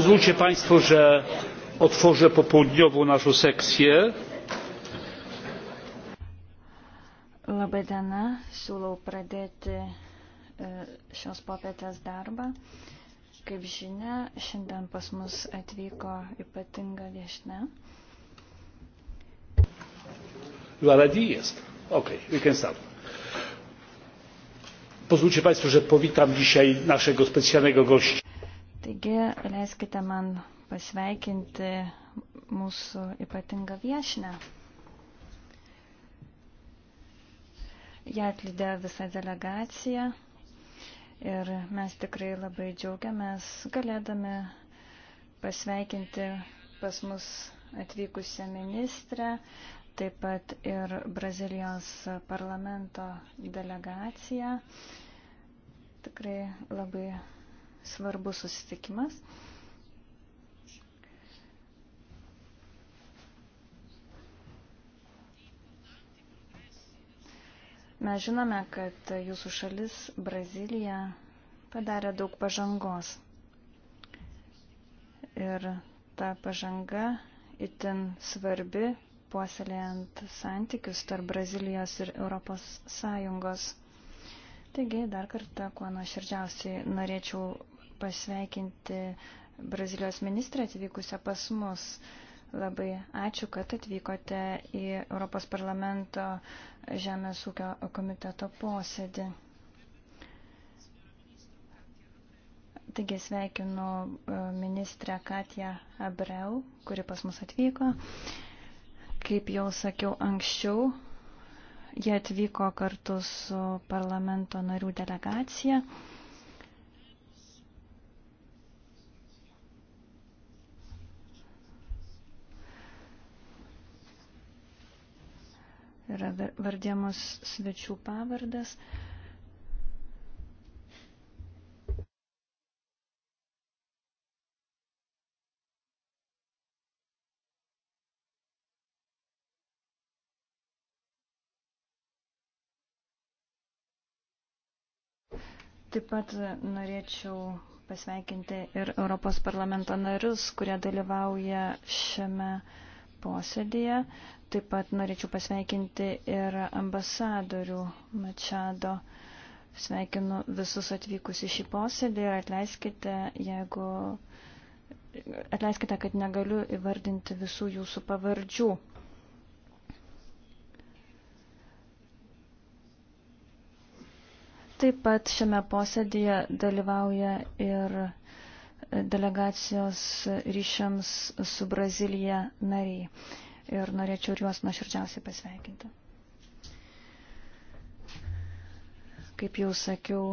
pozwólcie państwo że otworzę popołudniową naszą sekcję. Labai diena, siūlau pradėti e, šios popietės darbą. Kaip žinia, šiandien pas mus atvyko ypatinga viešne. You are ready? Yes. Okay, we can start pozwólcie państwo że powitam dzisiaj naszego specjalnego gościa. Taigi, leiskite man pasveikinti mūsų ypatingą viešinę. Jie atlydė visą delegaciją ir mes tikrai labai džiaugiamės galėdami pasveikinti pas mus atvykusią ministrę, taip pat ir Brazilijos parlamento delegaciją. Tikrai labai svarbus susitikimas. Mes žinome, kad jūsų šalis Brazilija padarė daug pažangos. Ir ta pažanga itin svarbi puoselėjant santykius tarp Brazilijos ir Europos Sąjungos. Taigi, dar kartą, kuo nuoširdžiausiai norėčiau pasveikinti Brazilijos ministrę atvykusią pas mus. Labai ačiū, kad atvykote į Europos parlamento Žemės ūkio komiteto posėdį. Taigi sveikinu e, ministrę Katją Abreu, kuri pas mus atvyko. Kaip jau sakiau anksčiau, jie atvyko kartu su parlamento narių delegacija. yra vardėmos svečių pavardas. Taip pat norėčiau pasveikinti ir Europos parlamento narius, kurie dalyvauja šiame uh, posėdėje. Taip pat norėčiau pasveikinti ir ambasadorių Mačado. Sveikinu visus atvykus į šį posėdį ir atleiskite, jeigu atleiskite, kad negaliu įvardinti visų jūsų pavardžių. Taip pat šiame posėdėje dalyvauja ir delegacijos ryšiams su Brazilija nariai. Ir norėčiau ir juos nuoširdžiausiai pasveikinti. Kaip jau sakiau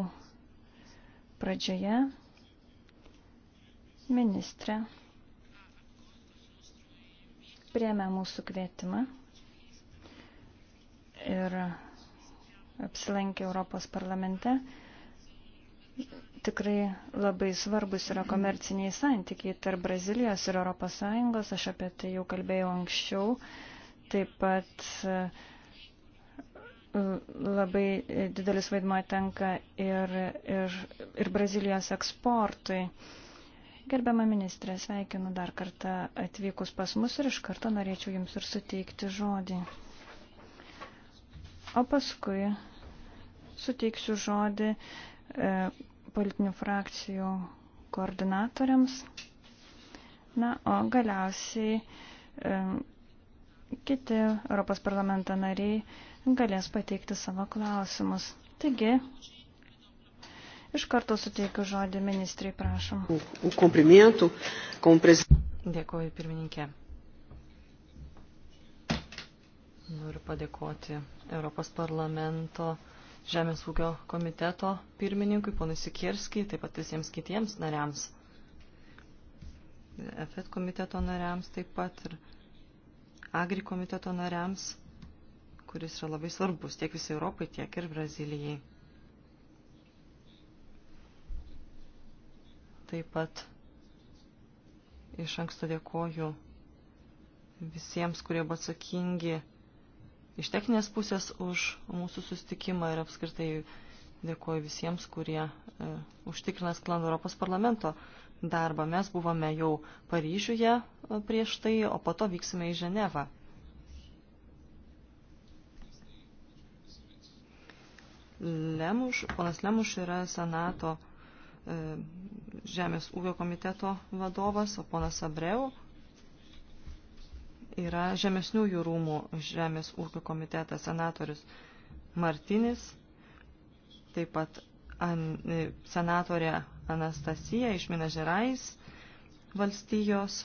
pradžioje, ministrė priemė mūsų kvietimą ir apsilankė Europos parlamente tikrai labai svarbus yra komerciniai santykiai tarp Brazilijos ir ES, aš apie tai jau kalbėjau anksčiau. Taip pat e, labai didelis vaidmuo tenka ir, ir, ir Brazilijos eksportui. Gerbiama ministrė, sveikinu dar kartą atvykus pas mus ir iš karto norėčiau Jums ir suteikti žodį. O paskui suteiksiu žodį e, politinių frakcijų koordinatoriams. Na, o galiausiai kiti Europos parlamento nariai galės pateikti savo klausimus. Taigi, iš karto suteikiu žodį ministrai, prašom. Dėkuoju, pirmininkė. Noriu padėkoti Europos parlamento Žemės ūkio komiteto pirmininkui, ponui Sikirskijai, taip pat visiems kitiems nariams, EFET komiteto nariams taip pat ir Agri komiteto nariams, kuris yra labai svarbus tiek visai Europai, tiek ir Brazilijai. Taip pat iš anksto dėkoju visiems, kurie buvo atsakingi iš techninės pusės už mūsų sustikimą ir apskritai dėkuoju visiems, kurie e, užtikrina sklandų Europos parlamento darbą. Mes buvome jau Paryžiuje e, prieš tai, o po to vyksime į Ženevą. Lemuš, ponas Lemuš yra Senato e, Žemės ūkio komiteto vadovas, o ponas Abreu yra Žemesniųjų rūmų Žemės ūkio komitetas senatorius Martinis, taip pat an, senatorė Anastasija iš Minažerais valstijos,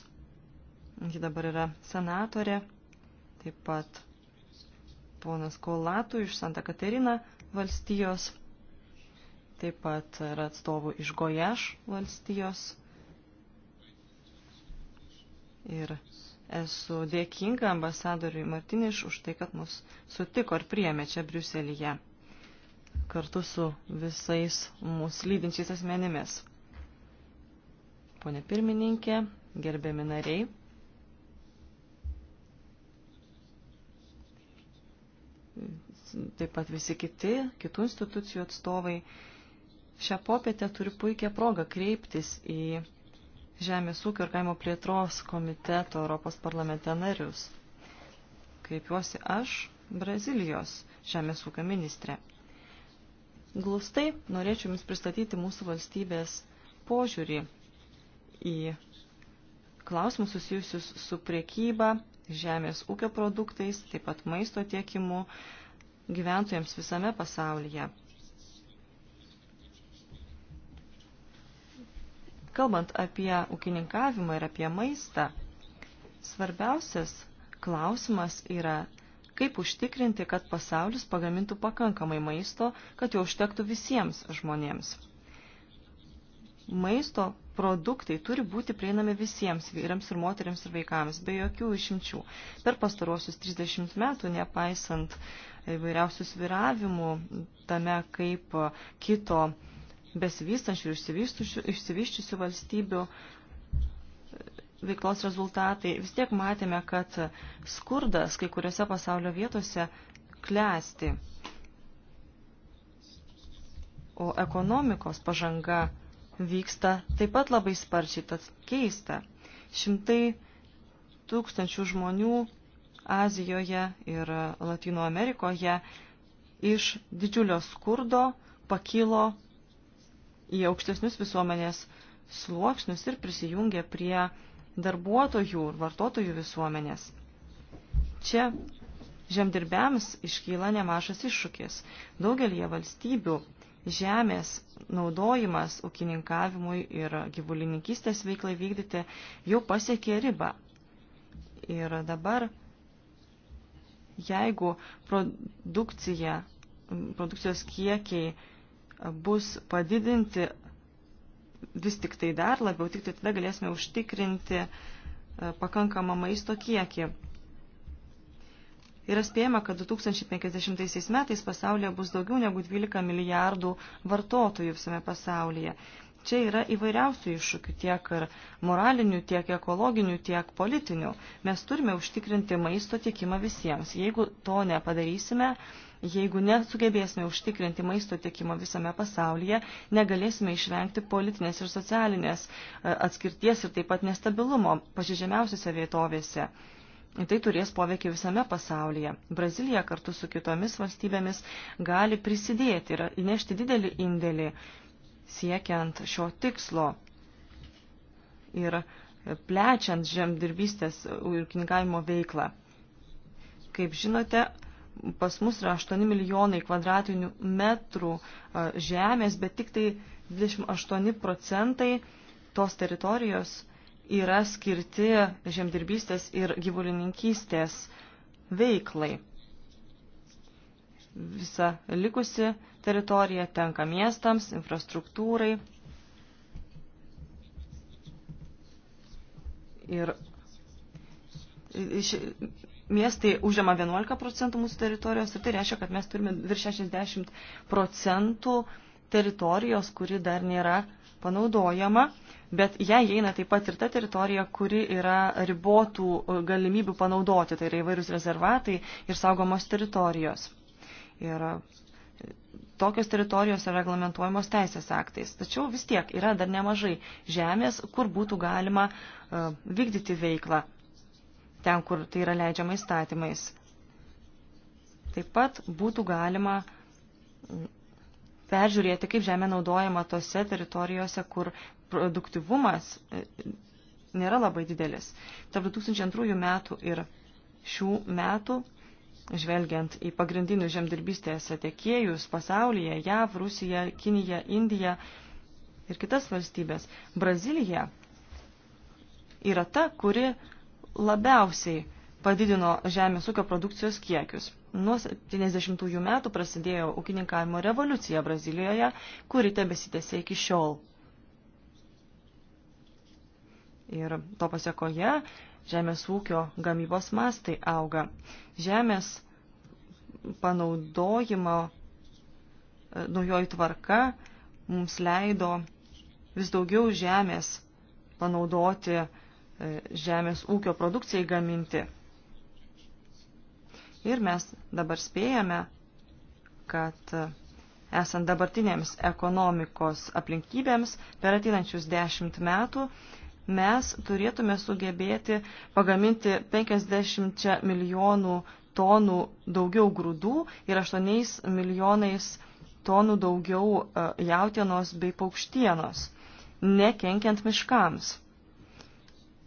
ji dabar yra senatorė, taip pat ponas Kolatų iš Santa Katerina valstijos, taip pat yra atstovų iš Gojaš valstijos ir Esu dėkinga ambasadoriui Martiniš už tai, kad mus sutiko ir priėmė čia Briuselyje kartu su visais mūsų lydinčiais asmenimis. Pone pirmininkė, gerbėmi nariai. Taip pat visi kiti, kitų institucijų atstovai šią popietę turi puikią progą kreiptis į Žemės ūkio ir kaimo plėtros komiteto Europos parlamente narius. Kreipiuosi aš, Brazilijos Žemės ūkio ministrė. Glustai norėčiau Jums pristatyti mūsų valstybės požiūrį į klausimus susijusius su priekyba, žemės ūkio produktais, taip pat maisto tiekimu gyventojams visame pasaulyje. Kalbant apie ūkininkavimą ir apie maistą, svarbiausias klausimas yra, kaip užtikrinti, kad pasaulis pagamintų pakankamai maisto, kad jo užtektų visiems žmonėms. Maisto produktai turi būti prieinami visiems vyrams ir moteriams ir vaikams, be jokių išimčių. Per pastaruosius 30 metų, nepaisant įvairiausių sviravimų tame, kaip kito besivystančių ir išsivyščiusių valstybių e, veiklos rezultatai, vis tiek matėme, kad skurdas kai kuriuose pasaulio vietose klesti. O ekonomikos pažanga vyksta taip pat labai sparčiai, tad keista. Šimtai tūkstančių žmonių Azijoje ir Latino Amerikoje iš didžiulio skurdo pakilo į aukštesnius visuomenės sluoksnius ir prisijungia prie darbuotojų ir vartotojų visuomenės. Čia žemdirbiams iškyla nemažas iššūkis. Daugelie valstybių žemės naudojimas ūkininkavimui ir gyvulininkystės veiklai vykdyti jau pasiekė ribą. Ir dabar, jeigu produkcija, produkcijos kiekiai bus padidinti vis tik tai dar labiau, tik tai tada galėsime užtikrinti e, pakankamą maisto kiekį. Yra spėjama, kad 2050 metais pasaulyje bus daugiau negu 12 milijardų vartotojų visame pasaulyje. Čia yra įvairiausių iššūkių tiek ir moralinių, tiek ekologinių, tiek politinių. Mes turime užtikrinti maisto tiekimą visiems. Jeigu to nepadarysime, Jeigu nesugebėsime užtikrinti maisto tiekimo visame pasaulyje, negalėsime išvengti politinės ir socialinės e, atskirties ir taip pat nestabilumo pažiūrėmiausiose vietovėse. Tai turės poveikį visame pasaulyje. Brazilija kartu su kitomis valstybėmis gali prisidėti ir įnešti didelį indėlį siekiant šio tikslo ir plečiant žemdirbystės ūkininkavimo veiklą. Kaip žinote, pas mus yra 8 milijonai kvadratinių metrų žemės, bet tik tai 28 procentai tos teritorijos yra skirti žemdirbystės ir gyvulininkystės veiklai. Visa likusi teritorija tenka miestams, infrastruktūrai ir miestai užima 11 procentų mūsų teritorijos ir tai reiškia, kad mes turime virš 60 procentų teritorijos, kuri dar nėra panaudojama, bet ją įeina taip pat ir ta teritorija, kuri yra ribotų e, galimybių panaudoti, tai yra įvairius rezervatai ir saugomos teritorijos. Ir e, tokios teritorijos yra reglamentuojamos teisės aktais. Tačiau vis tiek yra dar nemažai žemės, kur būtų galima uh, vykdyti veiklą ten, kur tai yra leidžiama įstatymais. Taip pat būtų galima mm, peržiūrėti, kaip žemė naudojama tose teritorijose, kur produktivumas e, nėra labai didelis. Tarp 2002 metų ir šių metų, žvelgiant į pagrindinius žemdirbystės tiekėjus pasaulyje, JAV, Rusija, Kinija, Indija ir kitas valstybės, Brazilija yra ta, kuri labiausiai padidino žemės ūkio produkcijos kiekius. Nuo 70-ųjų metų prasidėjo ūkininkavimo revoliucija Brazilijoje, kuri tebesitėsi iki šiol. Ir to pasiekoje žemės ūkio gamybos mastai auga. Žemės panaudojimo e, naujoji tvarka mums leido vis daugiau žemės panaudoti uh, E, žemės ūkio produkcijai gaminti. Ir mes dabar spėjame, kad e, esant dabartinėms ekonomikos aplinkybėms per ateinančius dešimt metų mes turėtume sugebėti pagaminti 50 milijonų tonų daugiau grūdų ir 8 milijonais tonų daugiau e, jautienos bei paukštienos, nekenkiant miškams.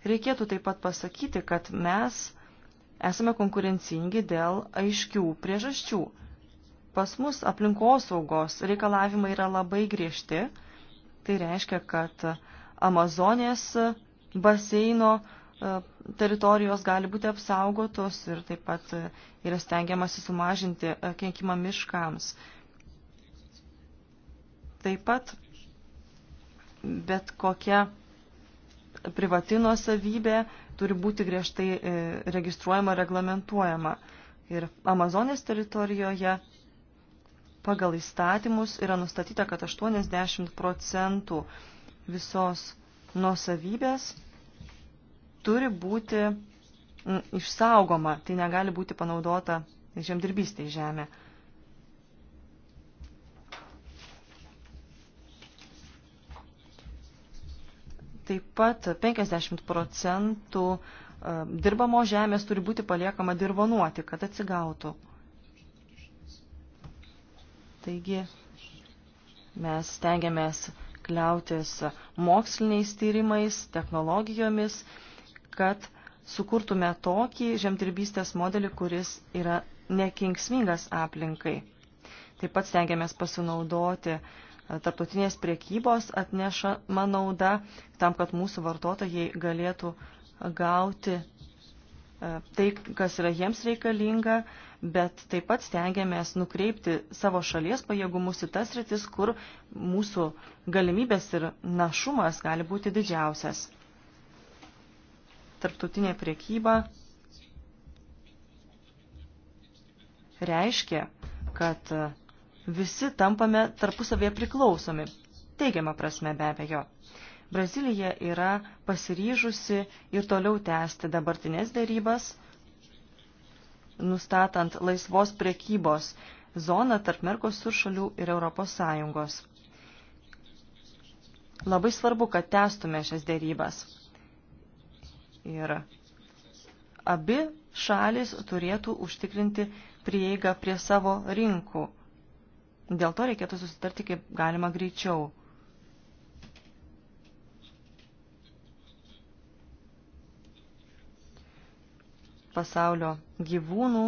Reikėtų taip pat pasakyti, kad mes esame konkurencingi dėl aiškių priežasčių. Pas mus aplinkosaugos reikalavimai yra labai griežti. Tai reiškia, kad Amazonės baseino e, teritorijos gali būti apsaugotos ir taip pat e, yra stengiamasi sumažinti e, kenkimą miškams. Taip pat bet kokia privati nuosavybė turi būti griežtai e, registruojama, reglamentuojama. Ir Amazonės teritorijoje pagal įstatymus yra nustatyta, kad 80 procentų visos nuosavybės turi būti išsaugoma, tai negali būti panaudota žemdirbystė į žemę. Taip pat 50 procentų e, dirbamo žemės turi būti paliekama dirbonuoti, kad atsigautų. Taigi mes stengiamės kliautis moksliniais tyrimais, technologijomis, kad sukurtume tokį žemdirbystės modelį, kuris yra nekenksmingas aplinkai. Taip pat stengiamės pasinaudoti uh, tarptautinės priekybos atneša manauda tam, kad mūsų vartotojai galėtų gauti e, tai, kas yra jiems reikalinga, bet taip pat stengiamės nukreipti savo šalies pajėgumus į tas rytis, kur mūsų galimybės ir našumas gali būti didžiausias. Tarptautinė priekyba reiškia, kad visi tampame tarpusavėje priklausomi. Teigiama prasme be abejo. Brazilija yra pasiryžusi ir toliau tęsti dabartinės dėrybas, nustatant laisvos prekybos zoną tarp Merkosur šalių ir Europos Sąjungos. Labai svarbu, kad tęstume šias dėrybas. Ir abi šalis turėtų užtikrinti prieigą prie savo rinkų Dėl to reikėtų susitarti kaip galima greičiau. Pasaulio gyvūnų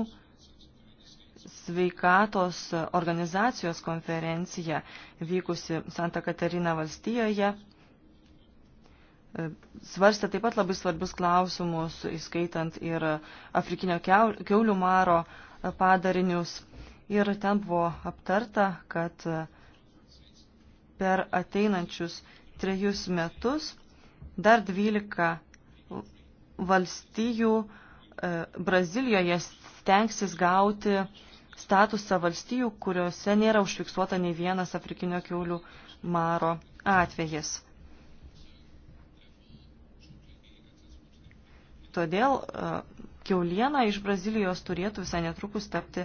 sveikatos organizacijos konferencija vykusi Santa Katarina valstijoje e, svarstė taip pat labai svarbius klausimus, įskaitant ir Afrikinio keulių maro padarinius ir ten buvo aptarta, kad per ateinančius trejus metus dar 12 valstijų e, Brazilijoje stengsis gauti statusą valstijų, kuriuose nėra užfiksuota nei vienas afrikinio kiaulių maro atvejis. Todėl e, kiauliena iš Brazilijos turėtų visai netrukus tapti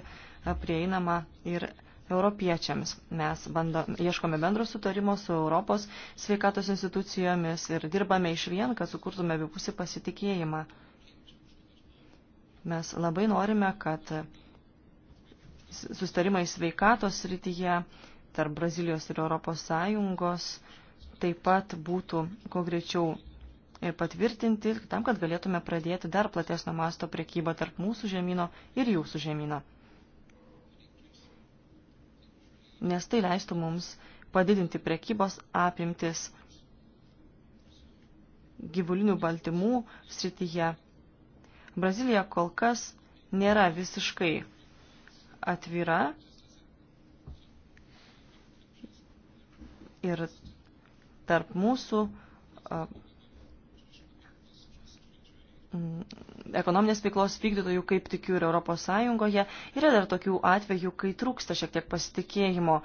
prieinama ir europiečiams. Mes bando, ieškome bendro sutarimo su Europos sveikatos institucijomis ir dirbame iš vien, kad sukurtume abipusį pasitikėjimą. Mes labai norime, kad sustarimai sveikatos srityje tarp Brazilijos ir Europos Sąjungos taip pat būtų kuo greičiau ir patvirtinti, tam, kad galėtume pradėti dar platesnio masto priekybą tarp mūsų žemino ir jūsų žemino. nes tai leistų mums padidinti prekybos apimtis gyvulinių baltymų srityje. Brazilija kol kas nėra visiškai atvira ir tarp mūsų Mm, ekonominės veiklos vykdytojų, kaip tikiu, ir Europos Sąjungoje. Yra dar tokių atvejų, kai trūksta šiek tiek pasitikėjimo.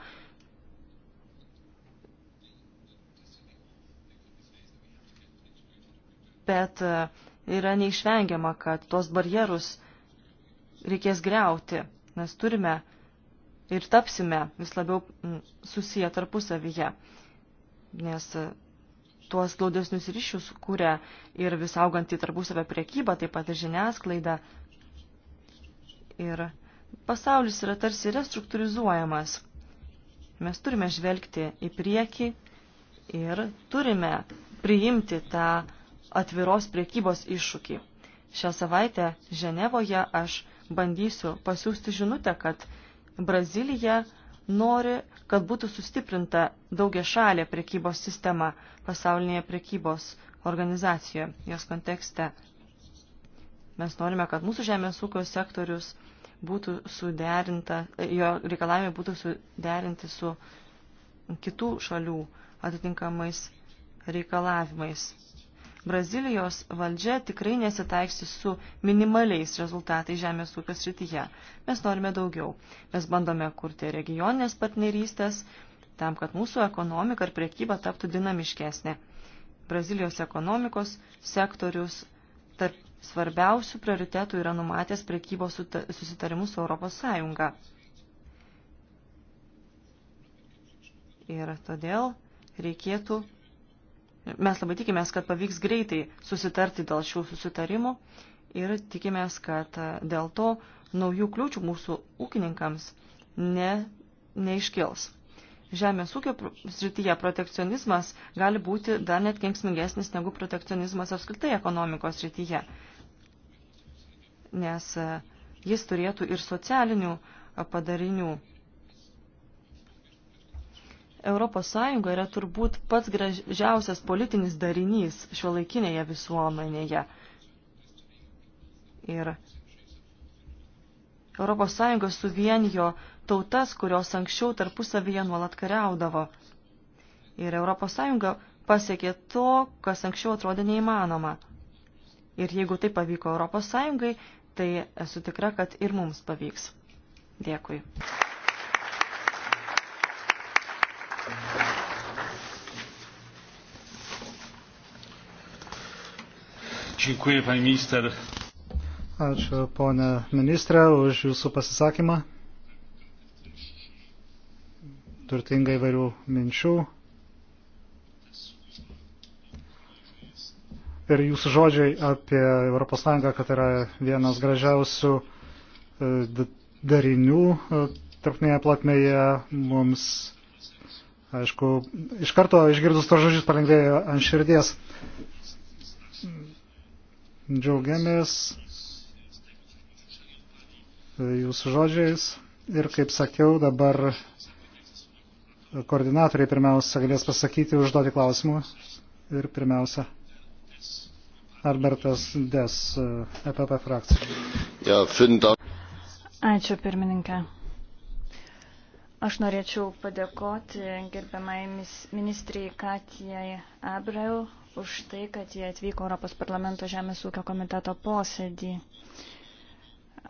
Bet e, yra neišvengiama, kad tuos barjerus reikės greuti, nes turime ir tapsime vis labiau mm, susiję tarpusavyje, nes tuos glaudesnius ryšius kūrė ir vis augantį tarpusavę priekybą, taip pat ir žiniasklaidą. Ir pasaulis yra tarsi restruktūrizuojamas. Mes turime žvelgti į priekį ir turime priimti tą atviros priekybos iššūkį. Šią savaitę Ženevoje aš bandysiu pasiūsti žinutę, kad Brazilija nori, kad būtų sustiprinta daugia šalė prekybos sistema pasaulinėje prekybos organizacijoje, jos kontekste. Mes norime, kad mūsų žemės ūkio sektorius būtų suderinta, jo reikalavimai būtų suderinti su kitų šalių atitinkamais reikalavimais. Brazilijos valdžia tikrai nesitaiksis su minimaliais rezultatais žemės ūkio srityje. Mes norime daugiau. Mes bandome kurti regioninės partnerystės tam, kad mūsų ekonomika ir priekyba taptų dinamiškesnė. Brazilijos ekonomikos sektorius tarp svarbiausių prioritetų yra numatęs priekybos susitarimus su Europos Sąjunga. Ir todėl reikėtų Mes labai tikimės, kad pavyks greitai susitarti dėl šių susitarimų ir tikimės, kad dėl to naujų kliūčių mūsų ūkininkams ne, neiškils. Žemės ūkio srityje protekcionizmas gali būti dar net kenksmingesnis negu protekcionizmas apskritai ekonomikos srityje, nes jis turėtų ir socialinių padarinių Europos Sąjunga yra turbūt pats gražiausias politinis darinys šiuolaikinėje visuomenėje. Ir Europos Sąjunga suvienijo tautas, kurios anksčiau tarpusavyje nuolat kariaudavo. Ir Europos Sąjunga pasiekė to, kas anksčiau atrodė neįmanoma. Ir jeigu tai pavyko Europos Sąjungai, tai esu tikra, kad ir mums pavyks. Dėkui. Dziękuję, pani minister. Ačiū, ponė ministrė, už jūsų pasisakymą. Turtinga įvairių minčių. Ir jūsų žodžiai apie ES, kad yra vienas gražiausių e, darinių e, tarpnėje platmėje mums, aišku, iš karto išgirdus to žodžius palengvėjo ant širdies. Džiaugiamės jūsų žodžiais ir, kaip sakiau, dabar koordinatoriai pirmiausia galės pasakyti, užduoti klausimų ir pirmiausia Albertas Des, EPP frakcija. Ačiū pirmininkė. Aš norėčiau padėkoti gerbiamai ministrijai Katijai Abreu už tai, kad jie atvyko Europos parlamento Žemės ūkio komiteto posėdį.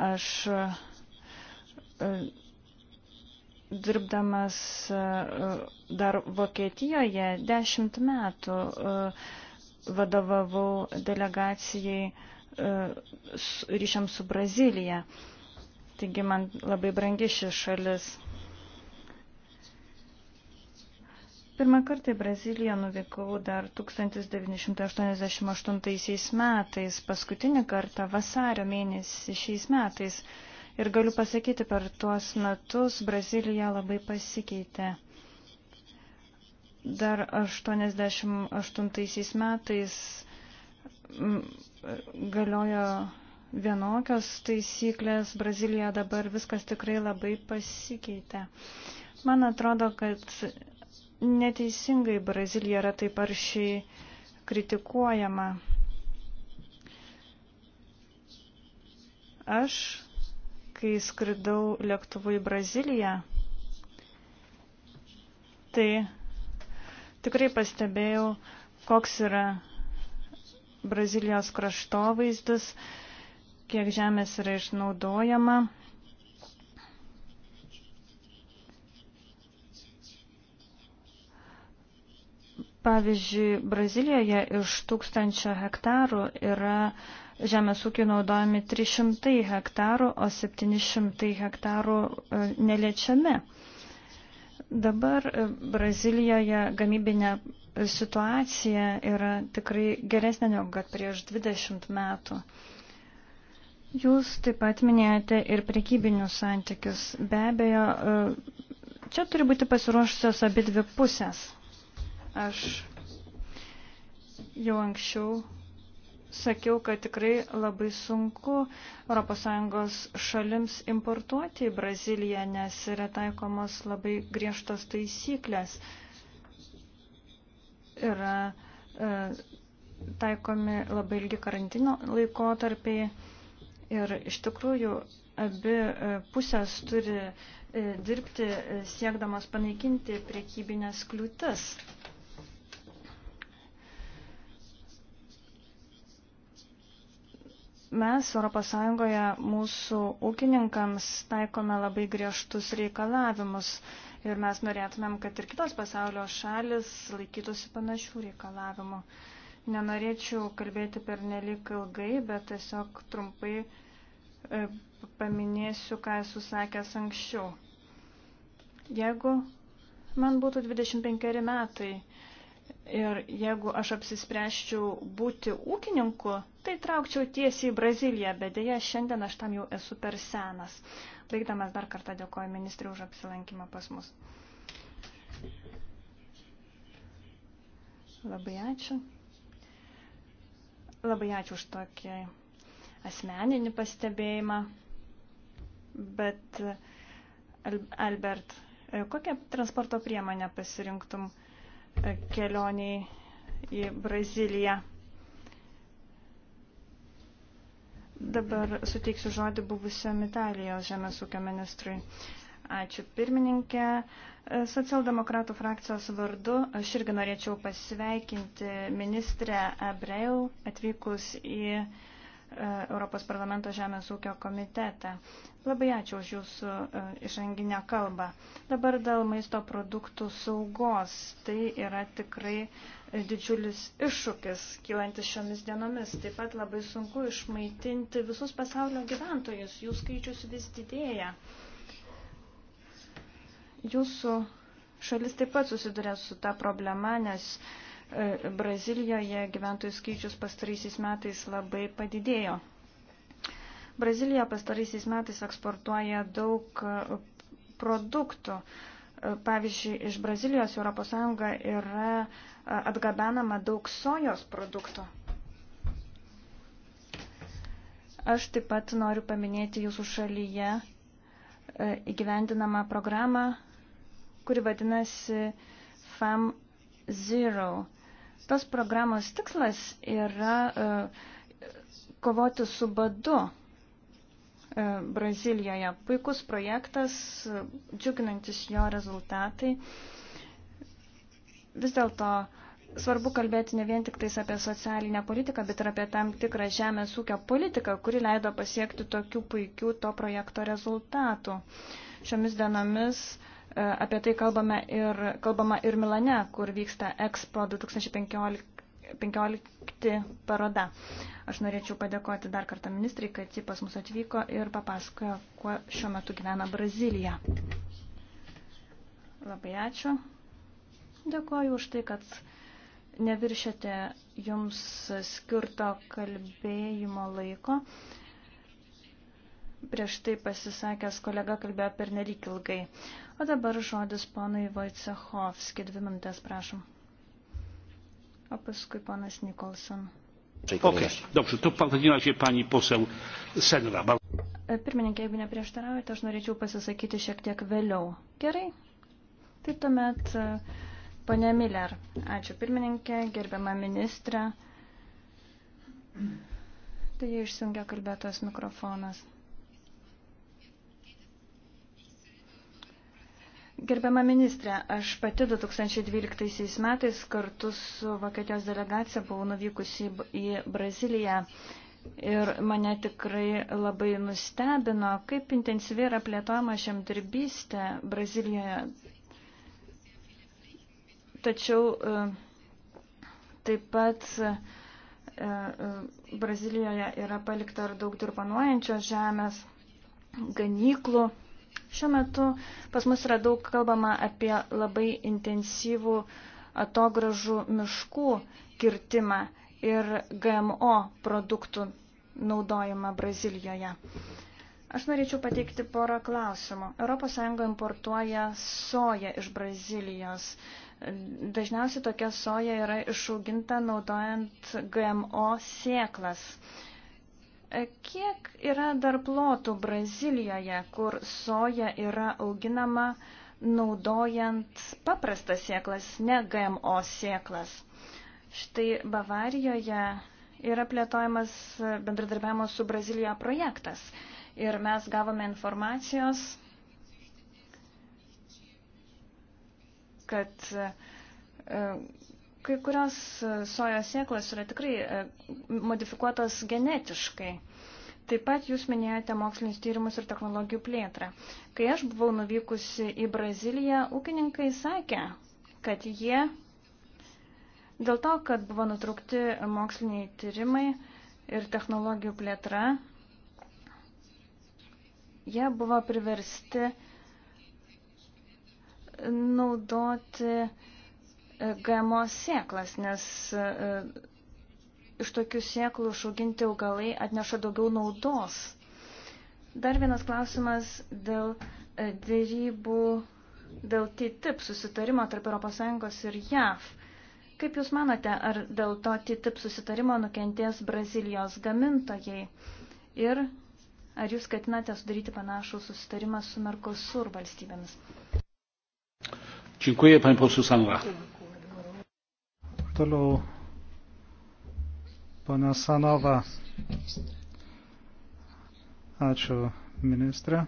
Aš e, dirbdamas e, dar Vokietijoje dešimt metų e, vadovavau delegacijai ryšiams su Brazilija. Taigi man labai brangi ši šalis. Pirmą kartą į Braziliją nuvykau dar 1988 metais, paskutinį kartą vasario mėnesį šiais metais. Ir galiu pasakyti, per tuos metus Brazilija labai pasikeitė. Dar 88 metais galiojo vienokios taisyklės, Brazilija dabar viskas tikrai labai pasikeitė. Man atrodo, kad neteisingai Brazilija yra taip aršiai kritikuojama. Aš, kai skridau lėktuvu į Braziliją, tai tikrai pastebėjau, koks yra Brazilijos kraštovaizdis, kiek žemės yra išnaudojama. Pavyzdžiui, Brazilijoje iš tūkstančio hektarų yra žemės ūkiai naudojami 300 hektarų, o 700 hektarų e, neliečiami. Dabar e, Brazilijoje gamybinė situacija yra tikrai geresnė negu kad prieš 20 metų. Jūs taip pat minėjote ir prekybinius santykius. Be abejo, e, čia turi būti pasiruošusios abi dvi pusės. Aš jau anksčiau sakiau, kad tikrai labai sunku ES šalims importuoti į Braziliją, nes yra taikomos labai griežtos taisyklės. Yra e, taikomi labai ilgi karantino laikotarpiai ir iš tikrųjų abi e, pusės turi e, dirbti e, siekdamas panaikinti priekybinės kliūtis. Mes ES mūsų ūkininkams taikome labai griežtus reikalavimus ir mes norėtumėm, kad ir kitos pasaulio šalis laikytųsi panašių reikalavimų. Nenorėčiau kalbėti per nelik ilgai, bet tiesiog trumpai e, paminėsiu, ką esu sakęs anksčiau. Jeigu man būtų 25 metai, Ir jeigu aš apsispręščiau būti ūkininku, tai traukčiau tiesiai į Braziliją, bet dėja šiandien aš tam jau esu per senas. Baigdamas dar kartą dėkoju ministriui už apsilankymą pas mus. Labai ačiū. Labai ačiū už tokį asmeninį pastebėjimą. Bet, Albert, kokią transporto priemonę pasirinktum? kelioniai į Braziliją. Dabar suteiksiu žodį buvusiam Italijos žemės ūkio ministrui. Ačiū pirmininkė. Socialdemokratų frakcijos vardu aš irgi norėčiau pasveikinti ministrę Abreu atvykus į uh, E, Europos parlamento žemės ūkio komitetą. Labai ačiū už jūsų išanginę e, kalbą. Dabar dėl maisto produktų saugos. Tai yra tikrai didžiulis iššūkis kylantis šiomis dienomis. Taip pat labai sunku išmaitinti visus pasaulio gyventojus. Jų skaičius vis didėja. Jūsų šalis taip pat susiduria su ta problema, nes uh, E, Brazilijoje gyventojų skaičius pastaraisiais metais labai padidėjo. Brazilija pastaraisiais metais eksportuoja daug e, produktų. E, pavyzdžiui, iš Brazilijos ES yra atgabenama daug sojos produktų. Aš taip pat noriu paminėti jūsų šalyje įgyvendinamą programą, kuri vadinasi FAM Zero Tos programos tikslas yra e, kovoti su badu e, Brazilijoje. Puikus projektas, džiuginantis jo rezultatai. Vis dėlto svarbu kalbėti ne vien tik tais apie socialinę politiką, bet ir apie tam tikrą žemės ūkio politiką, kuri leido pasiekti tokių puikių to projekto rezultatų. Šiomis dienomis uh, E, apie tai kalbame ir, kalbama ir Milane, kur vyksta Expo 2015 paroda. Aš norėčiau padėkoti dar kartą ministrai, kad ji pas mus atvyko ir papasakojo, kuo šiuo metu gyvena Brazilija. Labai ačiū. Dėkoju už tai, kad neviršėte jums skirto kalbėjimo laiko. Prieš tai pasisakęs kolega kalbėjo per nelik ilgai. O dabar žodis ponai Vojcechovski, dvi minutės prašom. O paskui ponas Nikolson. Okay. Dobrze, to pagrindinė pani posel Senra. Pirmininkė, jeigu neprieštaraujate, aš norėčiau pasisakyti šiek tiek vėliau. Gerai? Tai tuomet e, ponė Miller. Ačiū pirmininkė, gerbiama ministrė. Tai išsijungia kalbėtos mikrofonas. Gerbiama ministrė, aš pati 2012 metais kartu su Vokietijos delegacija buvau nuvykusi į Braziliją ir mane tikrai labai nustebino, kaip intensyviai yra plėtojama žemdirbystė Brazilijoje. Tačiau e, taip pat e, e, Brazilijoje yra palikta ir daug dirbanuojančios žemės, ganyklų Šiuo metu pas mus yra daug kalbama apie labai intensyvų atogražų miškų kirtimą ir GMO produktų naudojimą Brazilijoje. Aš norėčiau pateikti porą klausimų. ES importuoja soją iš Brazilijos. Dažniausiai tokia soja yra išauginta naudojant GMO sėklas. Uh, E, kiek yra dar plotų Brazilijoje, kur soja yra auginama naudojant paprastas sėklas, ne GMO sėklas? Štai Bavarijoje yra plėtojamas bendradarbiavimo su Brazilija projektas. Ir mes gavome informacijos, kad e, Kai kurios e, sojos sėklas yra tikrai e, modifikuotos genetiškai. Taip pat jūs minėjote mokslinius tyrimus ir technologijų plėtrą. Kai aš buvau nuvykusi į Braziliją, ūkininkai sakė, kad jie dėl to, kad buvo nutraukti moksliniai tyrimai ir technologijų plėtra, jie buvo priversti naudoti uh, GMO sėklas, nes e, iš tokių sėklų išauginti augalai atneša daugiau naudos. Dar vienas klausimas dėl e, dėrybų, dėl TTIP susitarimo tarp ES ir JAV. Kaip Jūs manote, ar dėl to TTIP susitarimo nukentės Brazilijos gamintojai? Ir ar Jūs ketinate sudaryti panašų susitarimą su Mercosur valstybėmis? Dziękuję, pani poseł Sanra. Toliau, pana Sanova. Ačiū, ministrė.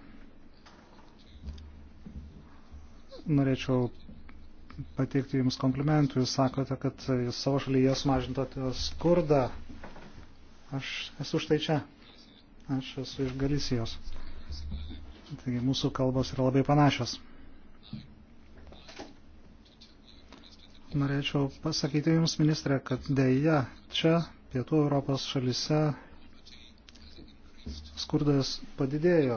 Norėčiau pateikti Jums komplimentų. Jūs sakote, kad Jūs savo šalyje sumažintate skurdą. Aš esu štai čia. Aš esu iš Galisijos. Taigi mūsų kalbos yra labai panašios. norėčiau pasakyti Jums, ministrė, kad dėja čia, Pietų Europos šalise, skurdas padidėjo.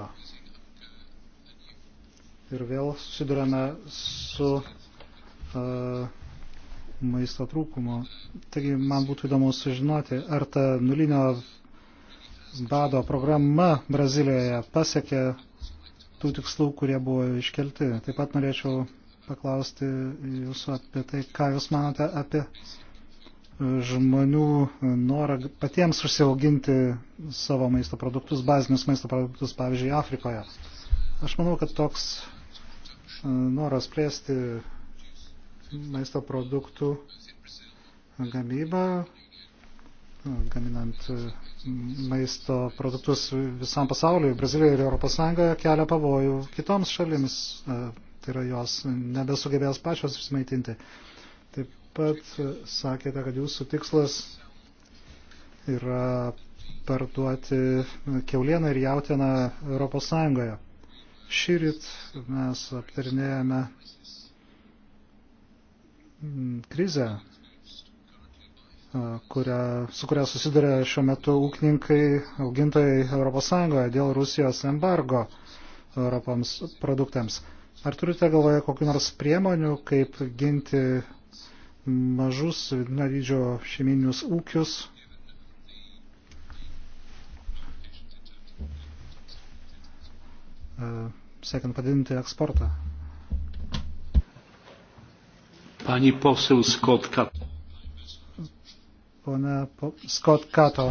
Ir vėl susidurėme su uh, maisto trūkumo. Taigi man būtų įdomu sužinoti, ar ta nulinio bado programa Brazilijoje pasiekė tų tikslų, kurie buvo iškelti. Taip pat norėčiau paklausti jūsų apie tai, ką jūs manote apie e, žmonių e, norą patiems užsiauginti savo maisto produktus, bazinius maisto produktus, pavyzdžiui, Afrikoje. Aš manau, kad toks e, noras plėsti maisto produktų gamybą, gaminant maisto produktus visam pasauliu, Brazilijoje ir Europos Sąjungoje, kelia pavojų kitoms šalims, tai yra jos nebesugebės pačios išsimaitinti. Taip pat e, sakėte, kad jūsų tikslas yra parduoti keulieną ir jautieną Europos Sąjungoje. Šyrit mes aptarinėjame mm, krizę, e, kurią, su kuria susiduria šiuo metu ūkininkai, augintojai Europos Sąjungoje dėl Rusijos embargo Europams produktams. Ar turite galvoje kokiu nors priemonių, kaip ginti mažus vidutinio dydžio šeiminius ūkius? E, siekiant padidinti eksportą. Pani poseł Scott Kato. Pone po, Scott Kato.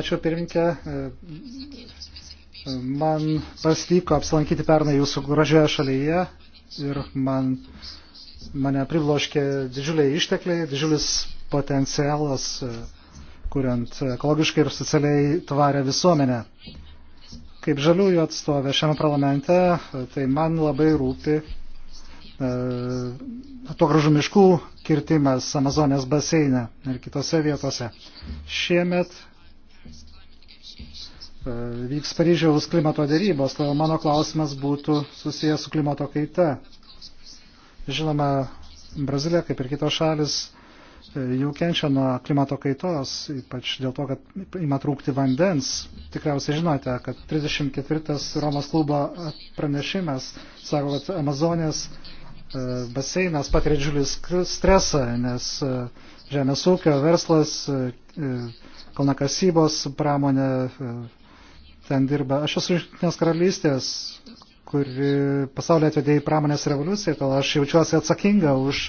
Ačiū pirminkė. E, Man pasvyko apsilankyti pernai jūsų gražioje šalyje ir man, mane pribloškė didžiuliai ištekliai, didžiulis potencialas, e, kuriant ekologiškai ir socialiai tvarę visuomenę. Kaip žaliųjų atstovė šiame parlamente, e, tai man labai rūpi e, to gražų miškų kirtimas Amazonės baseine ir kitose vietose. Šiemet E, vyks Paryžiaus klimato dėrybos, tai mano klausimas būtų susijęs su klimato kaita. Žinoma, Brazilija, kaip ir kitos šalis, e, jau kenčia nuo klimato kaitos, ypač dėl to, kad ima trūkti vandens. Tikriausiai žinote, kad 34 Romos klubo pranešimas sako, kad Amazonės e, baseinas patiria didžiulį stresą, nes žemės ūkio verslas, kalnakasybos pramonė, ten dirba. Aš esu iš Junktinės karalystės, kuri pasaulio atvedė į pramonės revoliuciją, tol aš jaučiuosi atsakinga už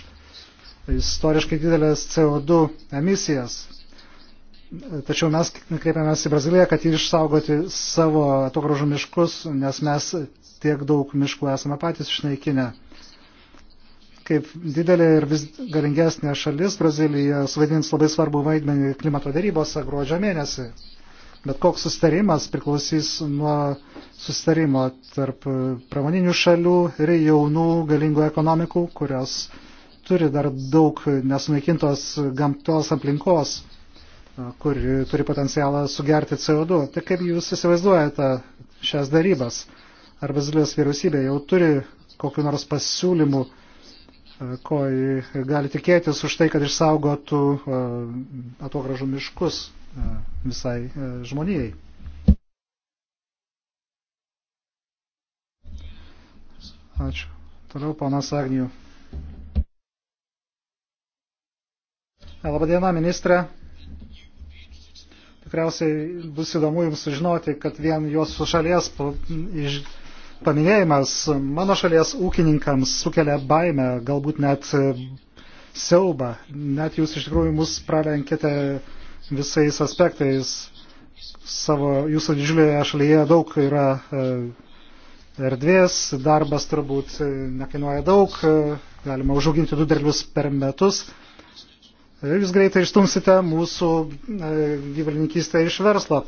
istoriškai didelės CO2 emisijas. Tačiau mes kreipiamės į Braziliją, kad jį išsaugoti savo atogražų miškus, nes mes tiek daug miškų esame patys išnaikinę. Kaip didelė ir vis galingesnė šalis, Brazilija suvaidins labai svarbu vaidmenį klimato darybose gruodžio mėnesį. Bet koks sustarimas priklausys nuo sustarimo tarp pramoninių šalių ir jaunų galingų ekonomikų, kurios turi dar daug nesunaikintos gamtos aplinkos, kuri turi potencialą sugerti CO2. Tai kaip jūs įsivaizduojate šias darybas? Ar Brazilijos vyriausybė jau turi kokiu nors pasiūlymu, ko gali tikėtis už tai, kad išsaugotų e, atogražų miškus E, visai e, žmonijai. Ačiū. Toliau ponas Agnijų. E, Labadiena, ministrė. Tikriausiai bus įdomu jums sužinoti, kad vien jūsų šalies paminėjimas mano šalies ūkininkams sukelia baimę, galbūt net siaubą. Net jūs iš tikrųjų mus pralenkite visais aspektais savo, jūsų didžiulėje šalyje daug yra e, erdvės, darbas turbūt e, nekainuoja daug, e, galima užauginti du derlius per metus. Ir jūs greitai ištumsite mūsų gyvulininkystę iš verslo.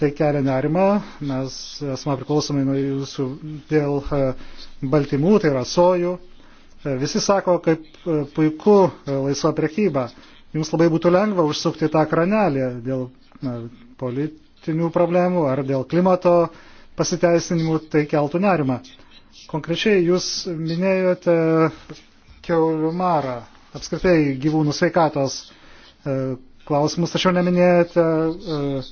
Tai kelia nerima, mes esame priklausomi nuo jūsų dėl baltymų, tai yra sojų. Visi sako, kaip puiku laisva prekyba jums labai būtų lengva užsukti tą kranelį dėl na, politinių problemų ar dėl klimato pasiteisinimų, tai keltų nerimą. Konkrečiai jūs minėjote keulių marą, apskritai gyvūnų sveikatos e, klausimus, tačiau neminėjote e,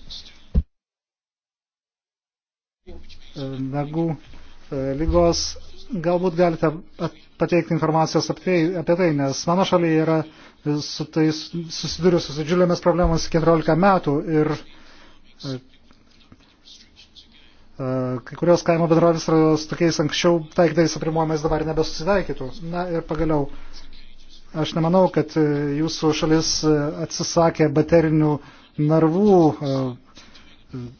e nagų e, lygos Galbūt galite pateikti informacijos apie, tai, apie tai, nes mano šalyje yra su tai susiduriu su didžiulėmis problemomis 14 metų ir e, e, kai kurios kaimo bendrovės yra su tokiais anksčiau taikdais aprimuojamais dabar nebesusitaikytų. Na ir pagaliau, aš nemanau, kad e, jūsų šalis atsisakė baterinių narvų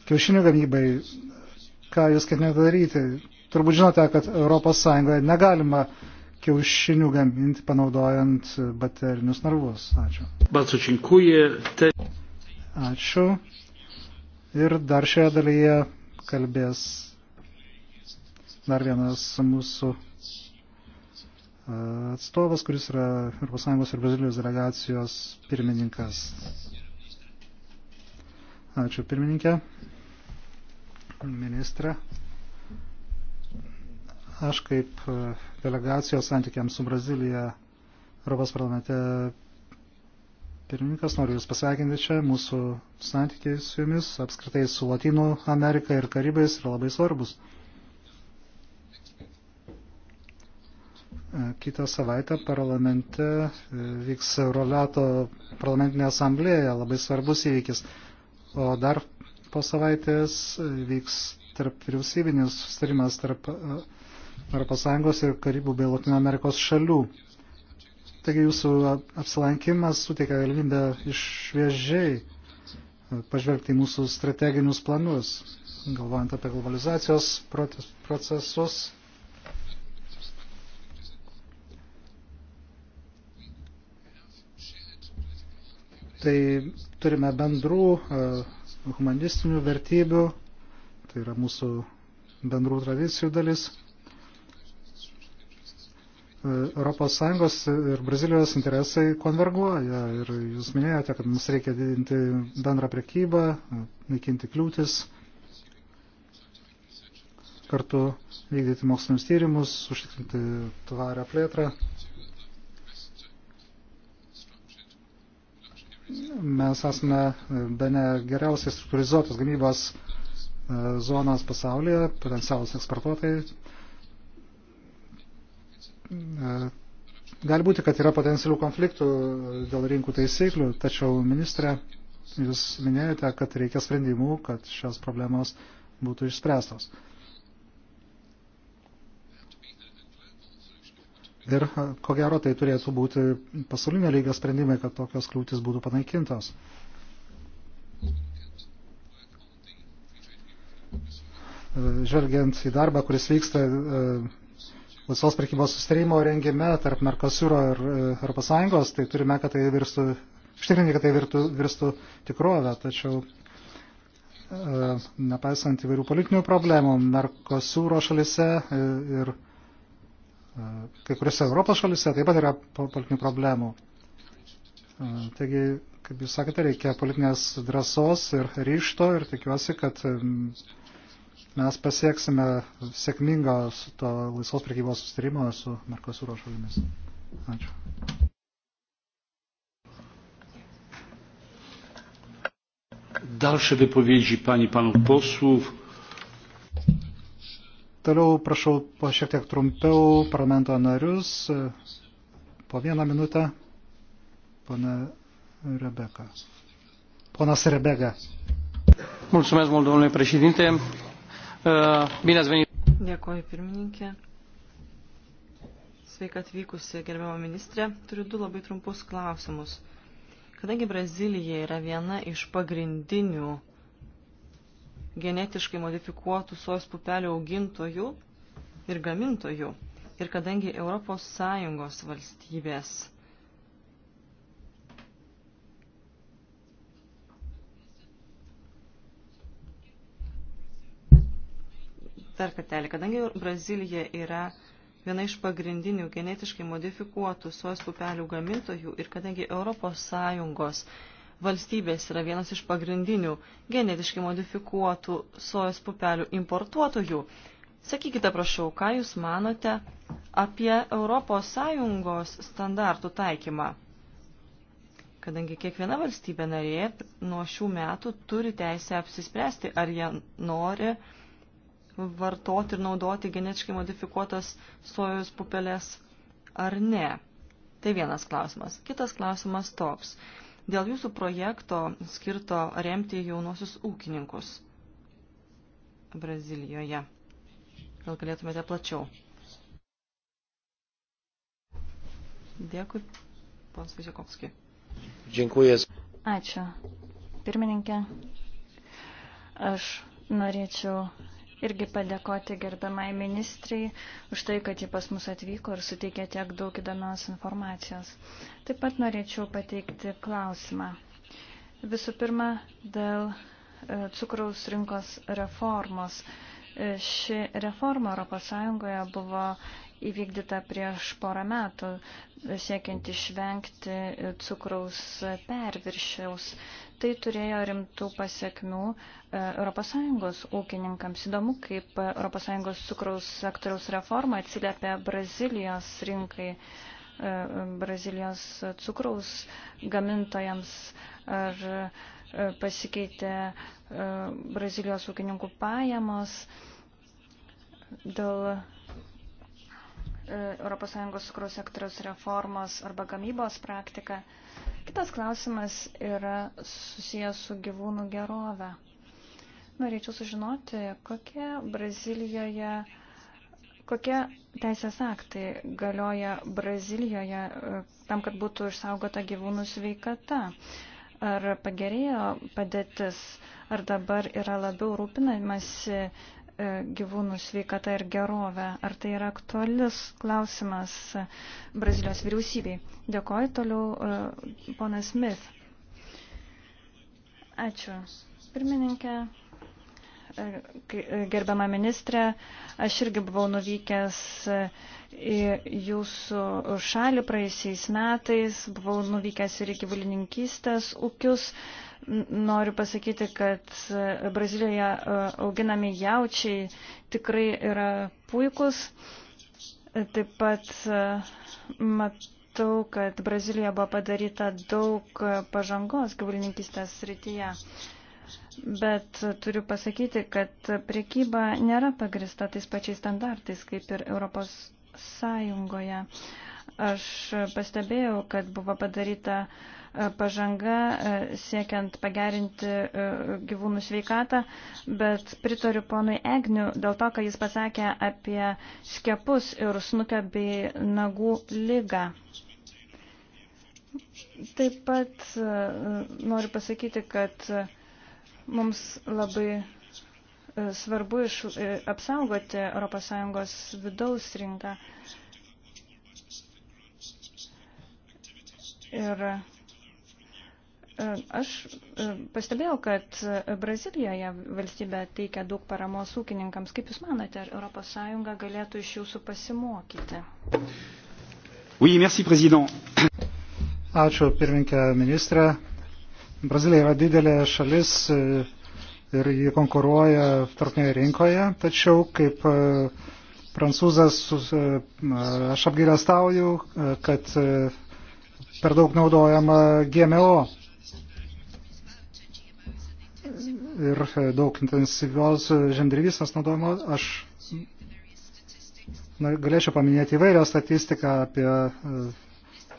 kiaušinių gamybai. Ką jūs ketinate daryti? Turbūt žinote, kad ES negalima kiaušinių gaminti panaudojant baterinius narvus. Ačiū. Bardzo dziękuję. Te... Ačiū. Ir dar šioje dalyje kalbės dar vienas mūsų e, atstovas, kuris yra ES ir Brazilijos delegacijos pirmininkas. Ačiū pirmininkė, ministrė. Aš kaip e, delegacijos santykiams su Brazilija Europos parlamente pirmininkas noriu Jūs pasveikinti čia. Mūsų santykiai su Jumis, apskritai su Latino Amerika ir Karibais yra labai svarbus. E, kitą savaitę parlamente e, vyks Euroleto parlamentinė asamblėja, labai svarbus įvykis. O dar po savaitės vyks tarp vyriausybinis sustarimas tarp uh, ES ir Karibų bei Latino Amerikos šalių. Taigi jūsų apsilankimas suteikia galimybę išviežiai pažvelgti į mūsų strateginius planus, galvojant apie globalizacijos procesus tai turime bendrų e, humanistinių vertybių, tai yra mūsų bendrų tradicijų dalis. ES ir Brazilijos interesai konverguoja. Ir jūs minėjote, kad mums reikia didinti bendrą prekybą, naikinti kliūtis, kartu vykdyti mokslinius tyrimus, užtikrinti tvarę plėtrą. Mes esame bene geriausiai struktūrizuotos gamybos e, zonos pasaulyje, potencialus eksportuotojai E, gali būti, kad yra potencialių konfliktų dėl rinkų taisyklių, tačiau ministrė, jūs minėjote, kad reikia sprendimų, kad šios problemos būtų išspręstos. Ir ko gero tai turėtų būti pasaulinio lygio sprendimai, kad tokios kliūtis būtų panaikintos. E, žvelgiant į darbą, kuris vyksta e, laisvos prekybos sustarimo rengime tarp Merkosūro ir ES, tai turime, kad tai virstų, ištikrinti, kad tai virtų, virstų tikrovę, tačiau e, nepaisant įvairių politinių problemų Merkosūro šalise e, ir e, kai kuriuose Europos šalise taip pat yra politinių problemų. Taigi, kaip jūs sakėte, reikia politinės drąsos ir ryšto ir tikiuosi, kad mes pasieksime sėkmingos to laisvos prekybos sustarimo su Merkosūro šalimis. Ačiū. Dalsze wypowiedzi pani panów posłów. Toliau prašau po šiek tiek trumpiau parlamento narius. Po vieną minutę. Pana Rebeka. Ponas Rebega. Mulțumesc mult, domnule președinte. Bine ați venit! Dėkoju, pirmininkė. Sveika atvykusi, gerbiamo ministrė. Turiu du labai trumpus klausimus. Kadangi Brazilija yra viena iš pagrindinių genetiškai modifikuotų sojos pupelių augintojų ir gamintojų, ir kadangi ES valstybės dar kartelį, kadangi Brazilija yra viena iš pagrindinių genetiškai modifikuotų sos pupelių gamintojų ir kadangi ES valstybės yra vienas iš pagrindinių genetiškai modifikuotų sojos pupelių importuotojų. Sakykite, prašau, ką Jūs manote apie ES standartų taikymą? Kadangi kiekviena valstybė narė nuo šių metų turi teisę apsispręsti, ar jie nori uh, vartoti ir naudoti genetiškai modifikuotas sojos pupelės ar ne. Tai vienas klausimas. Kitas klausimas toks. Dėl jūsų projekto skirto remti jaunosius ūkininkus Brazilijoje. Gal galėtumėte plačiau? Dėkui, pons Vyžiakovski. Dziękuję. Ačiū. Pirmininkė, aš norėčiau irgi padėkoti gerbiamai ministrai už tai, kad ji pas mus atvyko ir suteikė tiek daug įdomios informacijos. Taip pat norėčiau pateikti klausimą. Visų pirma, dėl e, cukraus rinkos reformos. E, ši reforma ES buvo įvykdyta prieš porą metų, siekiant išvengti cukraus perviršiaus. Tai turėjo rimtų pasiekmių ES ūkininkams. Įdomu, kaip ES cukraus sektoriaus reforma atsiliepia Brazilijos rinkai, e, Brazilijos cukraus gamintojams ar e, pasikeitė e, Brazilijos ūkininkų pajamos dėl ES cukraus sektoriaus reformos arba gamybos praktika. Kitas klausimas yra susijęs su gyvūnų gerove. Norėčiau sužinoti, kokie Brazilijoje, kokie teisės aktai galioja Brazilijoje e, tam, kad būtų išsaugota gyvūnų sveikata. Ar pagerėjo padėtis, ar dabar yra labiau rūpinamasi E, gyvūnų sveikata ir gerovė. Ar tai yra aktualis klausimas e, Brazilijos vyriausybei? Dėkoju toliau, e, ponas Smith. Ačiū. Pirmininkė, gerbiama ministrė, aš irgi buvau nuvykęs į jūsų šalį praeisiais metais, buvau nuvykęs ir į gyvulininkystės ūkius. Noriu pasakyti, kad e, Brazilijoje e, auginami jaučiai tikrai yra puikus. E, taip pat matau, kad Brazilijoje buvo padaryta daug pažangos gyvulininkistės srityje. Bet turiu pasakyti, kad priekyba nėra pagrista tais pačiais standartais, kaip ir Europos Sąjungoje. Aš pastebėjau, kad buvo padaryta uh, E, pažanga e, siekiant pagerinti e, gyvūnų sveikatą, bet pritariu ponui Egniu dėl to, ką jis pasakė apie skiepus ir snukę bei nagų lygą. Taip pat noriu pasakyti, kad mums labai svarbu iš, apsaugoti ES vidaus rinką. Ir E, aš e, pastebėjau, kad e, Brazilijoje valstybė teikia daug paramos ūkininkams. Kaip Jūs manote, ar ES galėtų iš jūsų pasimokyti? Oui, merci, président. Ačiū, pirminkė ministrė. Brazilija yra didelė šalis ir jį konkuruoja tarpinėje rinkoje, tačiau kaip prancūzas aš apgailestauju, kad per daug naudojama GMO. ir e, daug intensyvios žemdirbystės naudojimo. Aš na, galėčiau paminėti įvairią statistiką apie e,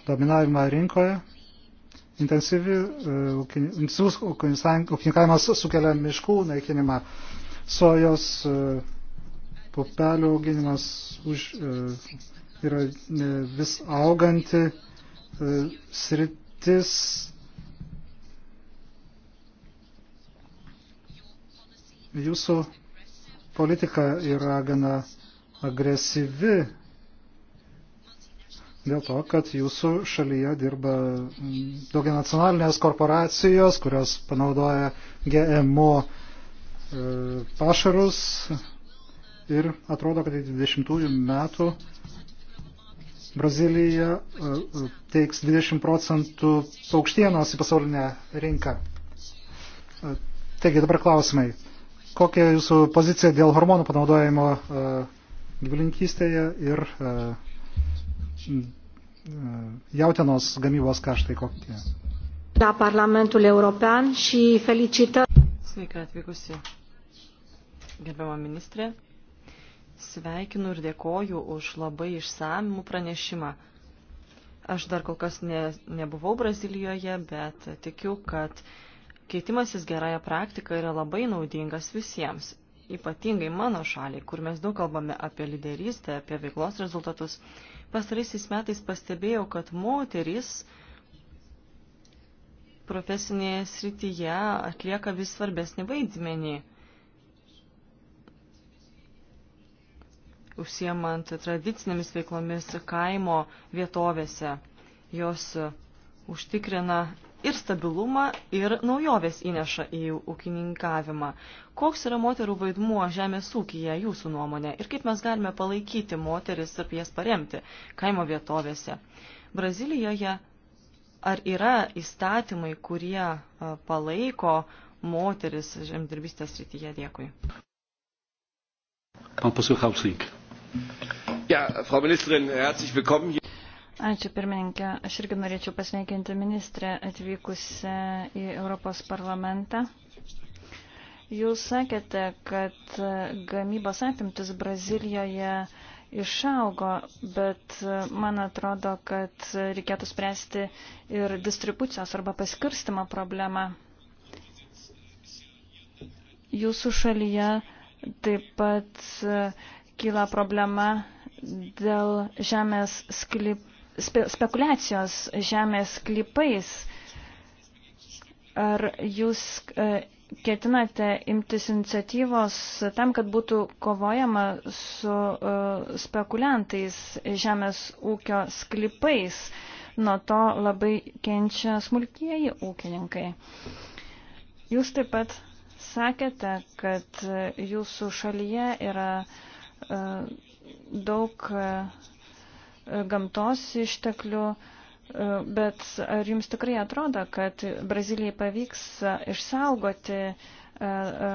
dominavimą rinkoje. Intensyvi, e, intensyvus ūkininkavimas sukelia miškų naikinimą, sojos pupelių auginimas už, yra vis auganti sritis Jūsų politika yra gana agresyvi dėl to, kad jūsų šalyje dirba mm, daugia nacionalinės korporacijos, kurios panaudoja GMO e, pašarus ir atrodo, kad iki 20 metų Brazilija e, e, teiks 20 procentų paukštienos į pasaulinę rinką. Taigi dabar klausimai. Kokia jūsų pozicija dėl hormonų panaudojimo e, gyvulinkystėje ir e, e, jautienos gamybos kaštai kokie? La Parlamentul European și felicitări. Sveika atvykusi, gerbiama ministrė. Sveikinu ir dėkoju už labai išsamimų pranešimą. Aš dar kol kas ne, nebuvau Brazilijoje, bet tikiu, kad uh, Keitimasis gerąją praktiką yra labai naudingas visiems, ypatingai mano šaliai, kur mes daug kalbame apie lyderystę, apie veiklos rezultatus. Pastaraisiais metais pastebėjau, kad moteris profesinėje srityje atlieka vis svarbesnį vaidmenį. Užsiemant tradicinėmis veiklomis kaimo vietovėse, jos užtikrina ir stabilumą, ir naujovės įneša į ūkininkavimą. Koks yra moterų vaidmuo žemės ūkyje jūsų nuomonė ir kaip mes galime palaikyti moteris ir jas paremti kaimo vietovėse? Brazilijoje ar yra įstatymai, kurie palaiko moteris žemdirbystės rytyje? Dėkui. Pan posłuchał Ja, Frau Ministerin, herzlich willkommen. Ačiū pirmininkė. Aš irgi norėčiau pasveikinti ministrę atvykusią į Europos parlamentą. Jūs sakėte, kad gamybos apimtis Brazilijoje išaugo, bet man atrodo, kad reikėtų spręsti ir distribucijos arba paskirstimo problemą. Jūsų šalyje taip pat kyla problema dėl žemės sklypų spe, spekulacijos žemės klipais. Ar jūs e, ketinate imtis iniciatyvos tam, kad būtų kovojama su e, spekuliantais žemės ūkio sklipais? Nuo to labai kenčia smulkieji ūkininkai. Jūs taip pat sakėte, kad e, jūsų šalyje yra daug gamtos išteklių, e, bet ar jums tikrai atrodo, kad Brazilijai pavyks išsaugoti e, e,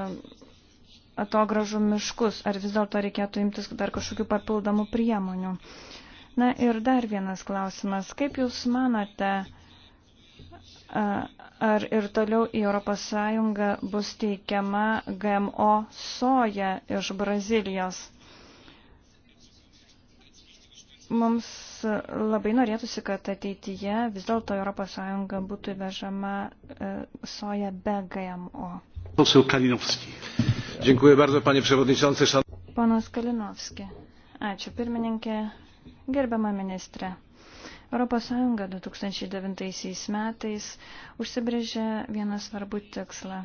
atogražų miškus, ar vis dėlto reikėtų imtis dar kažkokių papildomų priemonių? Na ir dar vienas klausimas. Kaip Jūs manote, ar ir toliau į ES bus teikiama GMO soja iš Brazilijos? Mums labai norėtųsi, kad ateityje vis dėlto ES būtų įvežama e, soja be GMO. Dziękuję bardzo, panie przewodniczący. Ponas Kalinowski. Ačiū, pirmininkė. Gerbiama ministrė. ES 2009 metais užsibrėžė vieną svarbų tikslą.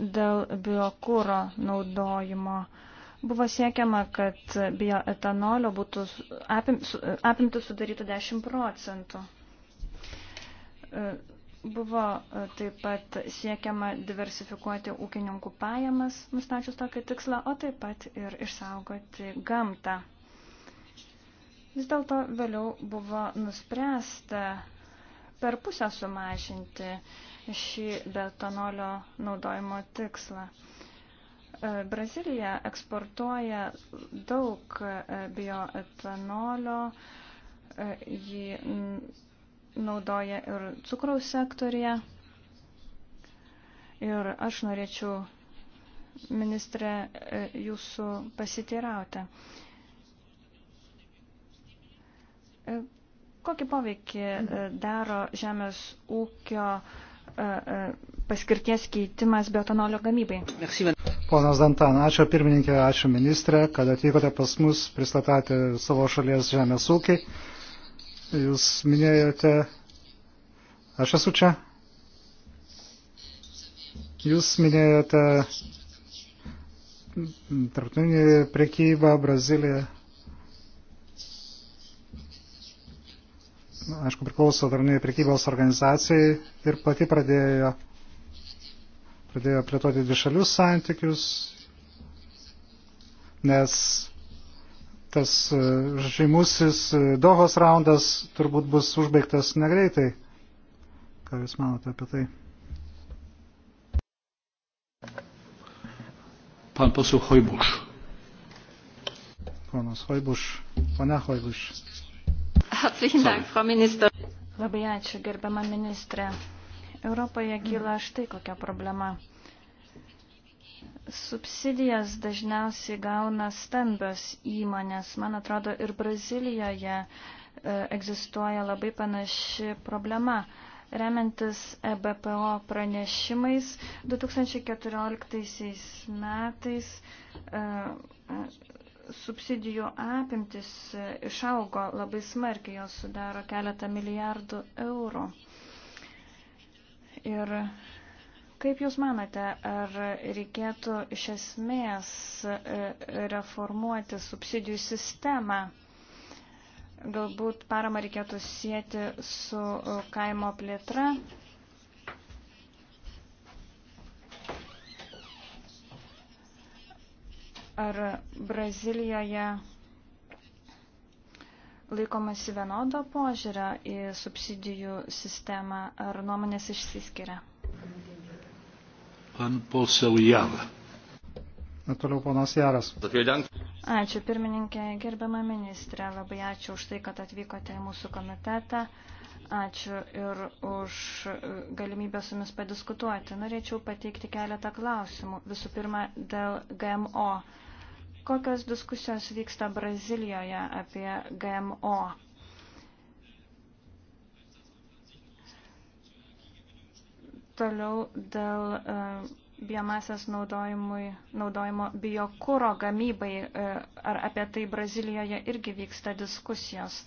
Dėl biokūro naudojimo uh, Buvo siekiama, kad bioetanolio būtų apim, apimtų sudarytų 10 procentų. E, buvo e, taip pat siekiama diversifikuoti ūkininkų pajamas, nustačius tokį tikslą, o taip pat ir išsaugoti gamtą. Vis dėlto vėliau buvo nuspręsta per pusę sumažinti šį betonolio naudojimo tikslą. E, Brazilija eksportuoja daug e, bioetanolio, e, jį naudoja ir cukraus sektorija. Ir aš norėčiau, ministrė, jūsų pasitirauti. Kokį poveikį daro žemės ūkio paskirties keitimas biotanolio gamybai? Ponas Dantan, ačiū pirmininkė, ačiū ministrė, kad atvykote pas mus, pristatėte savo šalies žemės ūkį. Jūs minėjote, aš esu čia. Jūs minėjote tarptautinį prekybą Braziliją. Aišku, priklauso tarptautinį prekybos organizacijai ir pati pradėjo pradėjo plėtoti dvišalius santykius, nes tas e, žymusis e, Dohos raundas turbūt bus užbaigtas negreitai. Ką Jūs manote apie tai? Pan poseł Hojbusz. Ponas Hojbuš, ponia Hojbuš. Herzlichen Dank, Frau Minister. Labai ačiū, gerbama ministrė. Europoje kyla štai kokia problema. Subsidijas dažniausiai gauna stambios įmonės. Man atrodo, ir Brazilijoje e, egzistuoja labai panaši problema. Remiantis EBPO pranešimais, 2014 metais e, subsidijų apimtis išaugo labai smarkiai, jos sudaro keletą milijardų eurų. Ir kaip Jūs manate, ar reikėtų iš esmės e, reformuoti subsidijų sistemą? Galbūt paramą reikėtų sieti su e, kaimo plėtra, ar Brazilijoje laikomasi vienodo požiūrio į subsidijų sistemą, ar nuomonės išsiskiria? Pan posel Java. Toliau ponas Jaras. Ačiū pirmininkė, gerbiama ministrė, labai ačiū už tai, kad atvykote į mūsų komitetą. Ačiū ir už galimybę su jumis padiskutuoti. Norėčiau pateikti keletą klausimų. Visų pirma, dėl GMO. Kokios diskusijos vyksta Brazilijoje apie GMO? Toliau dėl e, biomasės naudojimo biokūro gamybai, e, ar apie tai Brazilijoje irgi vyksta diskusijos.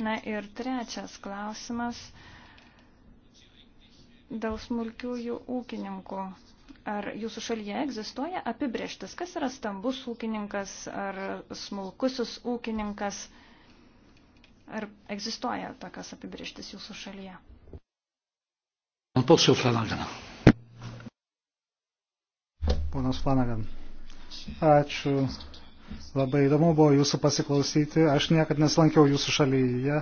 Na ir trečias klausimas dėl smulkiųjų ūkininkų Ar jūsų šalyje egzistuoja apibrieštis, kas yra stambus ūkininkas ar smulkusis ūkininkas? Ar egzistuoja tokios apibrieštis jūsų šalyje? Ponas Flanagan. Ačiū. Labai įdomu buvo jūsų pasiklausyti. Aš niekad nesilankiau jūsų šalyje,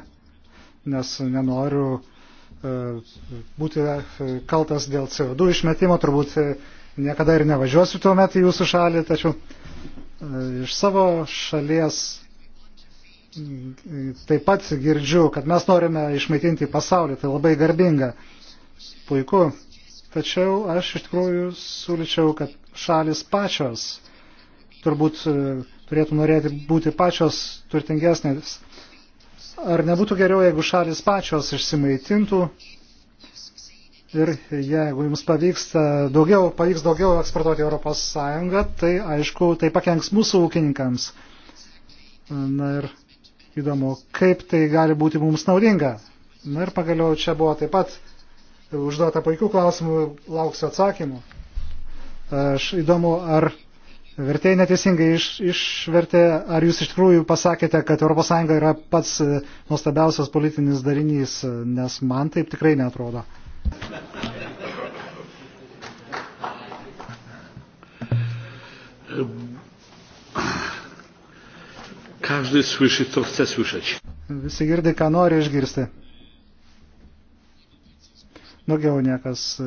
nes nenoriu būti e, kaltas dėl CO2 išmetimo, turbūt e, niekada ir nevažiuosiu tuo metu į jūsų šalį, tačiau e, iš savo šalies taip pat girdžiu, kad mes norime išmaitinti pasaulį, tai labai garbinga, puiku. Tačiau aš iš tikrųjų siūlyčiau, kad šalis pačios turbūt turėtų norėti būti pačios turtingesnės Ar nebūtų geriau, jeigu šalis pačios išsimaitintų ir jeigu jums pavyksta e, daugiau, pavyks daugiau eksportuoti Europos Sąjungą, tai aišku, tai pakenks mūsų ūkininkams. Na ir įdomu, kaip tai gali būti mums naudinga. Na ir pagaliau čia buvo taip pat užduota puikių klausimų, lauksiu atsakymų. Aš įdomu, ar Vertėjai neteisingai iš, išvertė, ar jūs iš tikrųjų pasakėte, kad ES yra pats e, nuostabiausias politinis darinys, e, nes man taip tikrai netrodo. Każdy słyszy, co chce słyszeć. Visi girdi, ką nori išgirsti. Daugiau niekas e,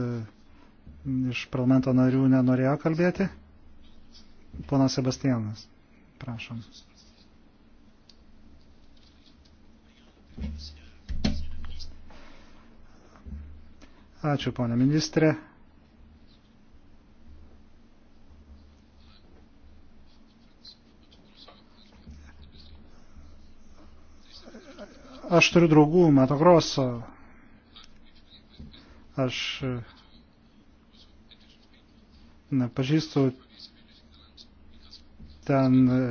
iš parlamento narių nenorėjo kalbėti. Ponas Sebastianas, prašom. Ačiū, ponė ministrė. Aš turiu draugų Matokroso. Aš nepažįstu ten e,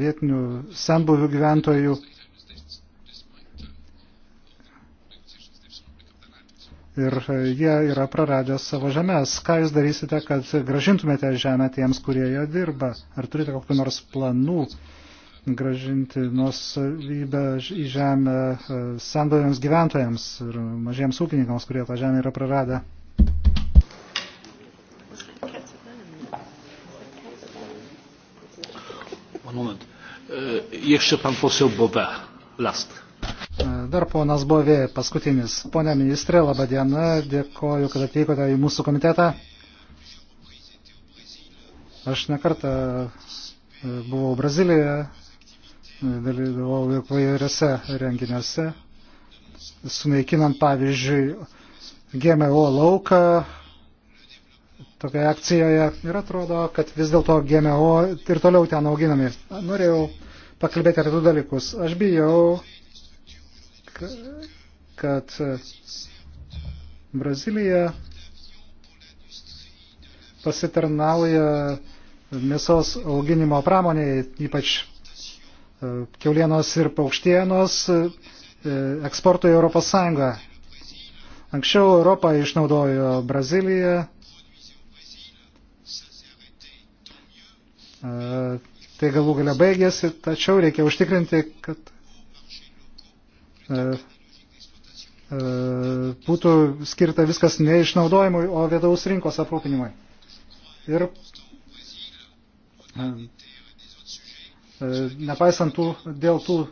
vietinių sambuvių gyventojų. Ir e, jie yra praradę savo žemės. Ką jūs darysite, kad gražintumėte žemę tiems, kurie jo dirba? Ar turite kokiu nors planų gražinti nuosavybę į žemę e, sambuviams gyventojams ir mažiems ūkininkams, kurie tą žemę yra praradę? Jeszcze pan poseł Bobę. Last. Dar ponas Bovė, paskutinis. Pone ministrė, laba diena, dėkoju, kad atvykote į mūsų komitetą. Aš nekartą e, buvau Brazilijoje, e, dalyvau įvairiose renginiuose, sunaikinant pavyzdžiui GMO lauką tokioje akcijoje ir atrodo, kad vis dėlto GMO ir toliau ten auginami. Norėjau pakalbėti apie tų dalykus. Aš bijau, kad e, Brazilija pasitarnauja mėsos auginimo pramonėje, ypač e, keulienos ir paukštienos e, eksportui Europos Sąjungą. Anksčiau Europą išnaudojo Braziliją, tai galų galia baigėsi, tačiau reikia užtikrinti, kad e, e, būtų skirta viskas ne išnaudojimui, o vidaus rinkos aprūpinimui. Ir e, e nepaisant tų, dėl tų e,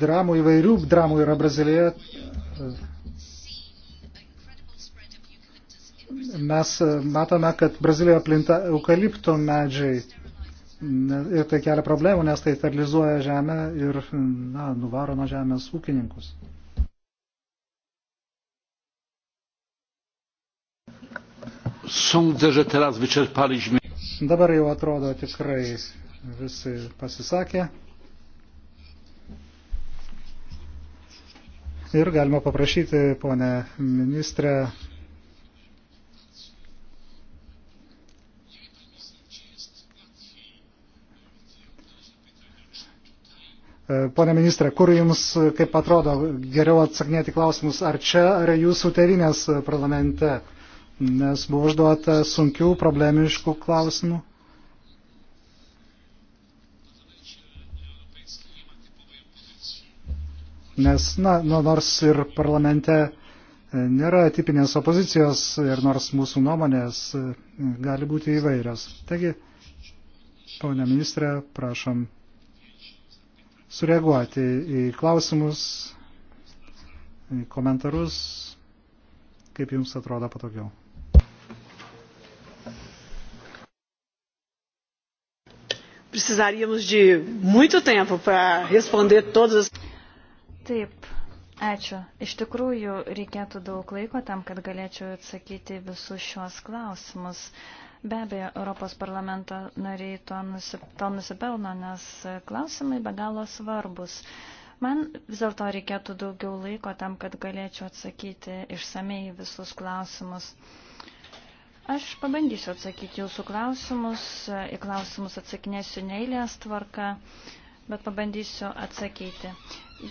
dramų įvairių, dramų yra Brazilėje, mes matome, kad Brazilijoje plinta eukalipto medžiai ir tai kelia problemų, nes tai terlizuoja žemę ir na, nuvaro nuo žemės ūkininkus. Sądzę, że teraz wyczerpaliśmy. Dabar jau atrodo tikrai visi pasisakė. Ir galima paprašyti, ponę ministrę, E, pone ministrė, kur jums, e, kaip atrodo, geriau atsakinėti klausimus, ar čia, ar jūsų tevinės parlamente? Nes buvo užduota sunkių, problemiškų klausimų. Nes, na, nu, nors ir parlamente e, nėra tipinės opozicijos ir nors mūsų nuomonės gali būti įvairios. Taigi, ponia ministrė, prašom sureaguoti į klausimus, į komentarus, kaip jums atrodo patogiau. Precisaríamos de muito tempo para responder todas as. Taip, ačiū. Iš tikrųjų, reikėtų daug laiko tam, kad galėčiau atsakyti visus šios klausimus. Uh, Be abejo, Europos parlamento nariai to, nusip, to nusipelno, nes klausimai be galo svarbus. Man vis dėlto reikėtų daugiau laiko tam, kad galėčiau atsakyti išsamei visus klausimus. Aš pabandysiu atsakyti jūsų klausimus, į klausimus atsakinėsiu neįlės tvarka, bet pabandysiu atsakyti.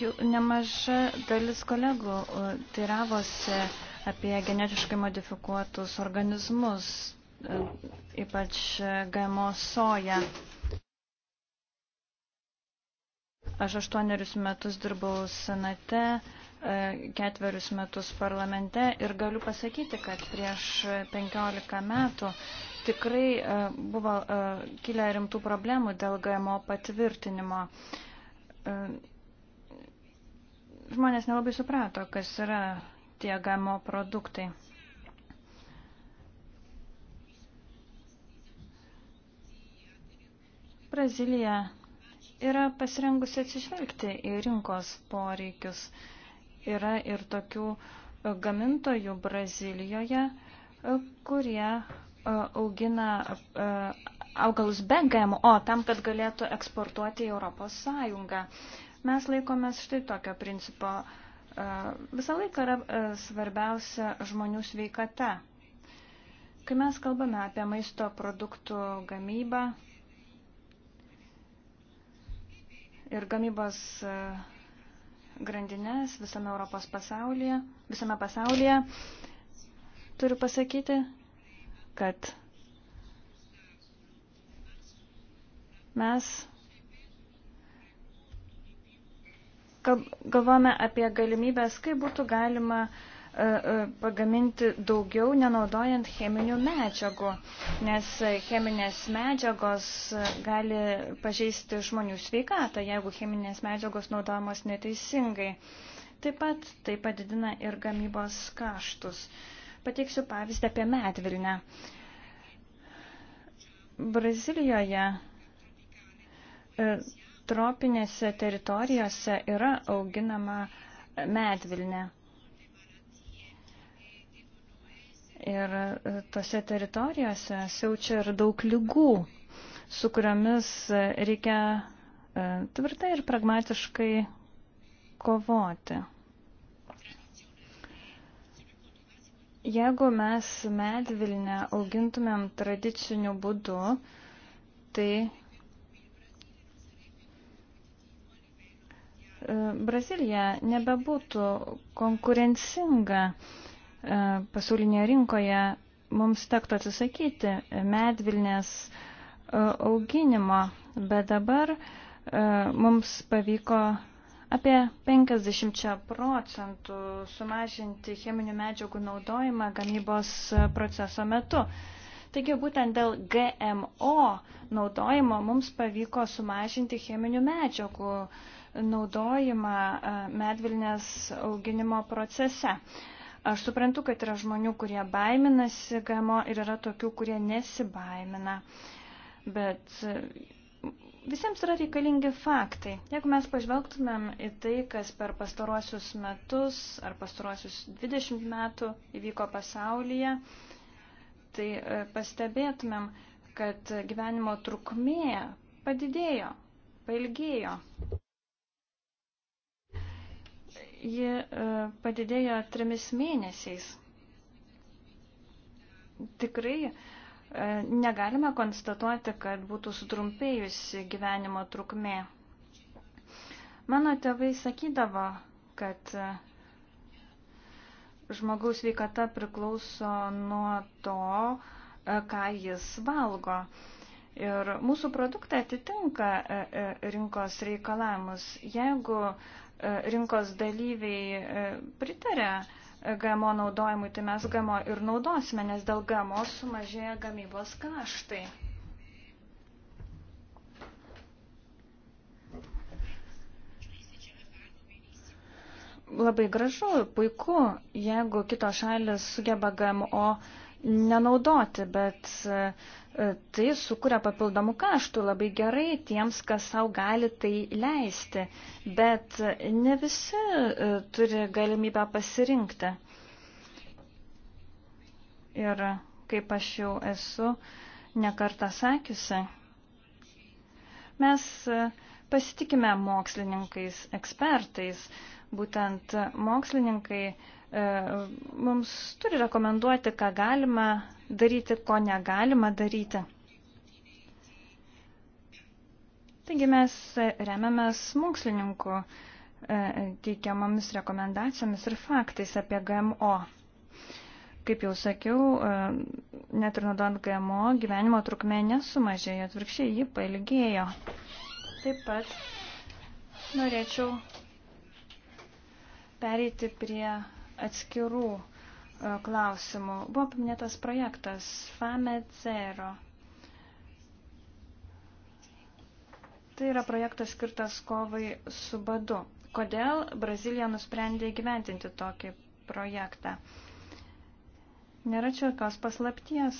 Jų nemaža dalis kolegų uh, tyravosi apie genetiškai modifikuotus organizmus, E, ypač e, GMO soja. Aš aštuonerius metus dirbau senate, e, ketverius metus parlamente ir galiu pasakyti, kad prieš penkiolika metų tikrai buvo kilę rimtų problemų dėl GMO patvirtinimo. Žmonės nelabai suprato, kas yra tie GMO produktai. Brazilija yra pasirengusi atsižvelgti į rinkos poreikius. Yra ir tokių e, gamintojų Brazilijoje, e, kurie e, augina augalus be GMO tam, kad galėtų eksportuoti į Europos Sąjungą. Mes laikomės štai tokio principo. Visą laiką yra svarbiausia žmonių sveikata. Kai mes kalbame apie maisto produktų gamybą, ir gamybos e, grandinės visame Europos pasaulyje, visame pasaulyje. Turiu pasakyti, kad mes galvojame apie galimybės, kaip būtų galima uh, E, e, pagaminti daugiau nenaudojant cheminių medžiagų, nes cheminės medžiagos e, gali pažeisti žmonių sveikatą, jeigu cheminės medžiagos naudojamos neteisingai. Taip pat tai padidina ir gamybos kaštus. Pateiksiu pavyzdį apie medvilnę. Brazilijoje tropinėse teritorijose yra auginama medvilnė ir e, tose teritorijose siaučia ir daug lygų, su kuriomis e, reikia e, tvirtai ir pragmatiškai kovoti. Jeigu mes medvilnę augintumėm tradiciniu būdu, tai Brazilija nebebūtų konkurencinga E, pasaulinėje rinkoje mums tektų atsisakyti medvilnės e, auginimo, bet dabar e, mums pavyko apie 50 procentų sumažinti cheminių medžiagų naudojimą gamybos proceso metu. Taigi būtent dėl GMO naudojimo mums pavyko sumažinti cheminių medžiagų naudojimą medvilnės auginimo procese. Aš suprantu, kad yra žmonių, kurie baiminasi GMO ir yra tokių, kurie nesibaimina. Bet e, visiems yra reikalingi faktai. Jeigu mes pažvelgtumėm į tai, kas per pastaruosius metus ar pastaruosius 20 metų įvyko pasaulyje, tai e, pastebėtumėm, kad gyvenimo trukmė padidėjo, pailgėjo ji e, padidėjo trimis mėnesiais. Tikrai e, negalime konstatuoti, kad būtų sutrumpėjusi gyvenimo trukmė. Mano tėvai sakydavo, kad e, žmogaus veikata priklauso nuo to, ką jis valgo. Ir mūsų produktai atitinka rinkos reikalavimus. Jeigu E, rinkos dalyviai e, pritarė e, GMO naudojimui, tai mes GMO ir naudosime, nes dėl GMO sumažėja gamybos kaštai. Labai gražu, puiku, jeigu kitos šalis sugeba GMO uh, nenaudoti, bet e, tai sukuria papildomų kaštų labai gerai tiems, kas savo gali tai leisti, bet ne visi e, turi galimybę pasirinkti. Ir kaip aš jau esu nekartą sakiusi, mes e, pasitikime mokslininkais, ekspertais, būtent mokslininkai, E, mums turi rekomenduoti, ką galima daryti, ko negalima daryti. Taigi mes remiamės mokslininkų e, teikiamomis rekomendacijomis ir faktais apie GMO. Kaip jau sakiau, e, net ir naudojant GMO, gyvenimo trukmė nesumažėjo, atvirkščiai jį pailgėjo. Taip pat norėčiau pereiti prie atskirų e, klausimų. Buvo paminėtas projektas FAME Zero. Tai yra projektas skirtas kovai su badu. Kodėl Brazilija nusprendė gyventinti tokį projektą? Nėra čia jokios paslapties.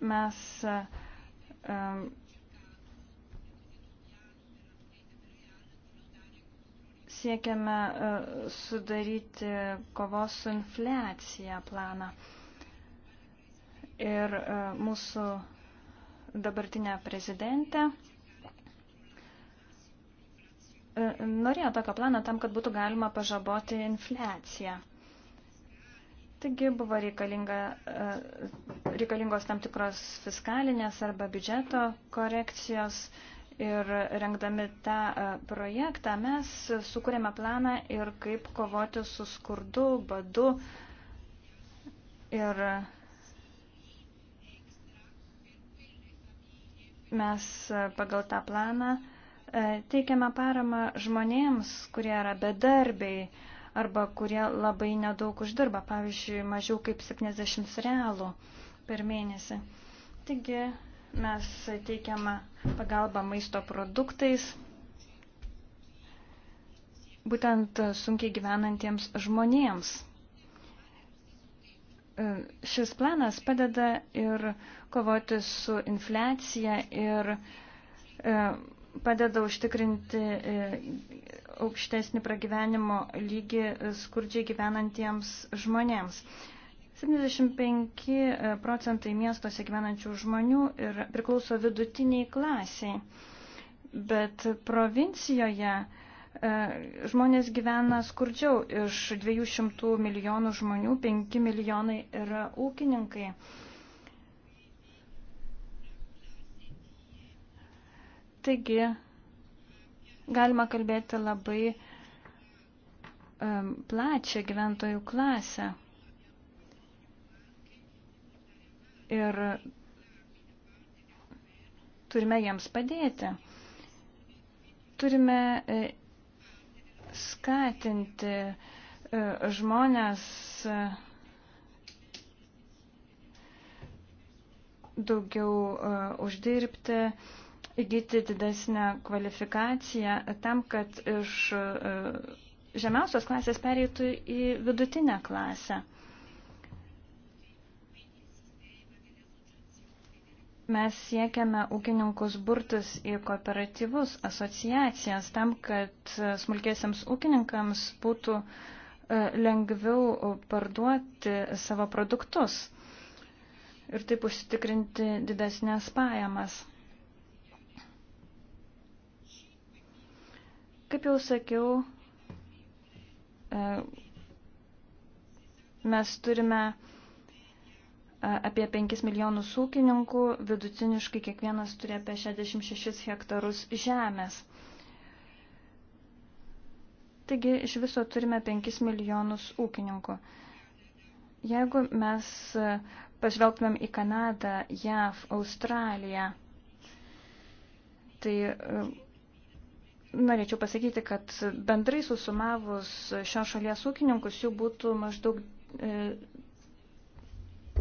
Mes um, siekiame e, sudaryti kovos su infliacija planą. Ir e, mūsų dabartinė prezidentė e, norėjo tokio plano tam, kad būtų galima pažaboti infliaciją. Taigi buvo reikalinga, reikalingos tam tikros fiskalinės arba biudžeto korekcijos Ir rengdami tą e, projektą mes sukūrėme planą ir kaip kovoti su skurdu, badu. Ir mes e, pagal tą planą e, teikiame paramą žmonėms, kurie yra bedarbiai arba kurie labai nedaug uždirba, pavyzdžiui, mažiau kaip 70 realų per mėnesį. Taigi Mes teikiame pagalbą maisto produktais būtent sunkiai gyvenantiems žmonėms. E, šis planas padeda ir kovoti su infliacija ir e, padeda užtikrinti e, aukštesnį pragyvenimo lygį skurdžiai gyvenantiems žmonėms. 75 e, procentai miestuose gyvenančių žmonių ir priklauso vidutiniai klasiai, bet provincijoje e, žmonės gyvena skurdžiau. Iš 200 milijonų žmonių 5 milijonai yra ūkininkai. Taigi, galima kalbėti labai um, plačią gyventojų klasę. ir turime jiems padėti. Turime e, skatinti e, žmonės e, daugiau uždirbti, įgyti didesnę kvalifikaciją tam, kad iš žemiausios klasės pereitų į vidutinę klasę. Mes siekiame ūkininkus burtis į kooperatyvus, asociacijas, tam, kad smulkėsiams ūkininkams būtų e, lengviau parduoti savo produktus ir taip užsitikrinti didesnės pajamas. Kaip jau sakiau, e, mes turime apie 5 milijonus ūkininkų, vidutiniškai kiekvienas turi apie 66 hektarus žemės. Taigi iš viso turime 5 milijonus ūkininkų. Jeigu mes pažvelgtumėm į Kanadą, JAV, Australiją, tai norėčiau pasakyti, kad bendrai susumavus šios šalies ūkininkus jų būtų maždaug e,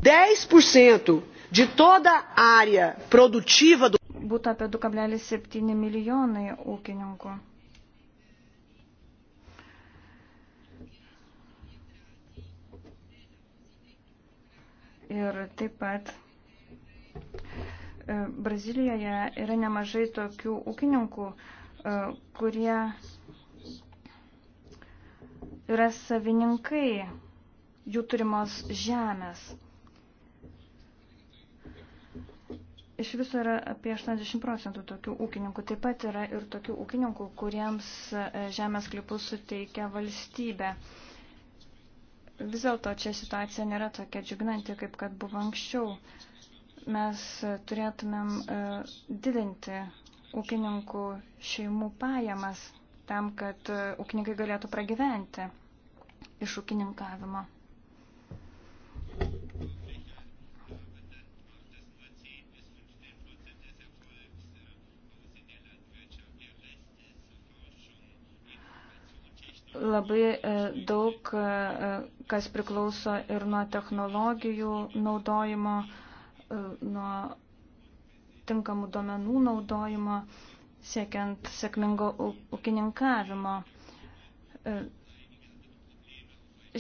10% de toda a área produtiva do. Būtų apie 2,7 milijonai ūkininkų. Ir taip pat e, Brazilijoje yra nemažai tokių ūkininkų, e, kurie yra savininkai jų turimos žemės. Iš viso yra apie 80 procentų tokių ūkininkų. Taip pat yra ir tokių ūkininkų, kuriems e, žemės klipus suteikia valstybė. Vis dėlto čia situacija nėra tokia džiugnanti, kaip kad buvo anksčiau. Mes e, turėtumėm e, didinti ūkininkų šeimų pajamas tam, kad ūkininkai galėtų pragyventi iš ūkininkavimo. Labai e, daug e, kas priklauso ir nuo technologijų naudojimo, e, nuo tinkamų duomenų naudojimo, siekiant sėkmingo ūkininkavimo.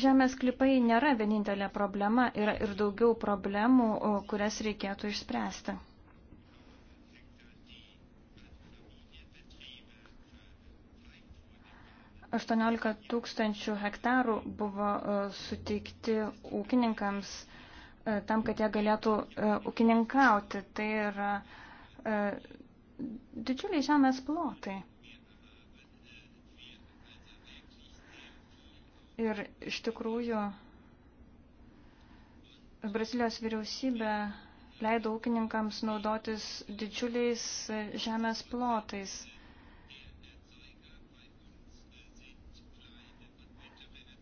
Žemės klipai nėra vienintelė problema, yra ir daugiau problemų, kurias reikėtų išspręsti. 18 tūkstančių hektarų buvo e, suteikti ūkininkams e, tam, kad jie galėtų e, ūkininkauti. Tai yra didžiuliai žemės plotai. Ir iš tikrųjų Brazilijos vyriausybė leido ūkininkams naudotis didžiuliais žemės plotais.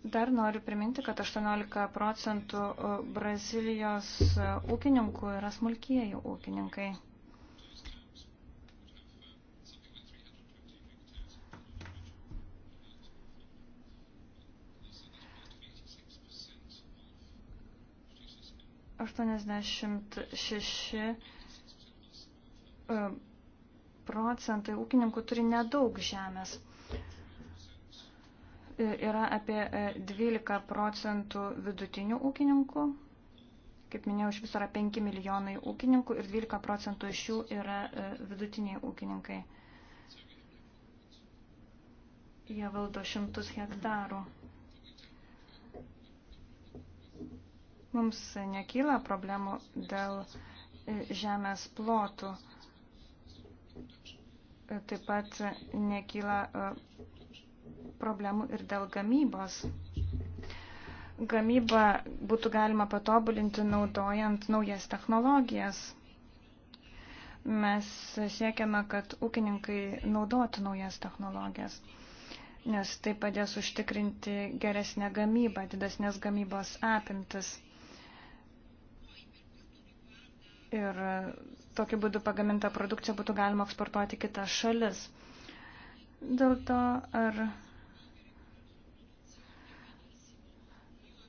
Dar noriu priminti, kad 18 procentų e, Brazilijos e, ūkininkų yra smulkieji ūkininkai. Aštuoniasdešimt šeši e, procentai ūkininkų turi nedaug žemės yra apie 12 e, procentų vidutinių ūkininkų. Kaip minėjau, iš viso yra 5 milijonai ūkininkų ir 12 procentų iš jų yra e, vidutiniai ūkininkai. Jie valdo šimtus hektarų. Mums nekyla problemų dėl e, žemės plotų. Taip pat nekyla problemų ir dėl gamybos. Gamybą būtų galima patobulinti naudojant naujas technologijas. Mes siekiame, kad ūkininkai naudotų naujas technologijas, nes tai padės užtikrinti geresnę gamybą, didesnės gamybos apimtis. Ir tokiu būdu pagaminta produkcija būtų galima eksportuoti kitas šalis. Dėl to, ar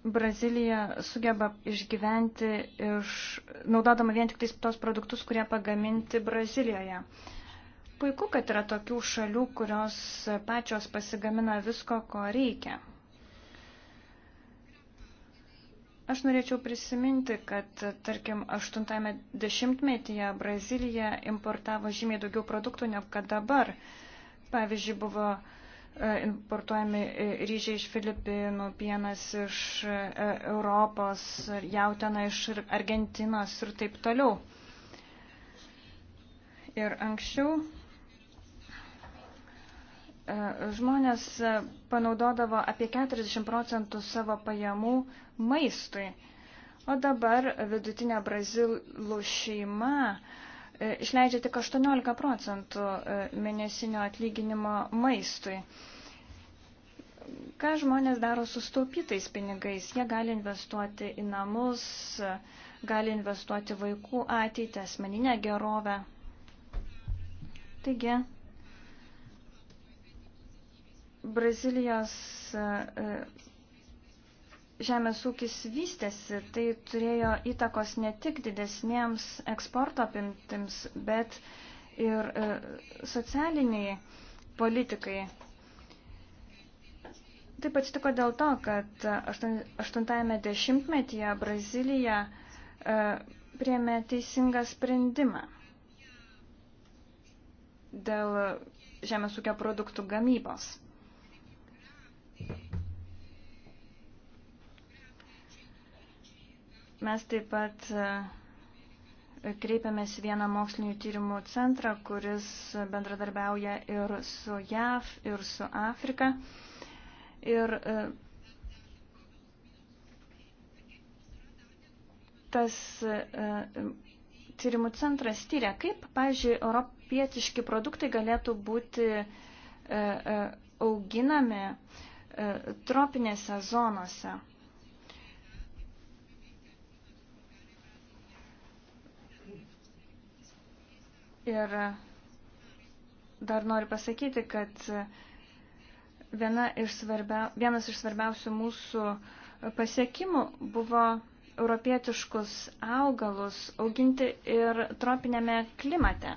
Brazilija sugeba išgyventi iš, naudodama vien tik tais tos produktus, kurie pagaminti Brazilijoje. Puiku, kad yra tokių šalių, kurios pačios pasigamina visko, ko reikia. Aš norėčiau prisiminti, kad, tarkim, 80-ame dešimtmetyje Brazilija importavo žymiai daugiau produktų negu kad dabar. Pavyzdžiui, buvo uh, E, importuojami e, ryžiai iš Filipinų, pienas iš e, Europos, jautena iš Argentinos ir taip toliau. Ir anksčiau žmonės panaudodavo apie 40 procentų savo pajamų maistui. O dabar vidutinė brazilų šeima uh, E, išleidžia tik 18 procentų e, mėnesinio atlyginimo maistui. Ką žmonės daro su staupytais pinigais? Jie gali investuoti į namus, gali investuoti vaikų ateitį, asmeninę gerovę. Taigi, Brazilijos e, žemės ūkis vystėsi, tai turėjo įtakos ne tik didesniems eksporto apimtims, bet ir e, socialiniai politikai. Taip atsitiko dėl to, kad 80-ame dešimtmetyje Brazilija e, priemė teisingą sprendimą dėl žemės ūkio produktų gamybos. Mes taip pat e, kreipiamės į vieną mokslinių tyrimų centrą, kuris bendradarbiauja ir su JAV, ir su Afrika. Ir e, tas e, tyrimų centras tyria, kaip, pavyzdžiui, europietiški produktai galėtų būti auginami tropinėse zonose. Ir dar noriu pasakyti, kad viena iš svarbia, vienas iš svarbiausių mūsų pasiekimų buvo europietiškus augalus auginti ir tropinėme klimate.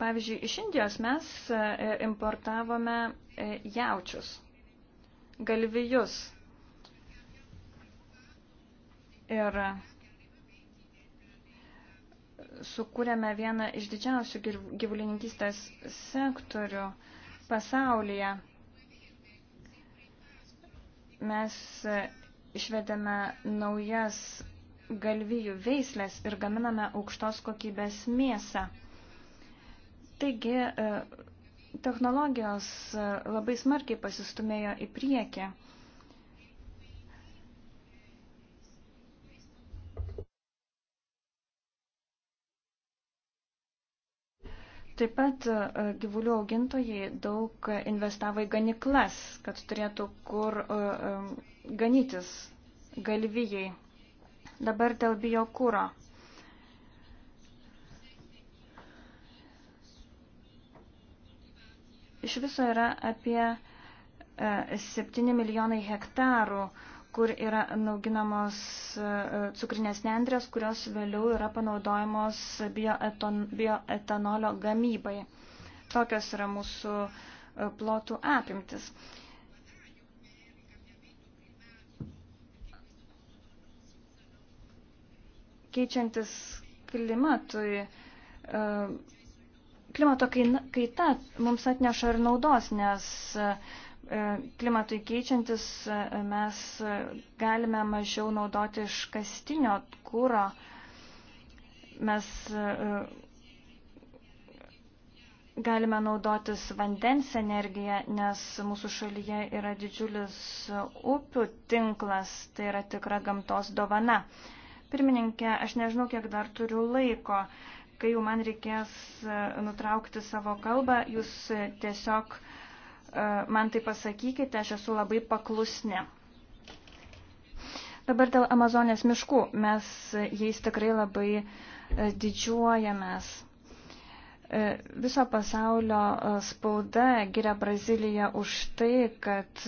Pavyzdžiui, iš Indijos mes e, importavome e, jaučius, galvijus. Ir sukūrėme vieną iš didžiausių gyvulininkystės sektorių pasaulyje. Mes išvedėme naujas galvijų veislės ir gaminame aukštos kokybės mėsą. Taigi, e, technologijos e, labai smarkiai pasistumėjo į priekį. Taip pat e, gyvulių augintojai daug investavo į ganiklas, kad turėtų kur e, e, ganytis galvijai. Dabar dėl biokūro. Iš viso yra apie 7 milijonai hektarų uh, kur yra nauginamos e, cukrinės nendrės, kurios vėliau yra panaudojamos bioetanolio gamybai. Tokios yra mūsų e, plotų apimtis. Keičiantis klimatui, e, klimato kaita mums atneša ir naudos, nes E, klimatui keičiantis e, mes e, galime mažiau naudoti iškastinio kūro. Mes galime naudotis vandens energiją, nes mūsų šalyje yra didžiulis upių tinklas, tai yra tikra gamtos dovana. Pirmininkė, aš nežinau, kiek dar turiu laiko. Kai jau man reikės nutraukti savo kalbą, jūs tiesiog uh, E, man tai pasakykite, aš esu labai paklusni. Dabar dėl Amazonės miškų. Mes jais tikrai labai e, didžiuojamės. E, viso pasaulio spauda giria Braziliją už tai, kad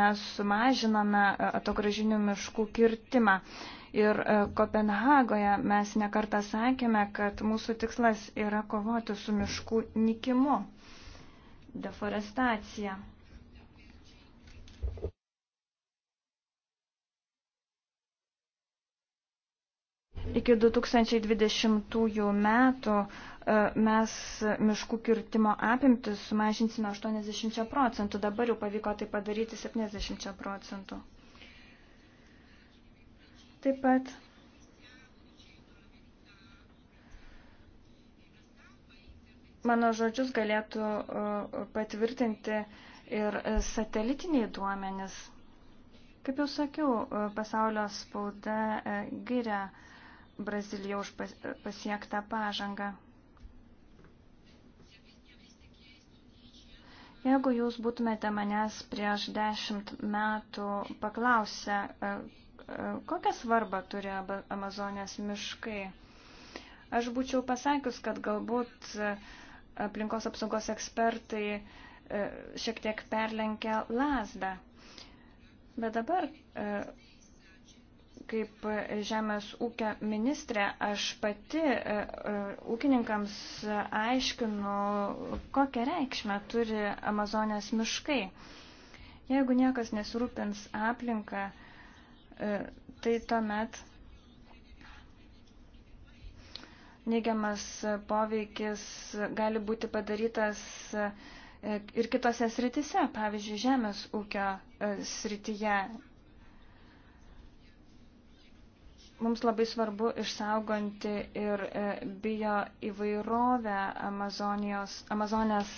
mes sumažiname atogražinių miškų kirtimą. Ir Kopenhagoje mes nekartą sakėme, kad mūsų tikslas yra kovoti su miškų nikimu deforestacija. Iki 2020 metų e, mes miškų kirtimo apimtis sumažinsime 80 procentų, dabar jau pavyko tai padaryti 70 procentų. Taip pat mano žodžius galėtų e, patvirtinti ir e, satelitiniai duomenys. Kaip jau sakiau, e, pasaulio spauda giria Braziliją už pasiektą pažangą. Jeigu jūs būtumėte manęs prieš dešimt metų paklausę, kokią svarbą turi Amazonės miškai, aš būčiau pasakius, kad galbūt uh, aplinkos apsaugos ekspertai e, šiek tiek perlenkia lasdą. Bet dabar, e, kaip žemės ūkio ministrė, aš pati e, ūkininkams aiškinu, kokią reikšmę turi Amazonės miškai. Jeigu niekas nesirūpins aplinką, tai tuomet neigiamas poveikis gali būti padarytas e, ir kitose sritise, pavyzdžiui, žemės ūkio e, srityje. Mums labai svarbu išsaugonti ir e, bio įvairovę Amazonijos, Amazonės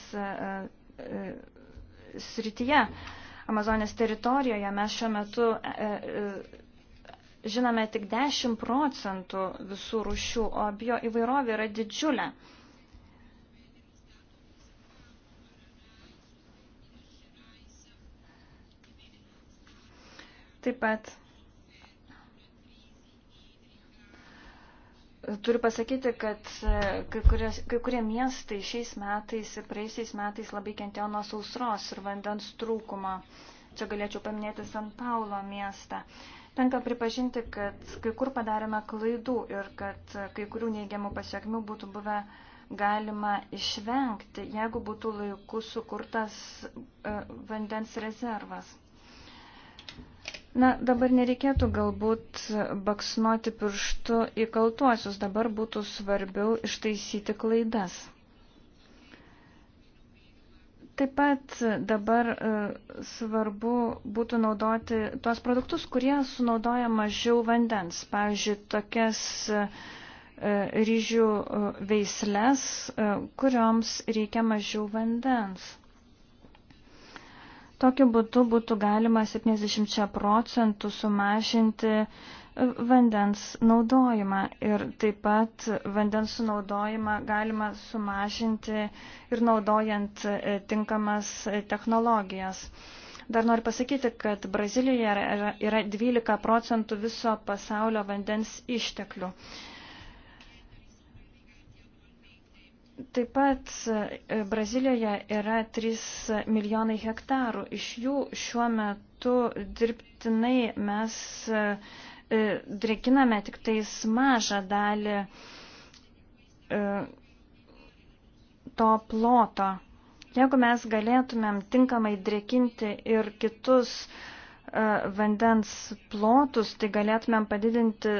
srityje. Amazonės teritorijoje mes šiuo metu žinome tik 10 procentų visų rušių, o bio įvairovė yra didžiulė. Taip pat turiu pasakyti, kad e, kai, kurios, kai kurie miestai šiais metais ir praeisiais metais labai kentėjo nuo sausros ir vandens trūkumo. Čia galėčiau paminėti San Paulo miestą. Uh, Tenka pripažinti, kad kai kur padarėme klaidų ir kad kai kurių neigiamų pasiekmių būtų buvę galima išvengti, jeigu būtų laiku sukurtas e, vandens rezervas. Na, dabar nereikėtų galbūt baksnuoti pirštu į kaltuosius, dabar būtų svarbiau ištaisyti klaidas. Taip pat dabar e, svarbu būtų naudoti tuos produktus, kurie sunaudoja mažiau vandens. Pavyzdžiui, tokias e, ryžių e, veislės, kurioms reikia mažiau vandens. Tokiu būdu būtų galima 70 procentų sumažinti uh, vandens naudojimą ir taip pat vandens sunaudojimą galima sumažinti ir naudojant e, tinkamas e, technologijas. Dar noriu pasakyti, kad Brazilijoje yra 12 procentų viso pasaulio vandens išteklių. Taip pat e, Brazilijoje yra 3 milijonai hektarų. Iš jų šiuo metu dirbtinai mes E, drekiname tik tais mažą dalį e, to ploto. Jeigu mes galėtumėm tinkamai drekinti ir kitus e, vandens plotus, tai galėtumėm padidinti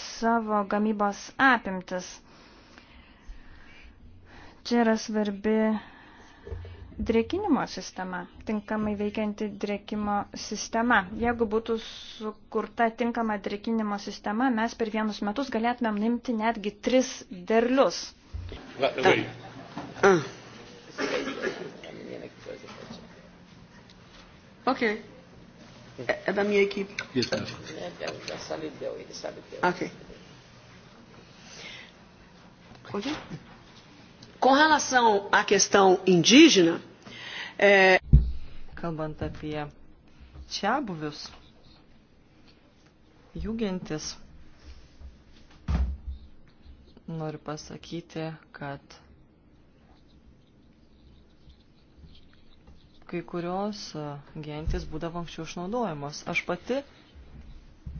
savo gamybos apimtis. Čia yra svarbi drėkinimo sistema, tinkamai veikianti drėkimo sistema. Jeigu būtų sukurta tinkama drėkinimo sistema, mes per vienus metus galėtumėm nimti netgi tris derlius. Va, uh. Okay. E, e Adam Yekip. Yes, ma'am. Okay. Com relação à questão indígena, E, Kalbant apie čia buvius, jų gentis, noriu pasakyti, kad kai kurios gentis būdavo anksčiau išnaudojamos. Aš pati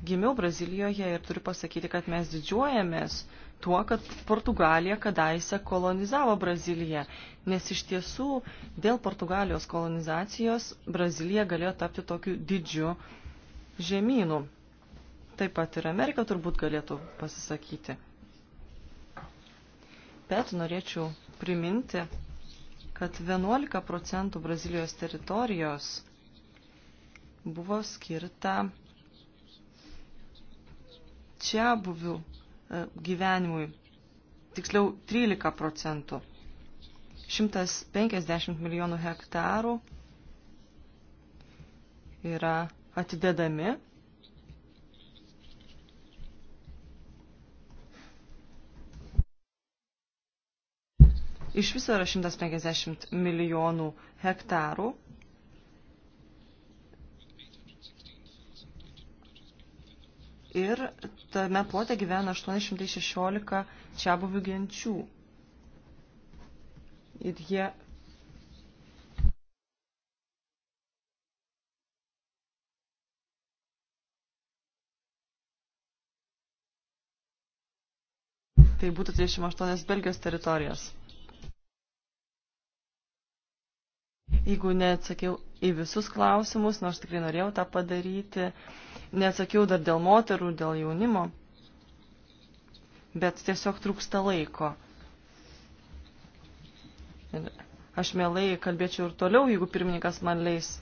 gimiau Brazilijoje ir turiu pasakyti, kad mes didžiuojamės tuo, kad Portugalija kadaise kolonizavo Braziliją, nes iš tiesų dėl Portugalijos kolonizacijos Brazilija galėjo tapti tokiu didžiu žemynu. Taip pat ir Amerika turbūt galėtų pasisakyti. Bet norėčiau priminti, kad 11 procentų Brazilijos teritorijos buvo skirta čia buvių E, gyvenimui, tiksliau 13 procentų. 150 milijonų hektarų yra atidedami. Iš viso yra 150 milijonų hektarų. Ir tame plote gyvena 816 čia buvių genčių. Ir jie. Tai būtų 38 Belgijos teritorijos. jeigu neatsakiau į visus klausimus, nors tikrai norėjau tą padaryti, neatsakiau dar dėl moterų, dėl jaunimo, bet tiesiog trūksta laiko. Ir aš mielai kalbėčiau ir toliau, jeigu pirmininkas man leis,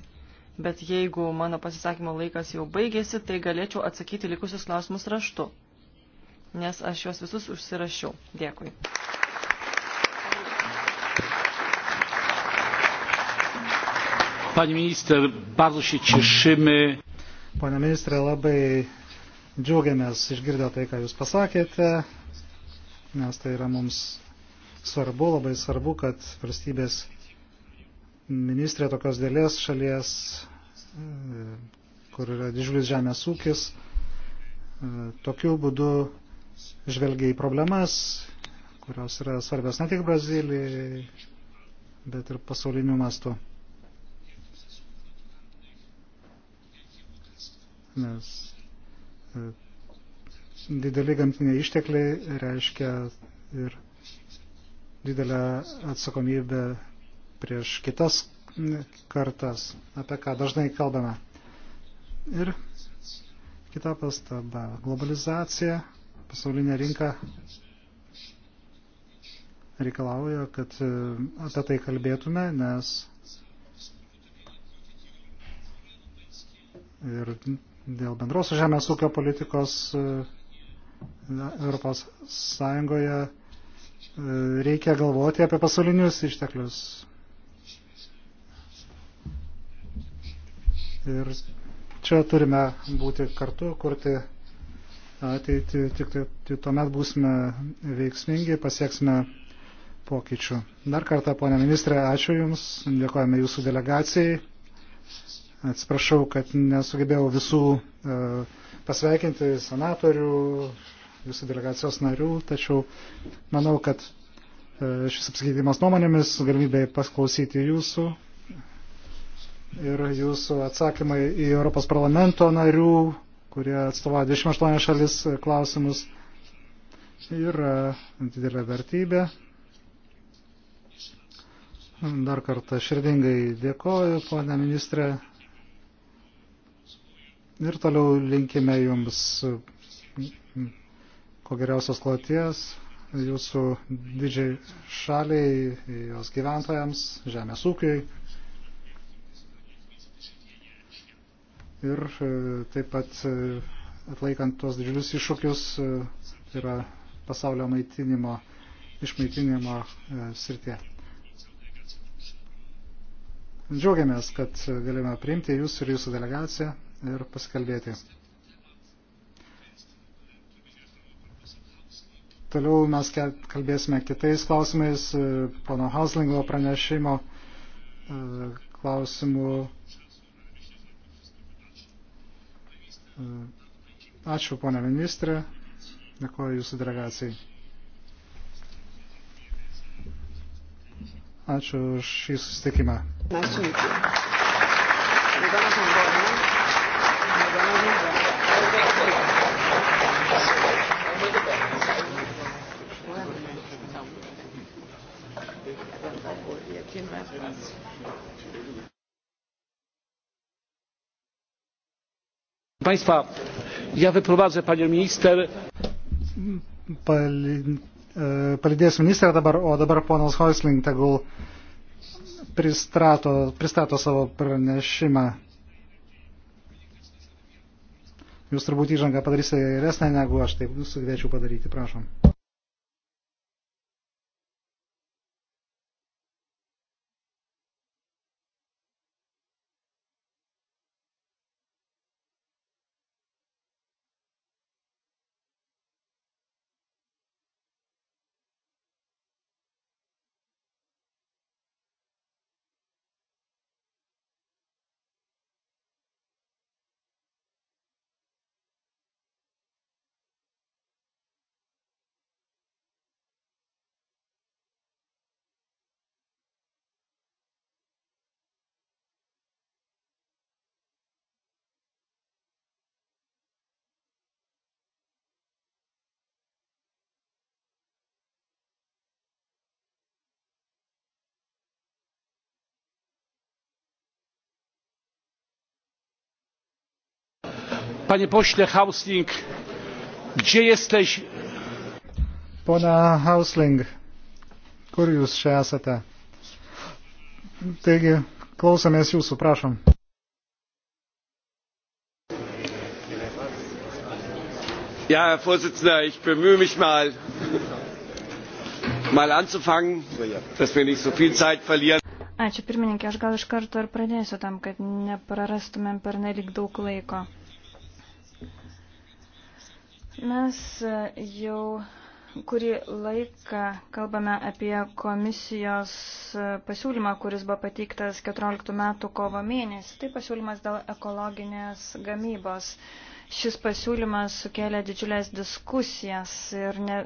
bet jeigu mano pasisakymo laikas jau baigėsi, tai galėčiau atsakyti likusius klausimus raštu, nes aš juos visus užsirašiau. Dėkui. Pani minister, bardzo się cieszymy. Pane ministrė, labai džiaugiamės išgirdę tai, ką Jūs pasakėte, nes tai yra mums svarbu, labai svarbu, kad valstybės ministrė tokios dėlės šalies, kur yra didžiulis žemės ūkis, tokiu būdu žvelgia į problemas, kurios yra svarbios ne tik Brazilijai, bet ir pasauliniu mastu. nes e, dideli gamtiniai ištekliai reiškia ir didelę atsakomybę prieš kitas kartas, apie ką dažnai kalbame. Ir kita pastaba - globalizacija, pasaulinė rinka reikalauja, kad e, apie tai kalbėtume, nes ir dėl bendros žemės ūkio politikos e, Europos Sąjungoje e, reikia galvoti apie pasaulinius išteklius. Ir čia turime būti kartu, kurti ateitį, tik tai, tai tuomet būsime veiksmingi, pasieksime pokyčių. Dar kartą, ponė ministrė, ačiū Jums, dėkojame Jūsų delegacijai Atsiprašau, kad nesugebėjau visų e, pasveikinti senatorių, visų delegacijos narių, tačiau manau, kad e, šis apsikeitimas nuomonėmis, galimybė pasklausyti jūsų ir jūsų atsakymai į Europos parlamento narių, kurie atstovauja 28 šalis e, klausimus, yra didelė vertybė. Dar kartą širdingai dėkoju, ponė ministrė, ir toliau linkime Jums mm, ko geriausios kloties Jūsų didžiai šaliai, jos gyventojams, žemės ūkiai. Ir e, taip pat e, atlaikant tuos didžiulius iššūkius e, tai yra pasaulio maitinimo, išmaitinimo srityje. Džiaugiamės, kad galime priimti jūs ir jūsų delegaciją ir pasikalbėti. Toliau mes kalbėsime kitais klausimais, e, pono Hauslingo pranešimo e, klausimų. E, ačiū, ponė ministrė. Dėkuoju jūsų delegacijai. Ačiū už šį susitikimą. Ačiū. Państwa, ja wyprowadzę panią minister. E, palidės ministrą dabar, o dabar ponas Hoisling tegul pristato, pristato savo pranešimą. Jūs turbūt įžangą padarysite geresnę negu aš, taip sugebėčiau padaryti, prašom. Panie pośle Hausling, gdzie jesteś? Pona Hausling, kur jūs čia esate? Taigi, klausomės jūsų, prašom. Ja, Herr Vorsitzender, ich bemühe mich mal, mal anzufangen, dass wir nicht so viel Zeit verlieren. Ačiū pirmininkė, aš gal iš karto ir pradėsiu tam, kad neprarastumėm per nelik daug laiko. Mes e, jau kurį laiką kalbame apie komisijos e, pasiūlymą, kuris buvo pateiktas 14 metų kovo mėnesį. Tai pasiūlymas dėl ekologinės gamybos. Šis pasiūlymas sukėlė didžiulės diskusijas ir ne,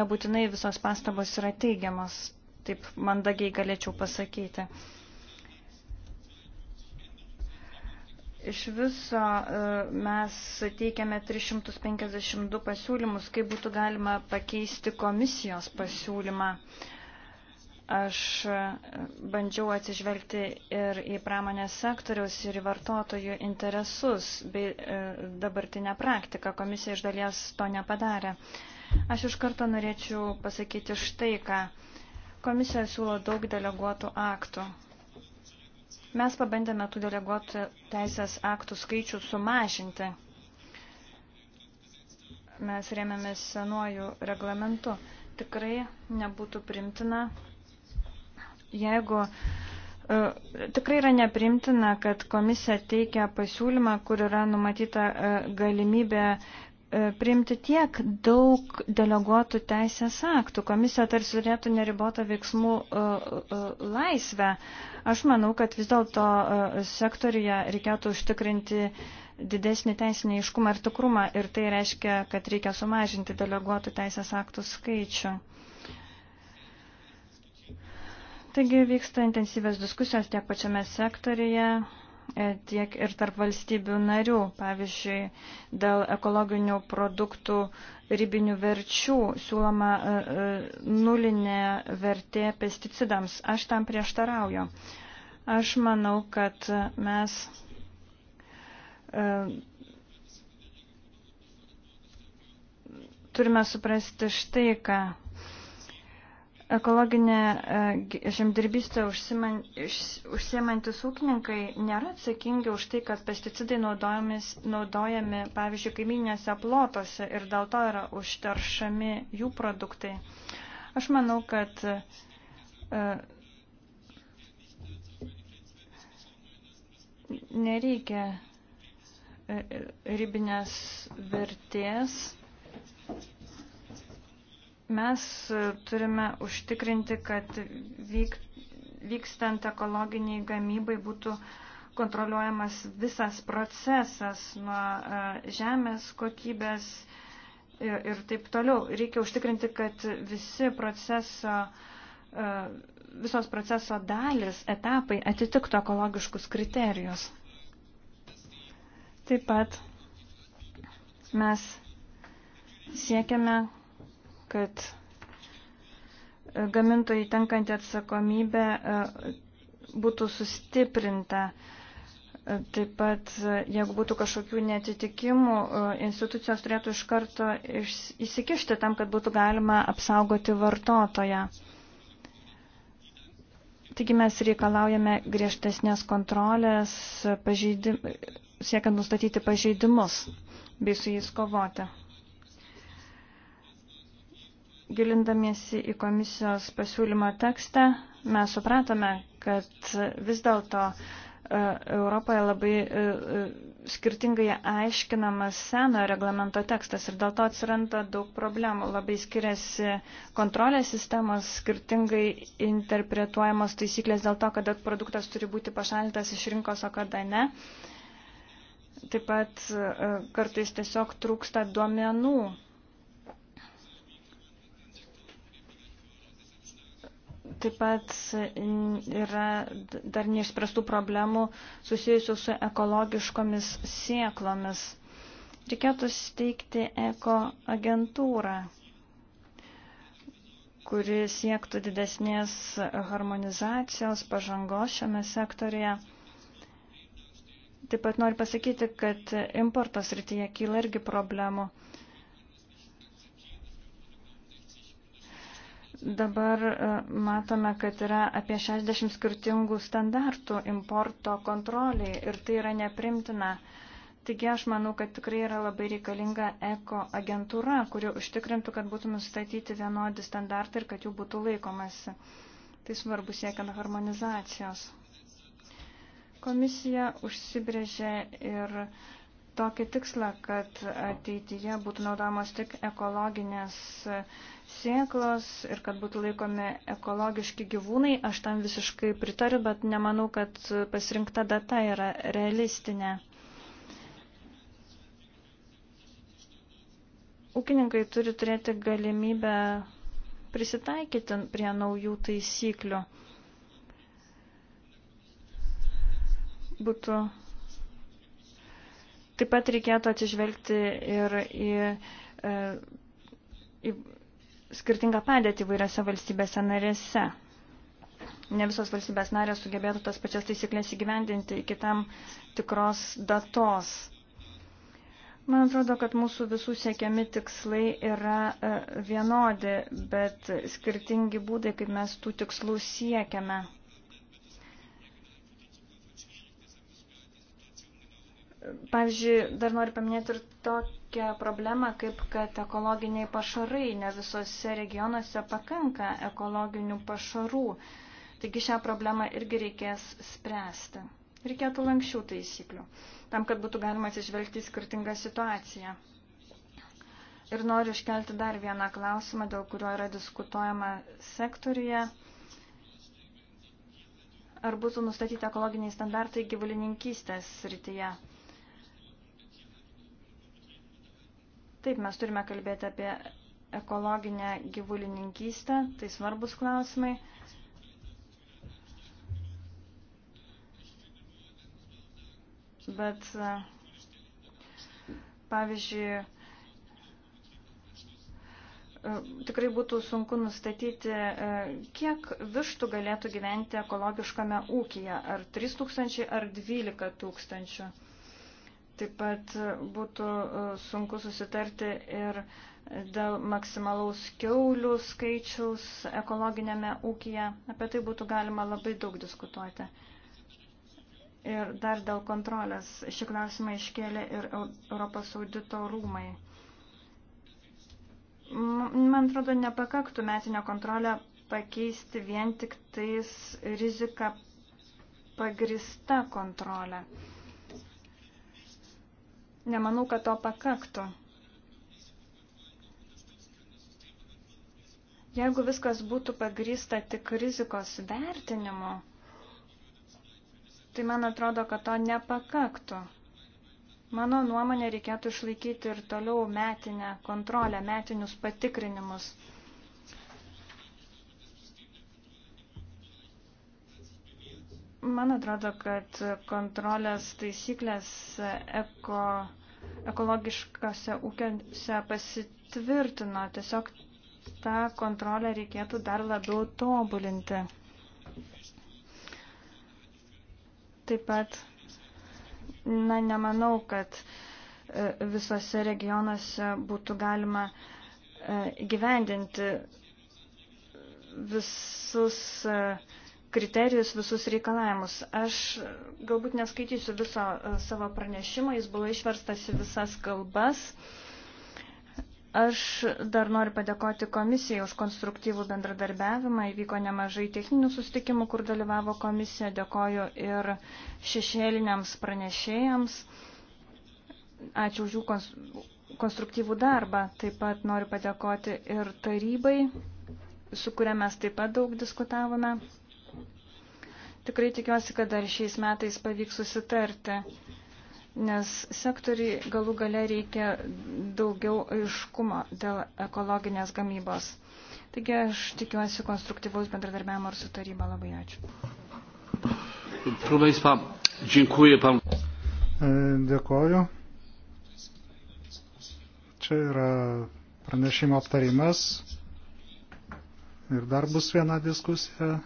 nebūtinai visos pastabos yra teigiamas, taip mandagiai galėčiau pasakyti. Uh, Iš viso e, mes teikiame 352 pasiūlymus, kaip būtų galima pakeisti komisijos pasiūlymą. Aš e, bandžiau atsižvelgti ir į pramonės sektoriaus, ir į vartotojų interesus, bei e, dabartinę praktiką. Komisija iš dalies to nepadarė. Aš iš karto norėčiau pasakyti štai ką. Komisija siūlo daug deleguotų aktų Mes pabandėme tų deleguotų teisės aktų skaičių sumažinti. Mes rėmėmės senuoju reglamentu. Tikrai nebūtų primtina, jeigu e, Tikrai yra neprimtina, kad komisija teikia pasiūlymą, kur yra numatyta e, galimybė E, priimti tiek daug deleguotų teisės aktų. Komisija tarsi turėtų neribotą veiksmų e, e, laisvę. Aš manau, kad vis dėlto sektorija reikėtų užtikrinti didesnį teisinį iškumą ir tikrumą ir tai reiškia, kad reikia sumažinti deleguotų teisės aktų skaičių. Taigi vyksta intensyvės diskusijos tiek pačiame sektorija tiek ir tarp valstybių narių, pavyzdžiui, dėl ekologinių produktų ribinių verčių siūloma e, e, nulinė vertė pesticidams. Aš tam prieštarauju. Aš manau, kad mes e, turime suprasti štai ką. Ekologinė e, žemdirbystė užsiemantis ūkininkai nėra atsakingi už tai, kad pesticidai naudojami, pavyzdžiui, kaiminėse plotose ir dėl to yra užteršami jų produktai. Aš manau, kad e, nereikia e, ribinės vertės Mes e, turime užtikrinti, kad vyk, vykstant ekologiniai gamybai būtų kontroliuojamas visas procesas nuo e, žemės kokybės ir, ir taip toliau. Reikia užtikrinti, kad visi proceso, e, visos proceso dalis, etapai atitiktų ekologiškus kriterijus. Taip pat mes siekiame, kad e, gamintojai tenkanti atsakomybė e, būtų sustiprinta. E, taip pat, jeigu būtų kažkokių netitikimų, institucijos turėtų iš karto įsikišti tam, kad būtų galima apsaugoti vartotoją. Taigi mes reikalaujame griežtesnės kontrolės, pažeidim, siekiant nustatyti pažeidimus bei su jais kovoti. Gilindamiesi į komisijos pasiūlymo tekstą, mes supratome, kad vis dėlto e, Europoje labai e, e, skirtingai aiškinamas seno reglamento tekstas ir dėl to atsiranda daug problemų. Labai skiriasi kontrolės sistemos, skirtingai interpretuojamos taisyklės dėl to, kada produktas turi būti pašalintas iš rinkos, o kada ne. Taip pat kartais tiesiog trūksta duomenų Taip pat yra dar neišspręstų problemų susijusių su ekologiškomis sieklomis. Reikėtų steigti eko agentūrą, kuri siektų didesnės harmonizacijos, pažangos šiame sektorėje. Taip pat noriu pasakyti, kad importos rytyje kyla irgi problemų. Dabar e, matome, kad yra apie 60 skirtingų standartų importo kontroliai ir tai yra neprimtina. Taigi aš manau, kad tikrai yra labai reikalinga eko agentūra, kuri užtikrintų, kad būtų nustatyti vienodi standartai ir kad jų būtų laikomasi. Tai svarbu siekiant harmonizacijos. Komisija užsibrėžė ir uh, tokį tikslą, kad ateityje būtų naudojamos tik ekologinės sėklos ir kad būtų laikomi ekologiški gyvūnai. Aš tam visiškai pritariu, bet nemanau, kad pasirinkta data yra realistinė. Ūkininkai turi turėti galimybę prisitaikyti prie naujų taisyklių. Būtų Taip pat reikėtų atsižvelgti ir į, e, į skirtingą padėtį vairiose valstybėse narėse. Ne visos valstybės narės sugebėtų tas pačias taisyklės įgyvendinti iki tam tikros datos. Man atrodo, kad mūsų visų siekiami tikslai yra e, vienodi, bet skirtingi būdai, kaip mes tų tikslų siekiame. Pavyzdžiui, dar noriu paminėti ir tokią problemą, kaip kad ekologiniai pašarai, ne visose regionuose pakanka ekologinių pašarų. Taigi šią problemą irgi reikės spręsti. Reikėtų lankščių taisyklių, tam, kad būtų galima atsižvelgti į skirtingą situaciją. Ir noriu iškelti dar vieną klausimą, dėl kurio yra diskutuojama sektoriuje ar būtų nustatyti ekologiniai standartai gyvulininkystės srityje. Taip, mes turime kalbėti apie ekologinę gyvulininkystę, tai svarbus klausimai. Bet, pavyzdžiui, tikrai būtų sunku nustatyti, kiek vištų galėtų gyventi ekologiškame ūkija, ar 3 tūkstančiai, ar 12 tūkstančių. Taip pat e, būtų e, sunku susitarti ir dėl maksimalaus keulių skaičiaus ekologinėme ūkija. Apie tai būtų galima labai daug diskutuoti. Ir dar dėl kontrolės. Šį klausimą iškėlė ir Europos audito rūmai. Man atrodo, nepakaktų metinę kontrolę pakeisti vien tik tais riziką pagrista kontrolę. Nemanau, kad to pakaktų. Jeigu viskas būtų pagrįsta tik rizikos vertinimu, tai man atrodo, kad to nepakaktų. Mano nuomonė reikėtų išlaikyti ir toliau metinę kontrolę, metinius patikrinimus. Man atrodo, kad kontrolės taisyklės eko, ekologiškose ūkiuose pasitvirtino. Tiesiog tą kontrolę reikėtų dar labiau tobulinti. Taip pat, na, nemanau, kad e, visose regionuose būtų galima e, gyvendinti visus uh, kriterijus, visus reikalavimus. Aš galbūt neskaitysiu viso e, savo pranešimo, jis buvo išverstas į visas kalbas. Aš dar noriu padėkoti komisijai už konstruktyvų bendradarbiavimą. Įvyko nemažai techninių sustikimų, kur dalyvavo komisija. Dėkoju ir šešėliniams pranešėjams. Ačiū už jų konstruktyvų darbą. Taip pat noriu padėkoti ir tarybai, su kuria mes taip pat daug diskutavome. Tikrai tikiuosi, kad dar šiais metais pavyks susitarti, nes sektoriai galų gale reikia daugiau aiškumo dėl ekologinės gamybos. Taigi aš tikiuosi konstruktyvaus bendradarbiavimo ir sutarimo. Labai ačiū. E, Dėkuoju. Čia yra pranešimo aptarimas ir dar bus viena diskusija.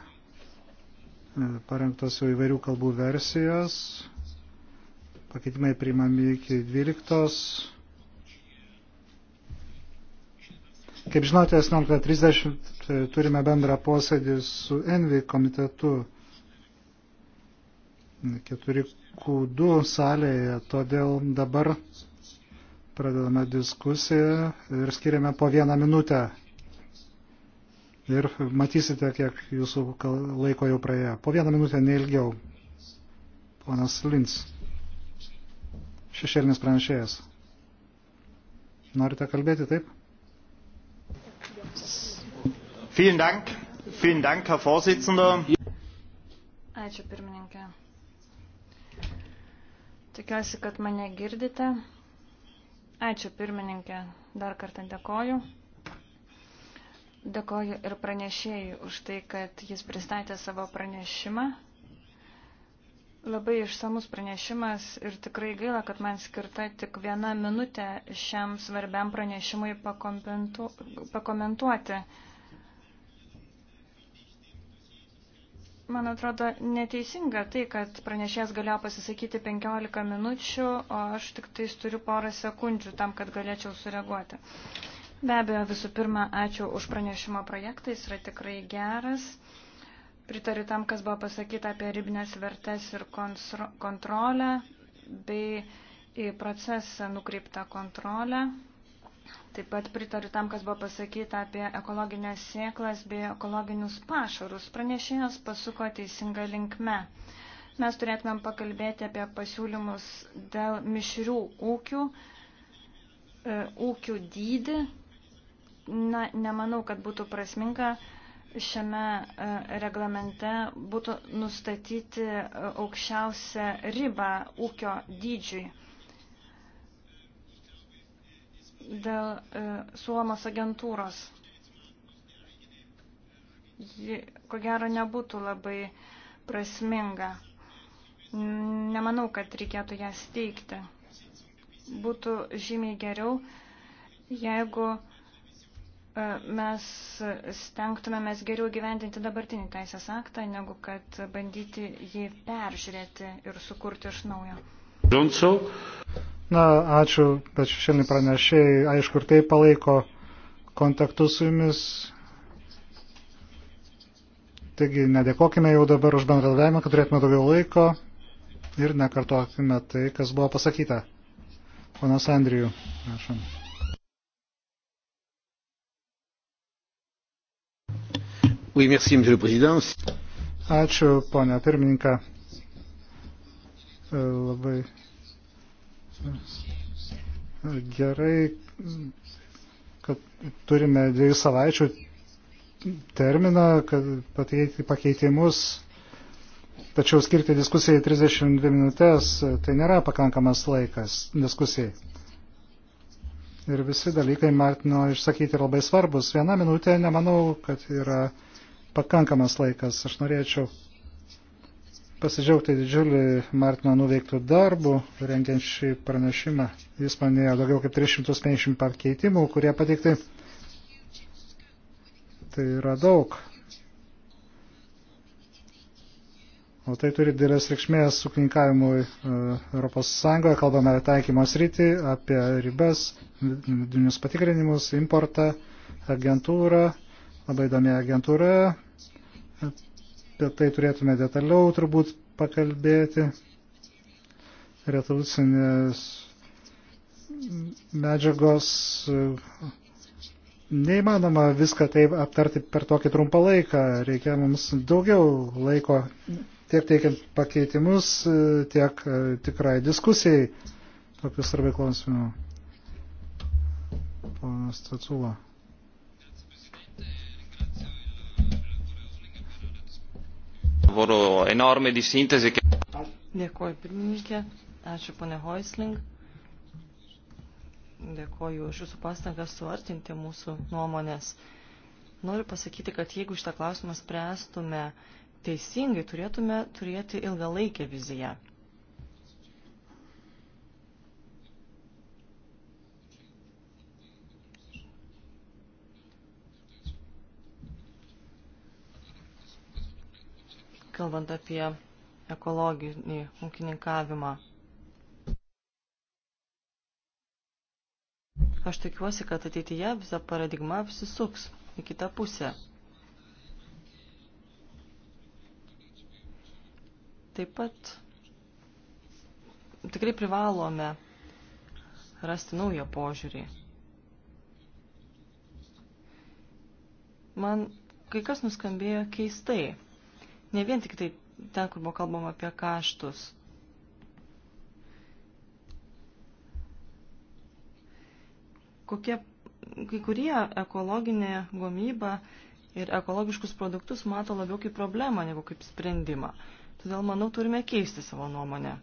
E, parengtos jau įvairių kalbų versijos. Pakeitimai priimami iki 12. Kaip žinote, 18.30 e, turime bendrą posėdį su Envi komitetu 4Q2 e, salėje, todėl dabar pradedame diskusiją ir skiriame po vieną minutę ir matysite, kiek jūsų laiko jau praėjo. Po vieną minutę neilgiau. Ponas Lins. Šešėlinis pranešėjas. Norite kalbėti taip? Vielen Dank. Vielen Dank, Herr Vorsitzender. Ačiū pirmininkė. Tikiuosi, kad mane girdite. Ačiū pirmininkė. Dar kartą dėkoju. Dėkoju ir pranešėjai už tai, kad jis pristatė savo pranešimą. Labai išsamus pranešimas ir tikrai gaila, kad man skirta tik viena minutė šiam svarbiam pranešimui pakomentuoti. Man atrodo neteisinga tai, kad pranešėjas galėjo pasisakyti 15 minučių, o aš tik tais turiu porą sekundžių tam, kad galėčiau sureaguoti. Uh, Be abejo, visų pirma, ačiū už pranešimo projektą, jis yra tikrai geras. Pritariu tam, kas buvo pasakyta apie ribinės vertes ir kontrolę, bei į procesą nukreiptą kontrolę. Taip pat pritariu tam, kas buvo pasakyta apie ekologinės sėklas bei ekologinius pašarus. Pranešėjas pasuko teisinga linkme mes turėtumėm pakalbėti apie pasiūlymus dėl mišrių ūkių, e, ūkių dydį, Na, nemanau, kad būtų prasminga šiame e, reglamente būtų nustatyti e, aukščiausią ribą ūkio dydžiui. Dėl e, suomos agentūros. Ji, ko gero, nebūtų labai prasminga. Nemanau, kad reikėtų ją steigti. Būtų žymiai geriau, jeigu uh, E, mes stengtumėmės geriau gyvendinti dabartinį teisės aktą, negu kad bandyti jį peržiūrėti ir sukurti iš naujo. Johnson. Na, ačiū, bet šiandien pranešėjai, aišku, ir tai palaiko kontaktus su jumis. Taigi, nedėkokime jau dabar už bendradavimą, kad turėtume daugiau laiko ir nekartokime tai, kas buvo pasakyta. Ponas Andrijų, prašom. Oui, merci, monsieur le président. Ačiū, ponia pirmininka. Labai gerai, kad turime dviejų savaičių terminą, kad pateikti pakeitimus, tačiau skirti diskusijai 32 minutės, tai nėra pakankamas laikas diskusijai. Ir visi dalykai Martino išsakyti labai svarbus. Viena minutė, nemanau, kad yra pakankamas laikas. Aš norėčiau pasidžiaugti didžiulį Martino nuveiktų darbų, rengiant šį pranešimą. Jis manėjo daugiau kaip 350 pakeitimų, kurie pateikti. Tai yra daug. O tai turi didelės reikšmės sukininkavimui e, Europos Sąjungoje. Kalbame apie taikymo sritį, apie ribas, vidinius patikrinimus, importą, agentūrą, Labai įdomi agentūra. Apie tai turėtume detaliau turbūt pakalbėti. Retaucinės medžiagos neįmanoma viską taip aptarti per tokį trumpą laiką. Reikia mums daugiau laiko tiek teikiant pakeitimus, tiek e, tikrai diskusijai tokius svarbiai klausimų. Ponas Tatsula. Dėkuoju pirmininkė, ačiū ponė Hoisling. Dėkuoju už jūsų pastangą suartinti mūsų nuomonės. Noriu pasakyti, kad jeigu šitą klausimą spręstume teisingai, turėtume turėti ilgalaikę viziją. kalbant apie ekologinį ūkininkavimą. Aš tikiuosi, kad ateityje visa paradigma apsisuks į kitą pusę. Taip pat tikrai privalome rasti naują požiūrį. Man kai kas nuskambėjo keistai. Ne vien tik tai ten, kur buvo kalbama apie kaštus. Kokie, kai kurie ekologinė gamyba ir ekologiškus produktus mato labiau kaip problemą negu kaip sprendimą. Todėl, manau, turime keisti savo nuomonę.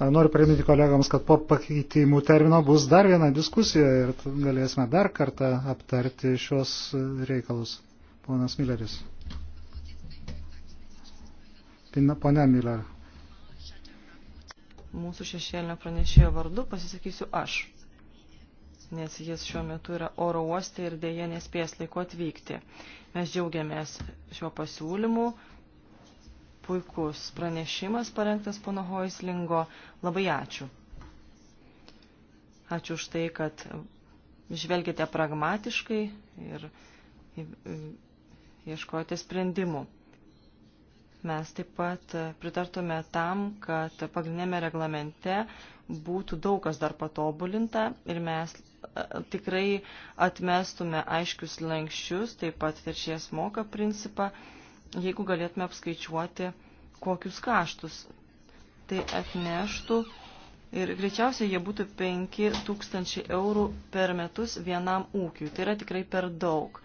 Noriu priminti kolegams, kad po pakeitimų termino bus dar viena diskusija ir galėsime dar kartą aptarti šios reikalus. Ponas Milleris. Pina ponia Miller. Mūsų šešėlinio pranešėjo vardu pasisakysiu aš, nes jis šiuo metu yra oro uoste ir dėje nespės laiko atvykti. Mes džiaugiamės šiuo pasiūlymu. Puikus pranešimas parengtas pono Hoislingo. Labai ačiū. Ačiū už tai, kad žvelgite pragmatiškai ir ieškojate sprendimų. Mes taip pat pritartume tam, kad pagrindinėme reglamente būtų daug kas dar patobulinta ir mes e, tikrai atmestume aiškius lankščius, taip pat teršies moka principą, jeigu galėtume apskaičiuoti, kokius kaštus tai atneštų. Ir greičiausiai jie būtų 5000 eurų per metus vienam ūkiui. Tai yra tikrai per daug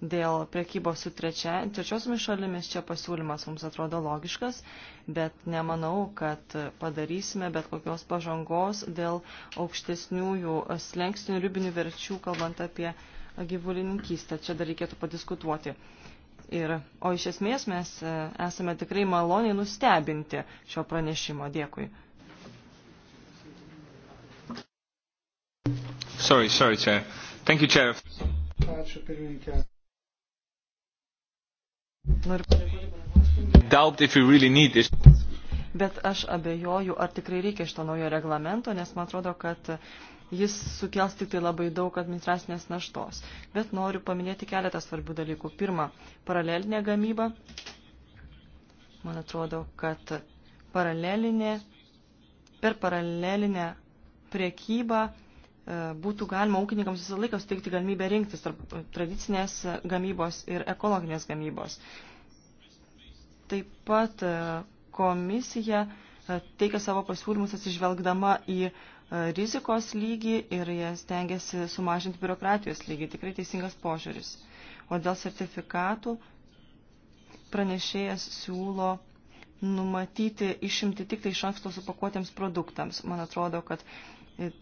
dėl prekybos su trečia, trečiosiomis šalimis čia pasiūlymas mums atrodo logiškas, bet nemanau, kad padarysime bet kokios pažangos dėl aukštesniųjų slengstinių ribinių verčių, kalbant apie gyvulininkystę. Čia dar reikėtų padiskutuoti. Ir, o iš esmės mes e, esame tikrai maloniai nustebinti šio pranešimo. Dėkui. Sorry, sorry, chair. Thank you, chair. Ačiū pirmininkė. Noriu padėkoti. Bet aš abejoju, ar tikrai reikia šito naujo reglamento, nes man atrodo, kad jis sukels tik tai labai daug administracinės naštos. Bet noriu paminėti keletą svarbių dalykų. Pirma, paralelinė gamyba. Man atrodo, kad paralelinė, per paralelinę priekybą E, būtų galima ūkininkams visą laiką suteikti galimybę rinktis tarp e, tradicinės gamybos ir ekologinės gamybos. Taip pat e, komisija teikia savo pasiūlymus atsižvelgdama į rizikos lygį ir jas tengiasi sumažinti biurokratijos lygį. Tikrai teisingas požiūris. O dėl sertifikatų pranešėjas siūlo numatyti išimti tik tai iš anksto supakuotiems produktams. Man atrodo, kad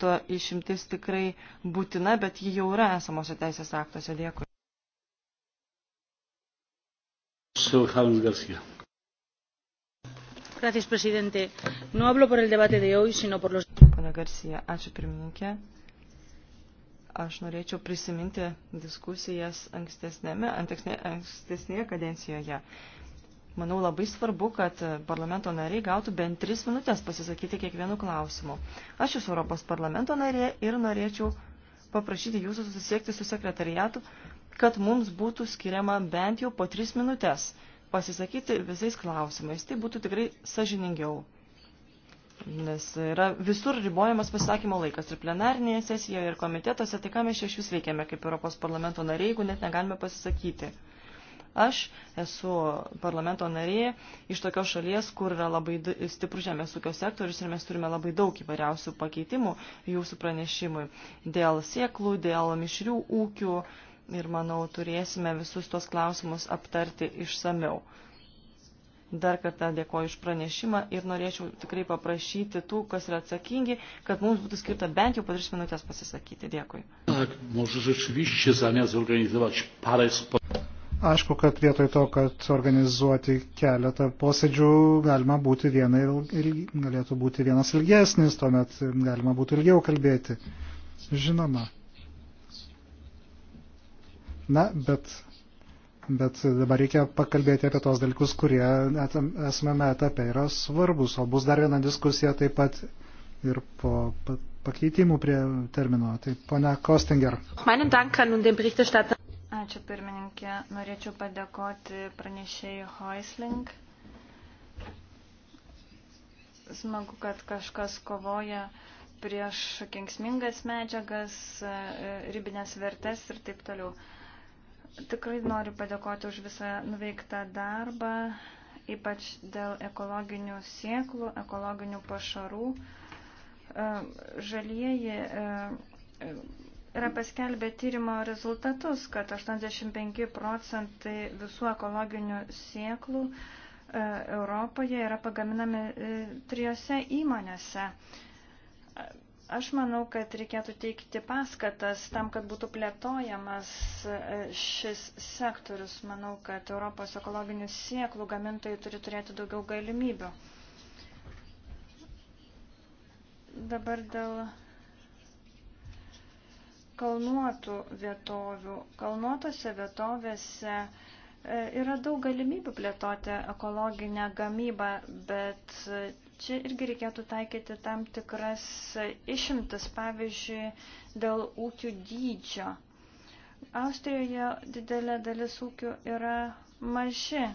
to išimtis tikrai būtina, bet ji jau yra esamose teisės aktuose. Dėkui. Gracias, presidente. No hablo por el debate de hoy, sino por los. Pana Garcia, ačiū pirmininkė. Aš norėčiau prisiminti diskusijas ankstesnėme, ankstesnėje kadencijoje. Uh, Manau, labai svarbu, kad parlamento nariai gautų bent tris minutės pasisakyti kiekvienu klausimu. Aš esu Europos parlamento narė ir norėčiau paprašyti jūsų susisiekti su sekretariatu, kad mums būtų skiriama bent jau po tris minutės pasisakyti visais klausimais. Tai būtų tikrai sažiningiau. Nes yra visur ribojamas pasisakymo laikas ir plenarinėje sesijoje, ir komitetuose, tai ką mes čia iš vis veikiame kaip Europos parlamento nariai, jeigu net negalime pasisakyti. Aš esu parlamento narė iš tokios šalies, kur yra labai stiprus žemės ūkio sektorius ir mes turime labai daug įvairiausių pakeitimų jūsų pranešimui dėl sieklų, dėl mišrių ūkių ir manau turėsime visus tos klausimus aptarti išsameu. Dar kartą dėkoju iš pranešimą ir norėčiau tikrai paprašyti tų, kas yra atsakingi, kad mums būtų skirta bent jau po 3 minutės pasisakyti. Dėkui. Tak, może rzeczywiście zamiast organizować parę spotkań. Aišku, kad vietoj to, kad organizuoti keletą posėdžių, galima būti viena ir galėtų būti vienas ilgesnis, tuomet galima būtų ilgiau kalbėti. Žinoma. Na, bet, bet dabar reikia pakalbėti apie tos dalykus, kurie esame etape yra svarbus, o bus dar viena diskusija taip pat ir po pakeitimų prie termino. Tai ponia Kostinger. Meinen Dank an den Berichterstatter. Ačiū pirmininkė. Norėčiau padėkoti pranešėjai Hoisling. Smagu, kad kažkas kovoja prieš kengsmingas medžiagas, ribinės vertes ir taip toliau. Tikrai noriu padėkoti už visą nuveiktą darbą, ypač dėl ekologinių sieklų, ekologinių pašarų. Žalieji yra paskelbę tyrimo rezultatus, kad 85 procentai visų ekologinių sieklų e, Europoje yra pagaminami e, trijose įmonėse. Aš manau, kad reikėtų teikti paskatas tam, kad būtų plėtojamas e, šis sektorius. Manau, kad Europos ekologinių sieklų gamintojai turi turėti daugiau galimybių. Dabar dėl kalnuotų vietovių. Kalnuotose vietovėse e, yra daug galimybių plėtoti ekologinę gamybą, bet e, čia irgi reikėtų taikyti tam tikras išimtis, pavyzdžiui, dėl ūkių dydžio. Austrijoje didelė dalis ūkių yra maži,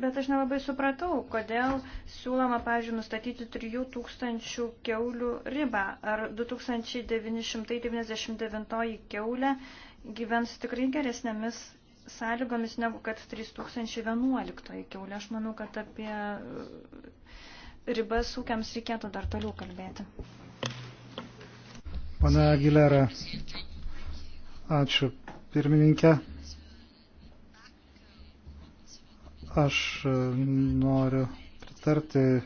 bet aš nelabai supratau, kodėl siūloma, pavyzdžiui, nustatyti 3000 keulių ribą. Ar 2999 keulė gyvens tikrai geresnėmis sąlygomis negu kad 3011 keulė. Aš manau, kad apie e, ribas ūkiams reikėtų dar toliau kalbėti. Pana Aguilera, ačiū pirmininkė. Aš e, noriu pritarti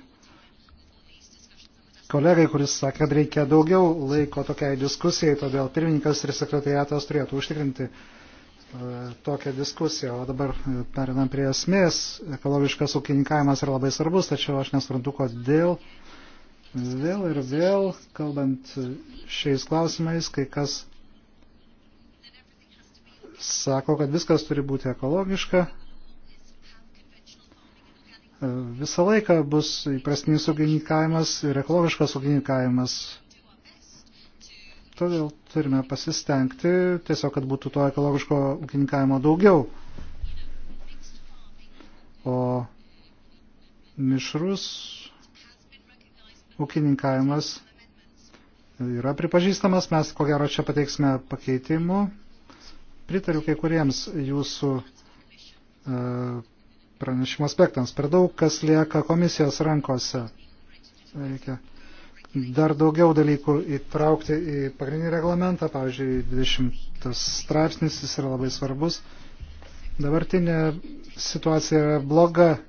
kolegai, kuris sakė, kad reikia daugiau laiko tokiai diskusijai, todėl pirmininkas ir sekretariatas turėtų užtikrinti e, tokią diskusiją. O dabar e, perinam prie esmės. Ekologiškas ūkininkavimas yra labai svarbus, tačiau aš nesuprantu, kodėl vėl ir vėl, kalbant šiais klausimais, kai kas sako, kad viskas turi būti ekologiška, visą laiką bus įprastinis ūkininkavimas ir ekologiškas ūkininkavimas. Todėl turime pasistengti tiesiog, kad būtų to ekologiško ūkininkavimo daugiau. O mišrus ūkininkavimas yra pripažįstamas, mes ko gero čia pateiksime pakeitimų. Pritariu kai kuriems jūsų uh, pranešimo aspektams. Per daug kas lieka komisijos rankose. Reikia dar daugiau dalykų įtraukti į pagrindinį reglamentą. Pavyzdžiui, 20 straipsnis jis yra labai svarbus. Dabartinė situacija yra bloga e,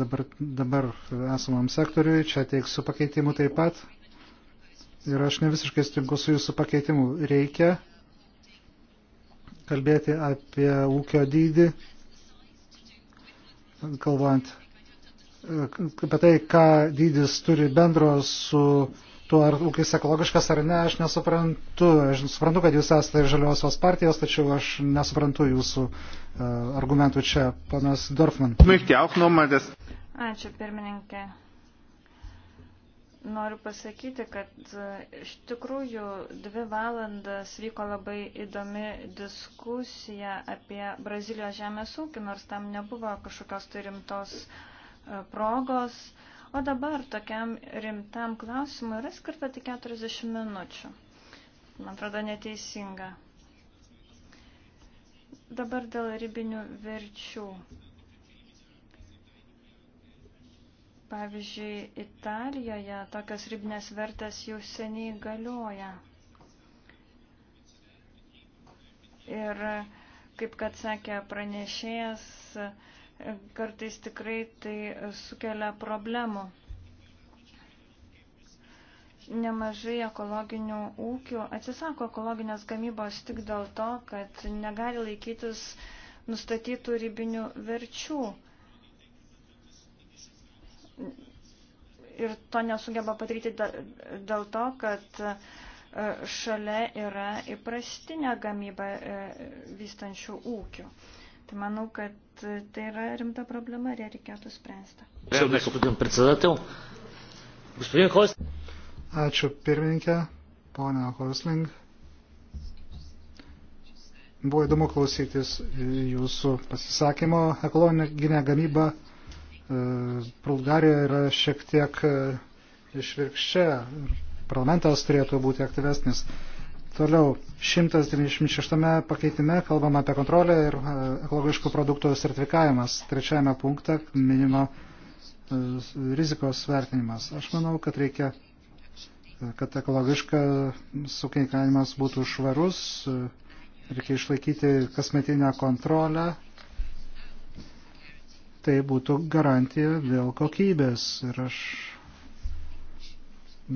dabar, dabar esamam sektoriui. Čia teiksiu pakeitimų taip pat. Ir aš ne visiškai sutinku su jūsų pakeitimu. Reikia kalbėti apie ūkio dydį kalbant e, apie tai, ką dydis turi bendro su tuo, ar ūkis ekologiškas ar ne, aš nesuprantu. Aš suprantu, kad jūs esate žaliosios partijos, tačiau aš nesuprantu jūsų e, argumentų čia, panas Dorfman. Ačiū, pirmininkė noriu pasakyti, kad e, iš tikrųjų dvi valandas vyko labai įdomi diskusija apie Brazilijos žemės ūkį, nors tam nebuvo kažkokios tai rimtos e, progos. O dabar tokiam rimtam klausimui yra skirta tik 40 minučių. Man atrodo neteisinga. Dabar dėl ribinių verčių. Pavyzdžiui, Italijoje tokios ribinės vertės jau seniai galioja. Ir kaip kad sakė pranešėjas, kartais tikrai tai sukelia problemų. Nemažai ekologinių ūkių atsisako ekologinės gamybos tik dėl to, kad negali laikytis nustatytų ribinių verčių ir to nesugeba padaryti dėl to, kad e, šalia yra įprastinė gamyba e, vystančių ūkių. Tai manau, kad e, tai yra rimta problema ir ją reikėtų spręsti. Ačiū pirmininkė, ponia Hosling. Buvo įdomu klausytis jūsų pasisakymo. Ekologinė gamyba E, Bulgarija yra šiek tiek e, išvirkščia. Parlamentas turėtų būti aktyvesnis. Toliau, 196 pakeitime kalbama apie kontrolę ir e, ekologiškų produktų sertifikavimas. Trečiajame punkte minima rizikos vertinimas. Aš manau, kad reikia, kad ekologiškas ūkininkavimas būtų švarus, reikia išlaikyti kasmetinę kontrolę tai būtų garantija dėl kokybės. Ir aš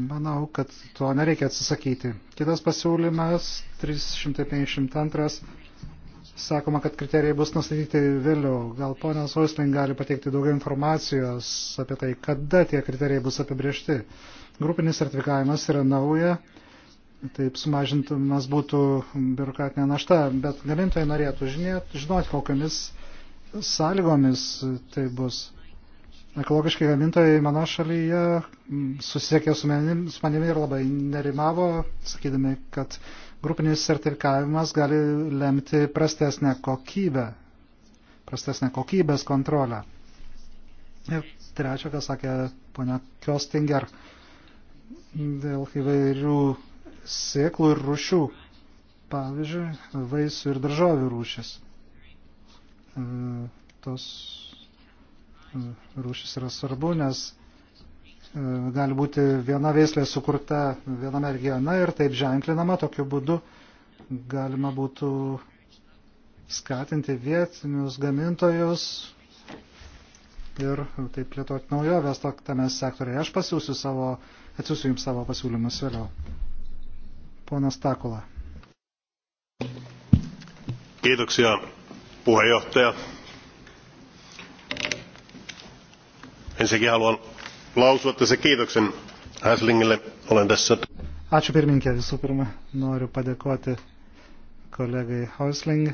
manau, kad to nereikia atsisakyti. Kitas pasiūlymas, 352, sakoma, kad kriterijai bus nustatyti vėliau. Gal ponas Oisling gali pateikti daugiau informacijos apie tai, kada tie kriterijai bus apibriežti. Grupinis sertifikavimas yra nauja. Taip sumažintumas būtų biurokratinė našta, bet gamintojai norėtų žinėt, žinoti, kokiamis sąlygomis tai bus. Ekologiškai gamintojai mano šalyje susisiekė su manimi, su manimi ir labai nerimavo, sakydami, kad grupinis sertifikavimas gali lemti prastesnę kokybę, prastesnę kokybės kontrolę. Ir trečia, ką sakė ponia Kjostinger, dėl įvairių sėklų ir rušių, pavyzdžiui, vaisių ir daržovių rūšis. Mm, tos mm, rūšis yra svarbu, nes e, gali būti viena veislė sukurta viename regione ir taip ženklinama, tokiu būdu galima būtų skatinti vietinius gamintojus ir taip plėtoti naujoves tame sektoriuje. Aš pasiūsiu savo, atsiųsiu jums savo pasiūlymus vėliau. Ponas Takula. Kiitoksia puheenjohtaja ensinnäkin haluan lausua tässä kiitoksen häslingille. Olen tässä. Ačiū pirmininkė. Visų pirma, noriu padėkoti kolegai Häusling.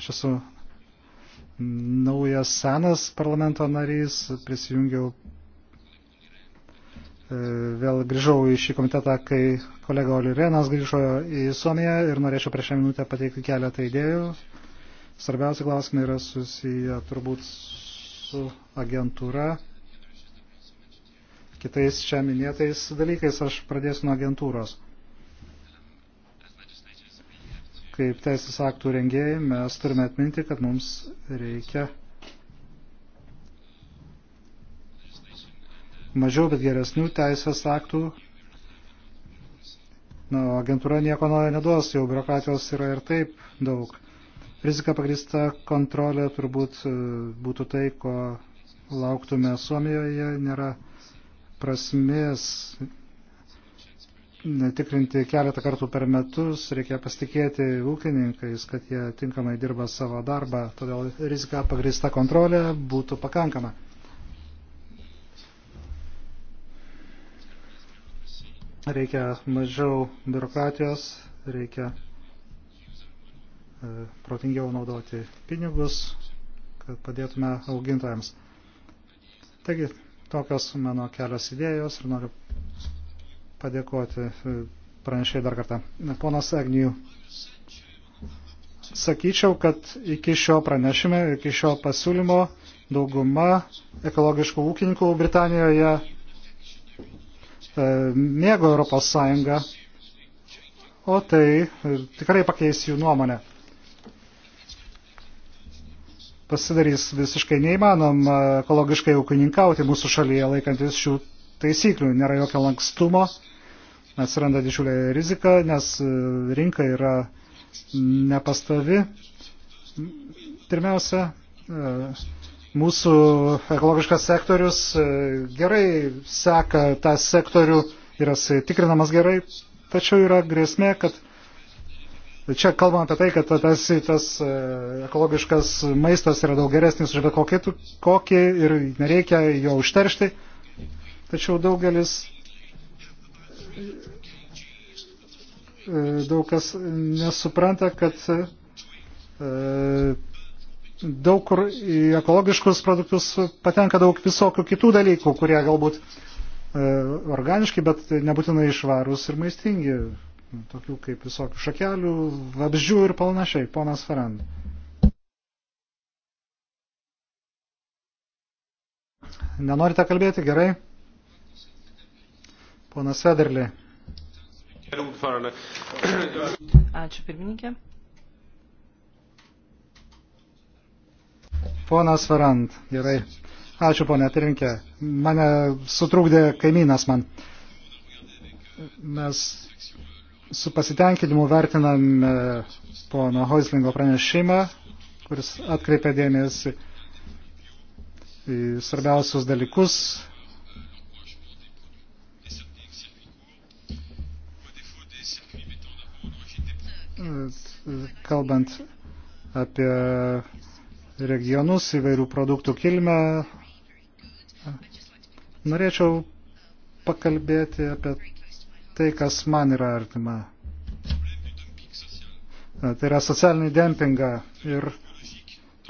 Aš esu naujas senas parlamento narys, prisijungiau, e, vėl grįžau į šį komitetą, kai kolega Oli Renas grįžo į Suomiją ir norėčiau prieš minutę pateikti keletą idėjų Svarbiausia klausimai yra susiję turbūt su agentūra. Kitais čia minėtais dalykais aš pradėsiu nuo agentūros. Kaip teisės aktų rengėjai mes turime atminti, kad mums reikia mažiau, bet geresnių teisės aktų. Na, agentūra nieko naujo neduos, jau biurokratijos yra ir taip daug Rizika pagrįsta kontrolė turbūt e, būtų tai, ko lauktume Suomijoje, nėra prasmės tikrinti keletą kartų per metus, reikia pasitikėti ūkininkais, kad jie tinkamai dirba savo darbą, todėl rizika pagrįsta kontrolė būtų pakankama. Reikia mažiau biurokratijos, reikia E, protingiau naudoti pinigus, kad padėtume augintojams. Taigi, tokios mano kelios idėjos ir noriu padėkoti e, pranešėjai dar kartą. Ponas Agnijų, sakyčiau, kad iki šio pranešime, iki šio pasiūlymo dauguma ekologiškų ūkininkų Britanijoje e, mėgo Europos Sąjungą, o tai tikrai pakeis jų nuomonę pasidarys visiškai neįmanoma e, ekologiškai ūkininkauti mūsų šalyje laikantis šių taisyklių. Nėra jokio lankstumo, atsiranda didžiulė rizika, nes e, rinka yra nepastovi. Pirmiausia, e, mūsų ekologiškas sektorius gerai seka tą sektorių, yra tikrinamas gerai, tačiau yra grėsmė, kad Čia kalbam apie tai, kad tas, tas e, ekologiškas maistas yra daug geresnis už bet kokį, kokį ir nereikia jo užteršti. Tačiau daugelis e, daug kas nesupranta, kad e, daug kur į ekologiškus produktus patenka daug visokių kitų dalykų, kurie galbūt organiški, bet nebūtinai išvarūs ir maistingi tokių kaip visokių šakelių, vabzdžių ir panašiai, ponas Ferrand. Nenorite kalbėti gerai? Ponas Federlė. Ačiū pirmininkė. Ponas Ferrand, gerai. Ačiū, ponė pirmininkė. Mane sutrūkdė kaimynas man. Mes su pasitenkinimu vertiname pono Hoislingo pranešimą, kuris atkreipia dėmesį į svarbiausius dalykus. Kalbant apie regionus, įvairių produktų kilmę, norėčiau pakalbėti apie tai, kas man yra artima. Tai yra socialinį dempingą ir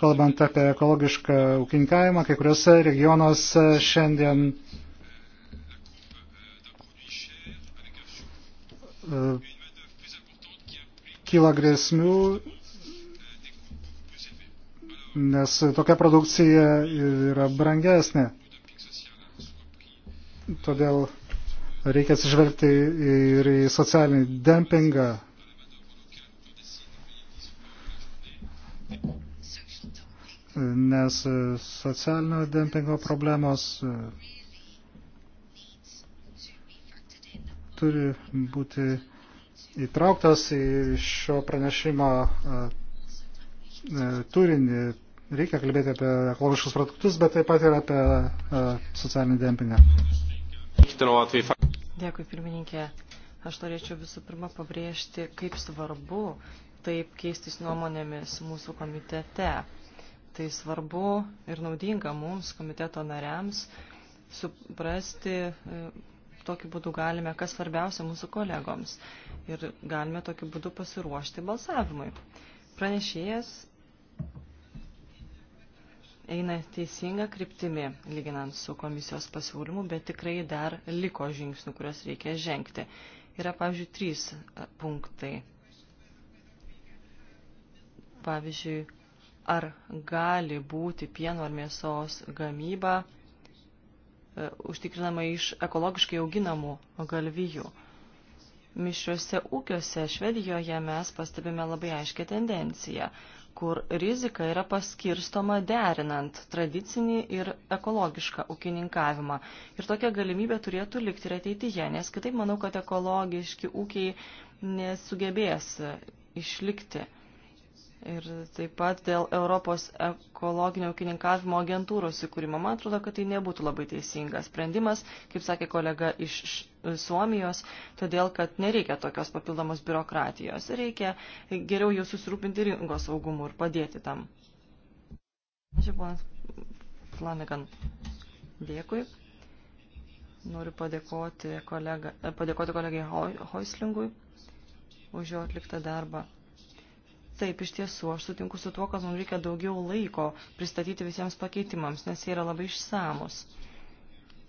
kalbant apie ekologišką ūkininkavimą, kai kuriuose regionuose šiandien e, kyla grėsmių, nes tokia produkcija yra brangesnė. Todėl Reikia atsižvelgti ir į socialinį dempingą. Nes socialinio dempingo problemos turi būti įtrauktas į šio pranešimo turinį. Reikia kalbėti apie ekologiškus produktus, bet taip pat ir apie socialinį dempingą. Dėkui, pirmininkė. Aš norėčiau visų pirma pabrėžti, kaip svarbu taip keistis nuomonėmis mūsų komitete. Tai svarbu ir naudinga mums, komiteto nariams, suprasti, e, tokiu būdu galime, kas svarbiausia mūsų kolegoms. Ir galime tokiu būdu pasiruošti balsavimui. Pranešėjas eina teisinga kryptimi, lyginant su komisijos pasiūlymu, bet tikrai dar liko žingsnių, kuriuos reikia žengti. Yra, pavyzdžiui, trys e, punktai. Pavyzdžiui, ar gali būti pieno ar mėsos gamyba e, užtikrinama iš ekologiškai auginamų galvijų. Mišriuose ūkiuose Švedijoje mes pastebime labai aiškę tendenciją kur rizika yra paskirstoma derinant tradicinį ir ekologišką ūkininkavimą. Ir tokia galimybė turėtų likti ir ateityje, nes kitaip manau, kad ekologiški ūkiai nesugebės išlikti. Ir taip pat dėl Europos ekologinio ūkininkavimo agentūros įkūrimo. Man atrodo, kad tai nebūtų labai teisingas sprendimas, kaip sakė kolega iš Suomijos, todėl kad nereikia tokios papildomos biurokratijos. Reikia geriau jau susirūpinti rinkos saugumu ir padėti tam. Ačiū, ponas Flanagan. Dėkui. Noriu padėkoti, kolega, padėkoti kolegai Hoislingui už jo atliktą darbą. Taip, iš tiesų, aš sutinku su tuo, kad mums reikia daugiau laiko pristatyti visiems pakeitimams, nes jie yra labai išsamus.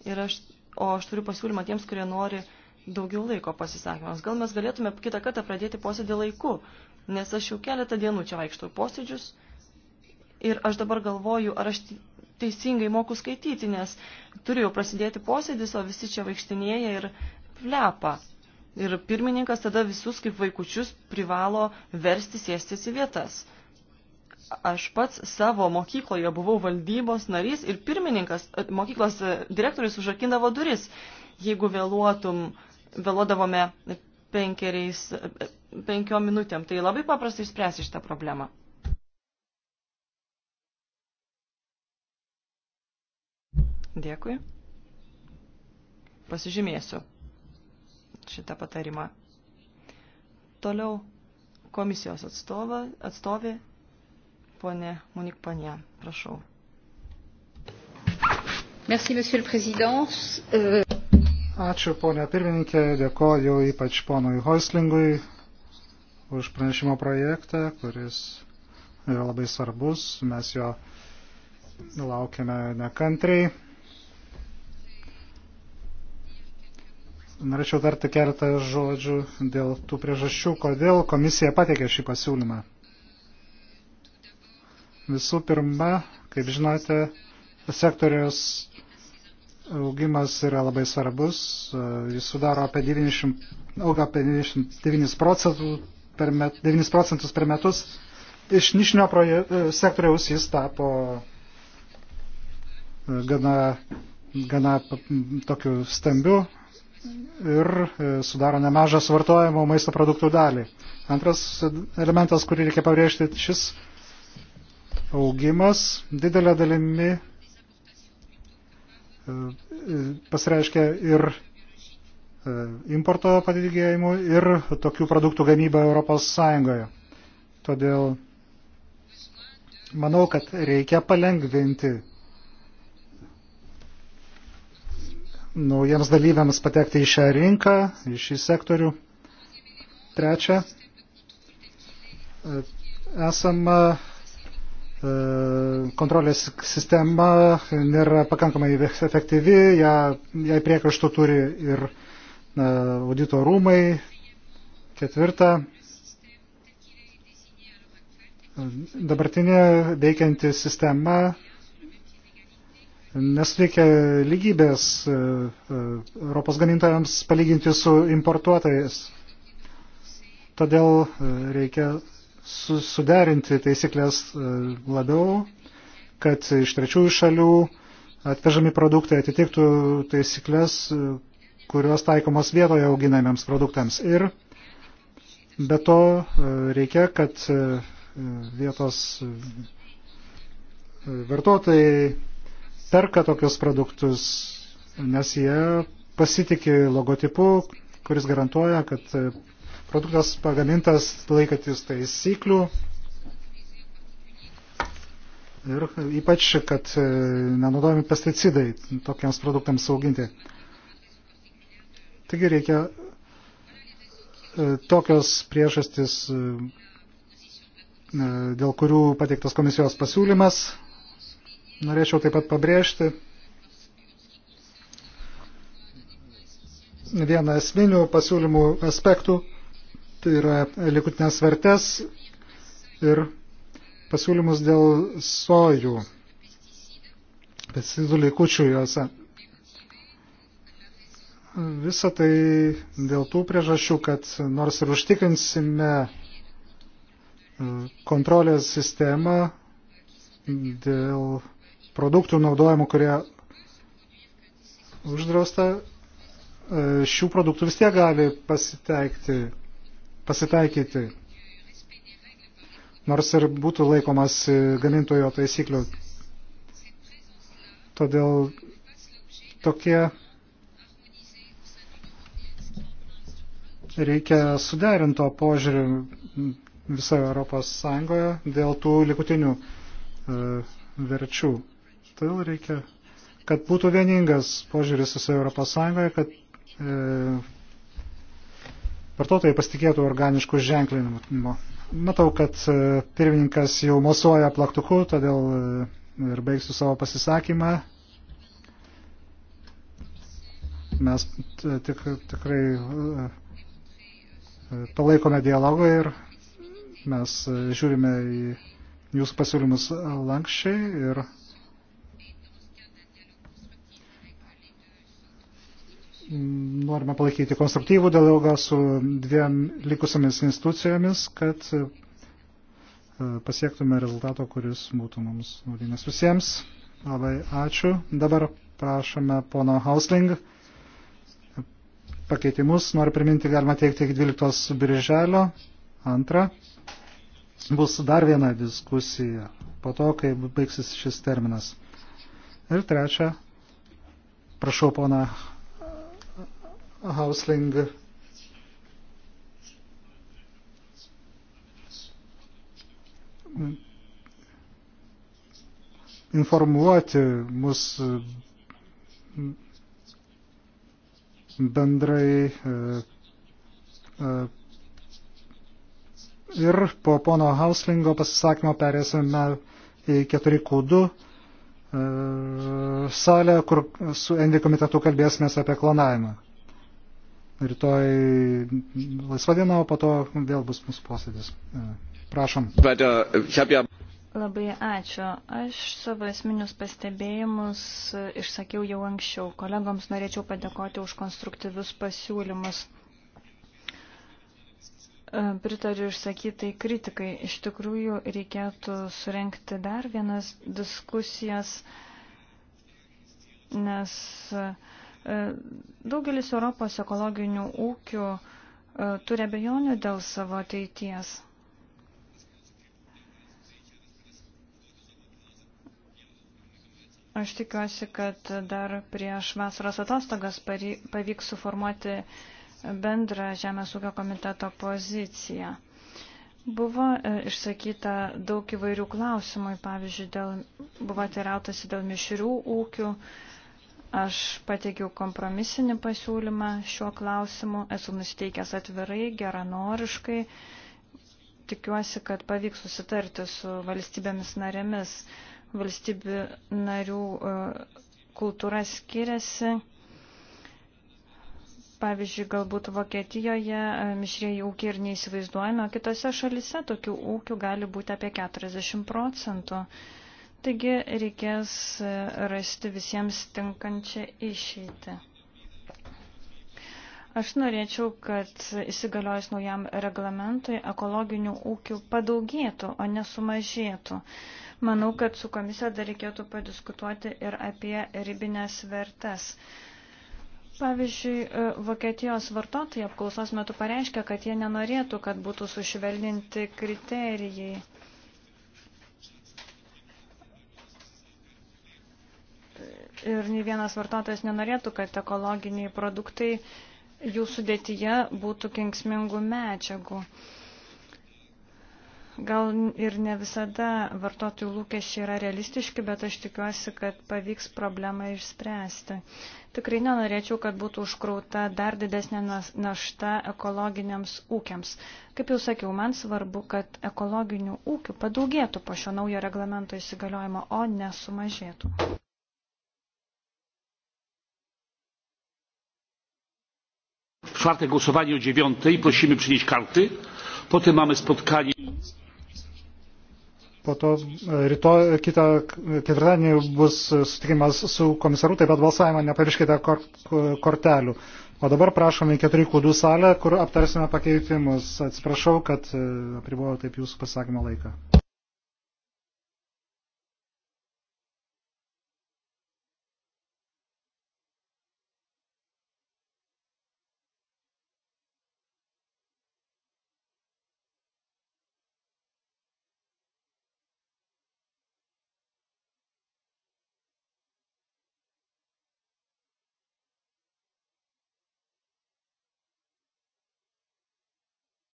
Ir aš, o aš turiu pasiūlymą tiems, kurie nori daugiau laiko pasisakymams. Gal mes galėtume kitą kartą pradėti posėdį laiku, nes aš jau keletą dienų čia vaikštau posėdžius ir aš dabar galvoju, ar aš teisingai moku skaityti, nes turiu jau prasidėti posėdis, o visi čia vaikštinėja ir plepa. Ir pirmininkas tada visus kaip vaikučius privalo versti sėstis į vietas. Aš pats savo mokykloje buvau valdybos narys ir pirmininkas, e, mokyklos e, direktorius užrakindavo duris. Jeigu vėluotum, vėluodavome penkeriais, e, penkiom minutėm, tai labai paprastai išspręsi šitą problemą. Dėkui. Pasižymėsiu šitą patarimą. Toliau komisijos atstovą, atstovė ponė Monik Panė. Prašau. Merci, monsieur le président. Euh, Ačiū, ponė pirmininkė. Dėkoju ypač ponui Hoislingui už pranešimo projektą, kuris yra labai svarbus. Mes jo laukiame nekantriai. Norėčiau tarti keletą žodžių dėl tų priežasčių, kodėl komisija pateikė šį pasiūlymą. Visų pirma, kaip žinote, sektoriaus augimas yra labai svarbus. Jis sudaro apie 90, auga apie 99 procentus per, met, 9 procentus per metus. Iš nišinio proje, sektoriaus jis tapo e, gana, gana tokiu stambiu ir e, sudaro nemažą suvartojimo maisto produktų dalį. Antras elementas, kurį reikia pabrėžti, šis augimas didelė dalimi e, pasireiškia ir e, importo padidėjimu ir tokių produktų gamyba Europos Sąjungoje. Todėl manau, kad reikia palengvinti naujiems dalyviams patekti į šią rinką, į šį sektorių. Trečia, esama e, kontrolės sistema nėra pakankamai efektyvi, ją, jai priekaštų turi ir e, audito rūmai. Ketvirta, dabartinė veikianti sistema Nes reikia lygybės e, e, Europos gamintojams palyginti su importuotojais. Todėl e, reikia suderinti taisyklės labiau, kad iš trečiųjų šalių atvežami produktai atitiktų taisyklės, kurios taikomos vietoje auginamiams produktams. Ir be to reikia, kad vietos vartotojai perka tokius produktus, nes jie pasitikė logotipu, kuris garantuoja, kad e, produktas pagamintas laikantis taisyklių. Ir ypač, kad e, nenaudojami pesticidai tokiems produktams auginti. Taigi reikia e, tokios priežastis, dėl kurių pateiktas komisijos pasiūlymas Norėčiau taip pat pabrėžti vieną esminių pasiūlymų aspektų, tai yra likutinės vertės ir pasiūlymus dėl sojų, pesticidų likučių juose. Visą tai dėl tų priežasčių, kad nors ir užtikrinsime e, kontrolės sistemą dėl produktų naudojimų, kurie uždrausta, e, šių produktų vis tiek gali pasiteikti, pasitaikyti, nors ir būtų laikomas gamintojo taisyklių. Todėl tokie reikia suderinto požiūrį visoje Europos Sąjungoje dėl tų likutinių e, verčių. Todėl reikia, kad būtų vieningas požiūris visoje Europos Sąjungoje, kad e, vartotojai pasitikėtų organiškų ženklinimo. Matau, kad e, pirmininkas jau mosuoja plaktuku, todėl e, ir baigsiu savo pasisakymą. Mes e, tik, tikrai e, e, palaikome dialogą ir mes e, žiūrime į jūsų pasiūlymus lankščiai ir norime palaikyti konstruktyvų dialogą su dviem likusiamis institucijomis, kad e, pasiektume rezultato, kuris būtų mums naudingas visiems. Labai ačiū. Dabar prašome pono Hausling. Pakeitimus, noriu priminti, galima teikti iki 12 birželio. Antra. Bus dar viena diskusija po to, kai baigsis šis terminas. Ir trečia, prašau pona Hausling informuoti mus bendrai e, e, ir po pono Hauslingo pasisakymo perėsime į 4Q2 e, salę, kur su Endi komitetu kalbėsime apie klonavimą rytoj laisva diena, o po to vėl bus mūsų posėdis. E, prašom. E, Labai ačiū. Aš savo esminius pastebėjimus e, išsakiau jau anksčiau. Kolegoms norėčiau padėkoti už konstruktyvius pasiūlymus. Pritariu išsakytai kritikai. Iš tikrųjų, reikėtų surenkti dar vienas diskusijas, nes uh, E, daugelis Europos ekologinių ūkių e, turi abejonių dėl savo ateities. Aš tikiuosi, kad dar prieš vasaros atostogas pavyks suformuoti bendrą Žemės ūkio komiteto poziciją. Buvo e, išsakyta daug įvairių klausimų, pavyzdžiui, dėl, buvo teirautasi dėl mišrių ūkių, Aš pateikiau kompromisinį pasiūlymą šiuo klausimu, esu nusteikęs atvirai, geranoriškai. Tikiuosi, kad pavyks susitarti su valstybėmis narėmis. Valstybių narių e, kultūra skiriasi. Pavyzdžiui, galbūt Vokietijoje e, mišrėjai ūkiai ir neįsivaizduojame, o kitose šalise tokių ūkių gali būti apie 40 procentų. Taigi reikės e, rasti visiems tinkančią išeitį. Aš norėčiau, kad įsigaliojus naujam reglamentui ekologinių ūkių padaugėtų, o nesumažėtų. Manau, kad su komisija dar reikėtų padiskutuoti ir apie ribinės vertes. Pavyzdžiui, e, Vokietijos vartotojai apklausos metu pareiškia, kad jie nenorėtų, kad būtų sušvelninti kriterijai. ir nei vienas vartotojas nenorėtų, kad ekologiniai produktai jų sudėtyje būtų kenksmingų medžiagų. Gal ir ne visada vartotojų lūkesčiai yra realistiški, bet aš tikiuosi, kad pavyks problemą išspręsti. Tikrai nenorėčiau, kad būtų užkrauta dar didesnė našta ekologiniams ūkiams. Kaip jau sakiau, man svarbu, kad ekologinių ūkių padaugėtų po šio naujo reglamento įsigaliojimo, o nesumažėtų. czwartek głosowanie o dziewiątej prosimy przynieść karty potem mamy spotkanie po to e, rytoj e, kitą ketvirtadienį bus e, susitikimas su komisaru taip pat balsavimą nepamirškite kor, kortelių o dabar prašome į keturi kūdų salę kur aptarsime pakeitimus atsiprašau kad apribojau taip jūsų pasakymo laiką